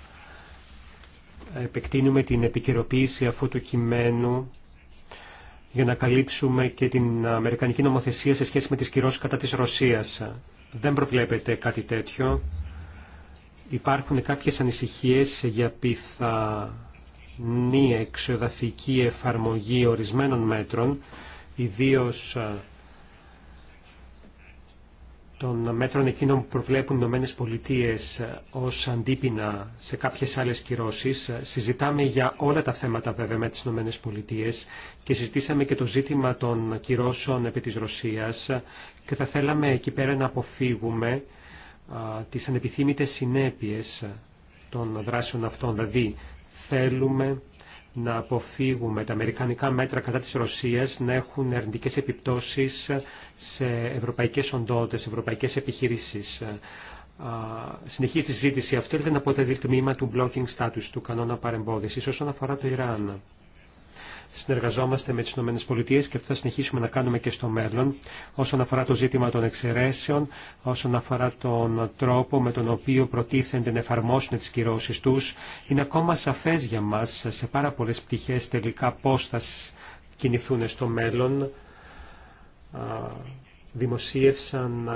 επεκτείνουμε την επικαιροποίηση αυτού του κειμένου για να καλύψουμε και την Αμερικανική νομοθεσία σε σχέση με τις κυρώσεις κατά της Ρωσίας. Δεν προβλέπεται κάτι τέτοιο. Υπάρχουν κάποιες ανησυχίες για πιθα νία εξοδαφική εφαρμογή ορισμένων μέτρων, ιδίως ε, των μέτρων εκείνων που προβλέπουν οι Ηνωμένες Πολιτείες ε, ως αντίπεινα σε κάποιες άλλες κυρώσεις. Ε, συζητάμε για όλα τα θέματα βέβαια με τις Ηνωμένες και συζητήσαμε και το ζήτημα των κυρώσεων επί της Ρωσίας και θα θέλαμε εκεί πέρα να αποφύγουμε τις ανεπιθύμητες συνέπειες των δράσεων αυτών, δηλαδή θέλουμε να αποφύγουμε τα αμερικανικά μέτρα κατά της Ρωσίας να έχουν αρνητικές επιπτώσεις σε ευρωπαϊκές οντότητες, σε ευρωπαϊκές επιχειρήσεις. Συνεχίζει τη συζήτηση. αυτή, δεν από το τμήμα του blocking status, του κανόνα παρεμπόδισης, όσον αφορά το Ιράν. Συνεργαζόμαστε με τις ΗΠΑ και αυτό θα συνεχίσουμε να κάνουμε και στο μέλλον όσον αφορά το ζήτημα των εξαιρέσεων, όσον αφορά τον τρόπο με τον οποίο προτίθενται να εφαρμόσουν τις κυρώσεις τους. Είναι ακόμα σαφές για μας σε πάρα πολλέ πτυχές τελικά πώ θα κινηθούν στο μέλλον. Δημοσίευσαν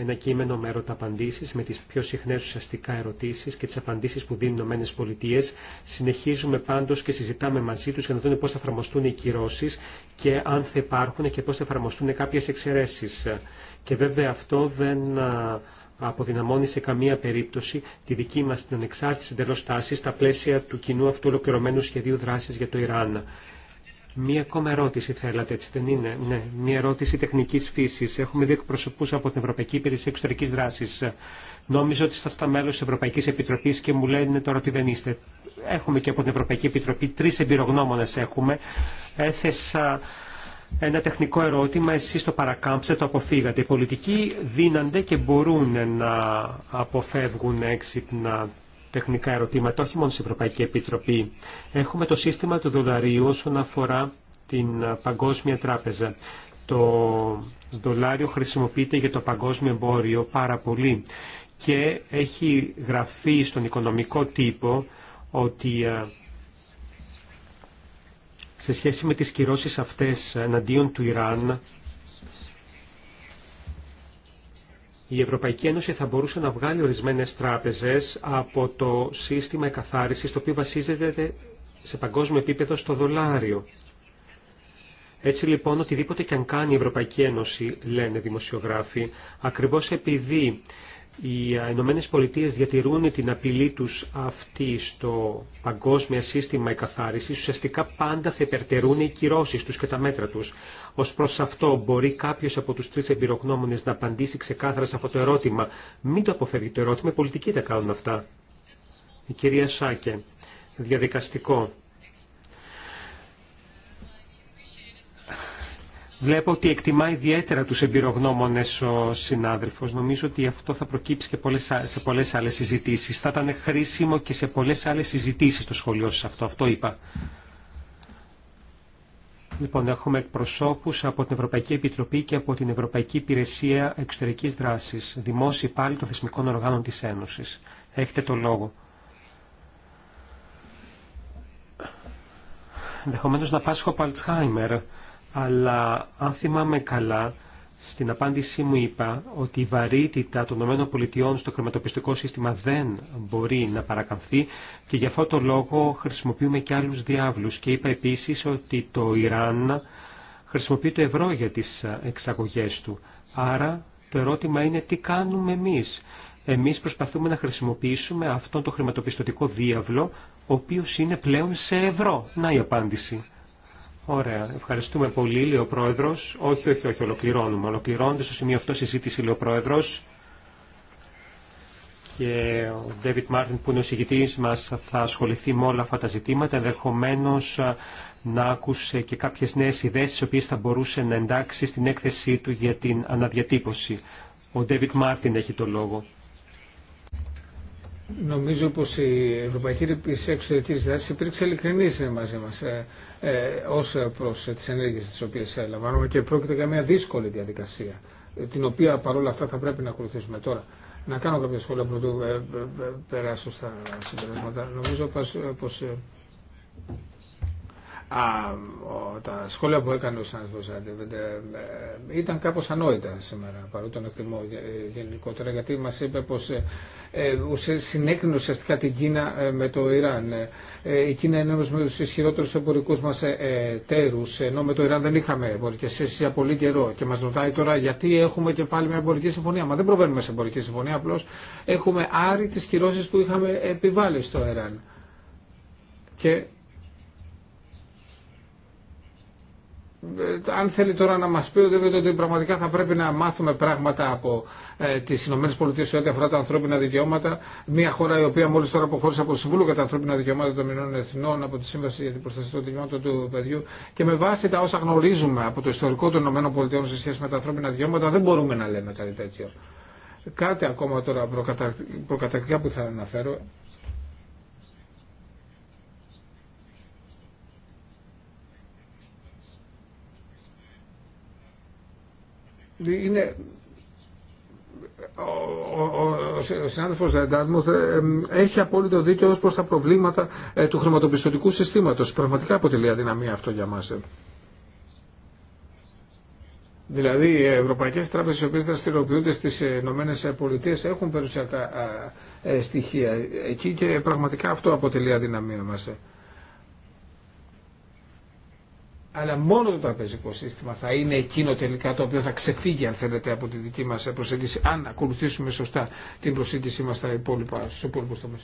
ένα κείμενο με ερωταπαντήσεις, με τις πιο συχνές ουσιαστικά ερωτήσεις και τις απαντήσεις που δίνουν οι ΗΠΑ. Συνεχίζουμε πάντως και συζητάμε μαζί τους για να δούμε πώς θα εφαρμοστούν οι κυρώσεις και αν θα υπάρχουν και πώς θα εφαρμοστούν κάποιες εξαιρέσεις. Και βέβαια αυτό δεν αποδυναμώνει σε καμία περίπτωση τη δική μας την ανεξάρτηση εντελώς τάση στα πλαίσια του κοινού αυτού ολοκληρωμένου σχεδίου δράσης για το Ιράν. Μία ακόμα ερώτηση θέλατε, έτσι δεν είναι. Ναι, μία ερώτηση τεχνική φύση. Έχουμε δύο εκπροσωπού από την Ευρωπαϊκή Υπηρεσία Εξωτερική Δράση. Νόμιζα ότι στα μέλο τη Ευρωπαϊκή Επιτροπή και μου λένε τώρα ότι δεν είστε. Έχουμε και από την Ευρωπαϊκή Επιτροπή τρει εμπειρογνώμονε έχουμε. Έθεσα ένα τεχνικό ερώτημα, εσείς το παρακάμψετε, το αποφύγατε. Οι πολιτικοί δίνανται και μπορούν να αποφεύγουν έξυπνα τεχνικά ερωτήματα, όχι μόνο στην Ευρωπαϊκή Επιτροπή. Έχουμε το σύστημα του δολαρίου όσον αφορά την Παγκόσμια Τράπεζα. Το δολάριο χρησιμοποιείται για το παγκόσμιο εμπόριο πάρα πολύ και έχει γραφεί στον οικονομικό τύπο ότι σε σχέση με τις κυρώσεις αυτές εναντίον του Ιράν η Ευρωπαϊκή Ένωση θα μπορούσε να βγάλει ορισμένες τράπεζες από το σύστημα εκαθάρισης το οποίο βασίζεται σε παγκόσμιο επίπεδο στο δολάριο. Έτσι λοιπόν οτιδήποτε και αν κάνει η Ευρωπαϊκή Ένωση, λένε δημοσιογράφοι, ακριβώς επειδή οι Ηνωμένε Πολιτείε διατηρούν την απειλή τους αυτή στο παγκόσμιο σύστημα εκαθάρισης, ουσιαστικά πάντα θα υπερτερούν οι κυρώσεις τους και τα μέτρα τους. Ω προ αυτό, μπορεί κάποιο από του τρει εμπειρογνώμονε να απαντήσει ξεκάθαρα σε αυτό το ερώτημα. Μην το αποφεύγει το ερώτημα, οι πολιτικοί τα κάνουν αυτά. Η κυρία Σάκε, διαδικαστικό. Βλέπω ότι εκτιμά ιδιαίτερα τους εμπειρογνώμονες ο συνάδελφος. Νομίζω ότι αυτό θα προκύψει και πολλές, σε πολλές άλλες συζητήσεις. Θα ήταν χρήσιμο και σε πολλές άλλες συζητήσεις το σχολείο σας αυτό. Αυτό είπα. Λοιπόν, έχουμε εκπροσώπους από την Ευρωπαϊκή Επιτροπή και από την Ευρωπαϊκή Υπηρεσία Εξωτερικής Δράσης, δημόσιοι πάλι των θεσμικών οργάνων της Ένωσης. Έχετε το λόγο. Ενδεχομένω να πάσχω από Αλτσχάιμερ, αλλά αν θυμάμαι καλά, στην απάντησή μου είπα ότι η βαρύτητα των ΗΠΑ στο χρηματοπιστικό σύστημα δεν μπορεί να παρακαμφθεί και γι' αυτό το λόγο χρησιμοποιούμε και άλλους διάβλους και είπα επίσης ότι το Ιράν χρησιμοποιεί το ευρώ για τις εξαγωγές του. Άρα το ερώτημα είναι τι κάνουμε εμείς. Εμείς προσπαθούμε να χρησιμοποιήσουμε αυτόν το χρηματοπιστωτικό διάβλο ο οποίος είναι πλέον σε ευρώ. Να η απάντηση. Ωραία. Ευχαριστούμε πολύ, λέει ο Πρόεδρο. Όχι, όχι, όχι, ολοκληρώνουμε. Ολοκληρώνεται στο σημείο αυτό συζήτηση, λέει ο Πρόεδρο. Και ο Ντέβιτ Μάρτιν, που είναι ο συγητή μα, θα ασχοληθεί με όλα αυτά τα ζητήματα. Ενδεχομένω να άκουσε και κάποιε νέε ιδέε, τι οποίε θα μπορούσε να εντάξει στην έκθεσή του για την αναδιατύπωση. Ο Ντέβιτ Μάρτιν έχει το λόγο. Νομίζω πως η Ευρωπαϊκή Επιτροπή Εξωτερικής Δράσης υπήρξε ειλικρινή μαζί μας ε, ε ως προς ε, τις ενέργειες τις οποίες ε, λαμβάνουμε και πρόκειται για μια δύσκολη διαδικασία την οποία παρόλα αυτά θα πρέπει να ακολουθήσουμε τώρα. Να κάνω κάποια σχόλια πριν περάσω στα συμπεράσματα. Νομίζω πως τα σχόλια που έκανε ο Σάντζο ε, ήταν κάπω ανόητα σήμερα, παρότι τον εκτιμώ ε, γενικότερα, γιατί μα είπε πω ε, συνέκρινε ουσιαστικά την Κίνα με το Ιράν. Η Κίνα είναι ένα με του ισχυρότερου εμπορικού μα τέρου, ενώ με το Ιράν δεν είχαμε εμπορικέ σχέσει για πολύ καιρό. Και μα ρωτάει τώρα γιατί έχουμε και πάλι μια εμπορική συμφωνία. Μα δεν προβαίνουμε σε εμπορική συμφωνία, απλώ έχουμε άρρη τι κυρώσει που είχαμε επιβάλει στο Ιράν. Και Ε, αν θέλει τώρα να μας πει ότι πραγματικά θα πρέπει να μάθουμε πράγματα από ε, τις Ηνωμένες Πολιτείες ό,τι αφορά τα ανθρώπινα δικαιώματα, μια χώρα η οποία μόλις τώρα αποχώρησε από το Συμβούλιο για τα ανθρώπινα δικαιώματα των Ηνωμένων Εθνών, από τη Σύμβαση για την Προστασία των Δικαιωμάτων του Παιδιού και με βάση τα όσα γνωρίζουμε από το ιστορικό των ΗΠΑ σε σχέση με τα ανθρώπινα δικαιώματα δεν μπορούμε να λέμε κάτι τέτοιο. Κάτι ακόμα τώρα προκατακτικά που θα αναφέρω είναι ο, ο, ο συνάδελφος Ντάρμουθ έχει απόλυτο δίκιο ως προς τα προβλήματα ε, του χρηματοπιστωτικού συστήματος. Πραγματικά αποτελεί αδυναμία αυτό για μας. Ε. Δηλαδή, οι ευρωπαϊκές τράπεζες οι οποίες δραστηριοποιούνται στι ΗΠΑ έχουν περιουσιακά ε, στοιχεία εκεί και πραγματικά αυτό αποτελεί αδυναμία μα αλλά μόνο το τραπεζικό σύστημα θα είναι εκείνο τελικά το οποίο θα ξεφύγει αν θέλετε από τη δική μα προσέγγιση αν ακολουθήσουμε σωστά την προσέγγιση μας στα υπόλοιπα, τομεί.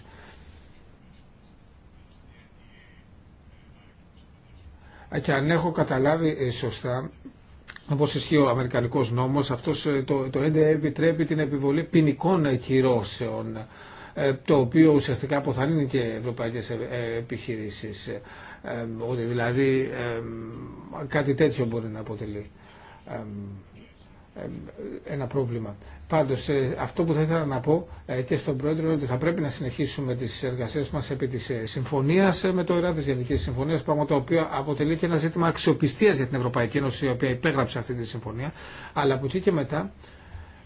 Και αν έχω καταλάβει ε, σωστά, Όπω ισχύει ο Αμερικανικό νόμο, αυτό ε, το, το ΕΝΤΕ επιτρέπει την επιβολή ποινικών κυρώσεων, ε, το οποίο ουσιαστικά αποθανεί και ευρωπαϊκέ επιχειρήσει ότι δηλαδή κάτι τέτοιο μπορεί να αποτελεί ένα πρόβλημα. Πάντως ε, αυτό που θα ήθελα να πω ε, και στον Πρόεδρο είναι ότι θα πρέπει να συνεχίσουμε τις εργασίες μας επί της ε, συμφωνίας με το ΕΡΑ τη Γενικής Συμφωνίας, πράγμα το οποίο αποτελεί και ένα ζήτημα αξιοπιστίας για την Ευρωπαϊκή Ένωση η οποία υπέγραψε αυτή τη συμφωνία, αλλά από εκεί και μετά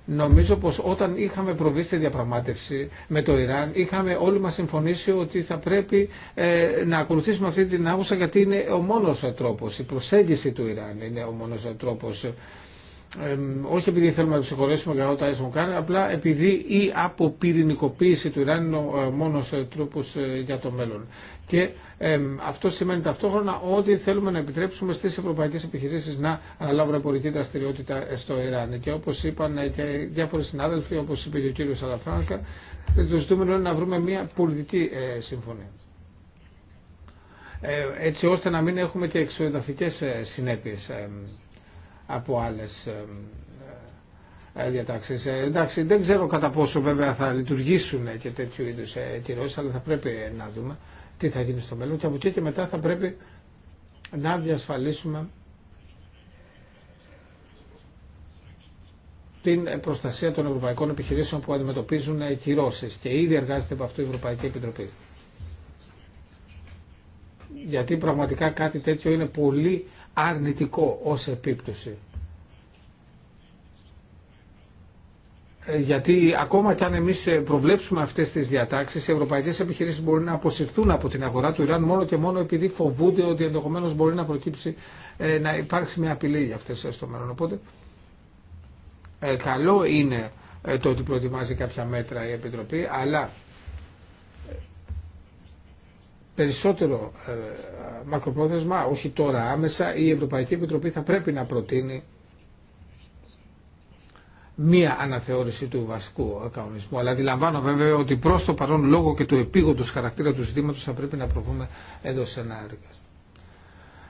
Νομίζω πως όταν είχαμε προβεί στη διαπραγμάτευση με το Ιράν είχαμε όλοι μας συμφωνήσει ότι θα πρέπει ε, να ακολουθήσουμε αυτή την άγουσα γιατί είναι ο μόνος τρόπος, η προσέγγιση του Ιράν είναι ο μόνος τρόπος ε, όχι επειδή θέλουμε να του συγχωρέσουμε για ό,τι αρέσουν κάνει, απλά επειδή η αποπυρηνικοποίηση του Ιράν είναι ο ε, μόνο ε, τρόπο ε, για το μέλλον. Και ε, αυτό σημαίνει ταυτόχρονα ότι θέλουμε να επιτρέψουμε στι ευρωπαϊκέ επιχειρήσει να αναλάβουν πολιτική δραστηριότητα στο Ιράν. Και όπω είπαν και διάφοροι συνάδελφοι, όπω είπε και ο κύριο Αλαφράγκα, το ζητούμενο είναι να βρούμε μια πολιτική ε, συμφωνία έτσι ώστε να μην έχουμε και εξωεδαφικές συνέπειε από άλλες ε, ε, ε, διατάξεις. Εντάξει, δεν ξέρω κατά πόσο βέβαια θα λειτουργήσουν και τέτοιου είδους κυρώσεις, αλλά θα πρέπει να δούμε τι θα γίνει στο μέλλον και από εκεί και μετά θα πρέπει να διασφαλίσουμε την προστασία των ευρωπαϊκών επιχειρήσεων που αντιμετωπίζουν κυρώσει και ήδη εργάζεται από αυτό η Ευρωπαϊκή Επιτροπή. Γιατί πραγματικά κάτι τέτοιο είναι πολύ αρνητικό ως επίπτωση. Ε, γιατί ακόμα κι αν εμείς ε, προβλέψουμε αυτές τις διατάξεις, οι ευρωπαϊκές επιχειρήσεις μπορεί να αποσυρθούν από την αγορά του Ιράν μόνο και μόνο επειδή φοβούνται ότι ενδεχομένως μπορεί να προκύψει ε, να υπάρξει μια απειλή για αυτές στο μέλλον. Οπότε καλό είναι το ότι προετοιμάζει κάποια μέτρα η Επιτροπή, αλλά περισσότερο ε, μακροπρόθεσμα, όχι τώρα άμεσα, η Ευρωπαϊκή Επιτροπή θα πρέπει να προτείνει μία αναθεώρηση του βασικού κανονισμού. Αλλά αντιλαμβάνω βέβαια ότι προς το παρόν λόγο και του επίγοντος χαρακτήρα του ζητήματο θα πρέπει να προβούμε εδώ σε ένα εργαστήριο.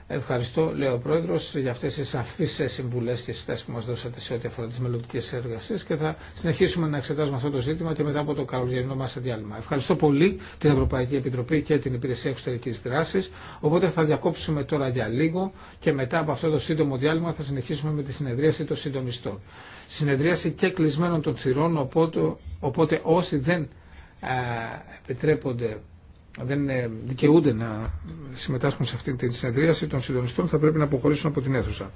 Ευχαριστώ, λέει ο Πρόεδρο, για αυτέ τι σαφεί συμβουλέ και συστάσει που μα δώσατε σε ό,τι αφορά τι μελλοντικέ εργασίε και θα συνεχίσουμε να εξετάζουμε αυτό το ζήτημα και μετά από το καλοκαιρινό μα διάλειμμα. Ευχαριστώ πολύ την Ευρωπαϊκή Επιτροπή και την Υπηρεσία Εξωτερική Δράση. Οπότε θα διακόψουμε τώρα για λίγο και μετά από αυτό το σύντομο διάλειμμα θα συνεχίσουμε με τη συνεδρίαση των συντονιστών. Συνεδρίαση και κλεισμένων των θυρών, οπότε, οπότε όσοι δεν επιτρέπονται δεν δικαιούνται να συμμετάσχουν σε αυτή την συνεδρίαση των συντονιστών θα πρέπει να αποχωρήσουν από την αίθουσα.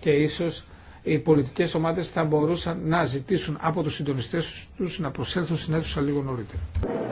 Και ίσως οι πολιτικές ομάδες θα μπορούσαν να ζητήσουν από τους συντονιστές τους να προσέλθουν στην αίθουσα λίγο νωρίτερα.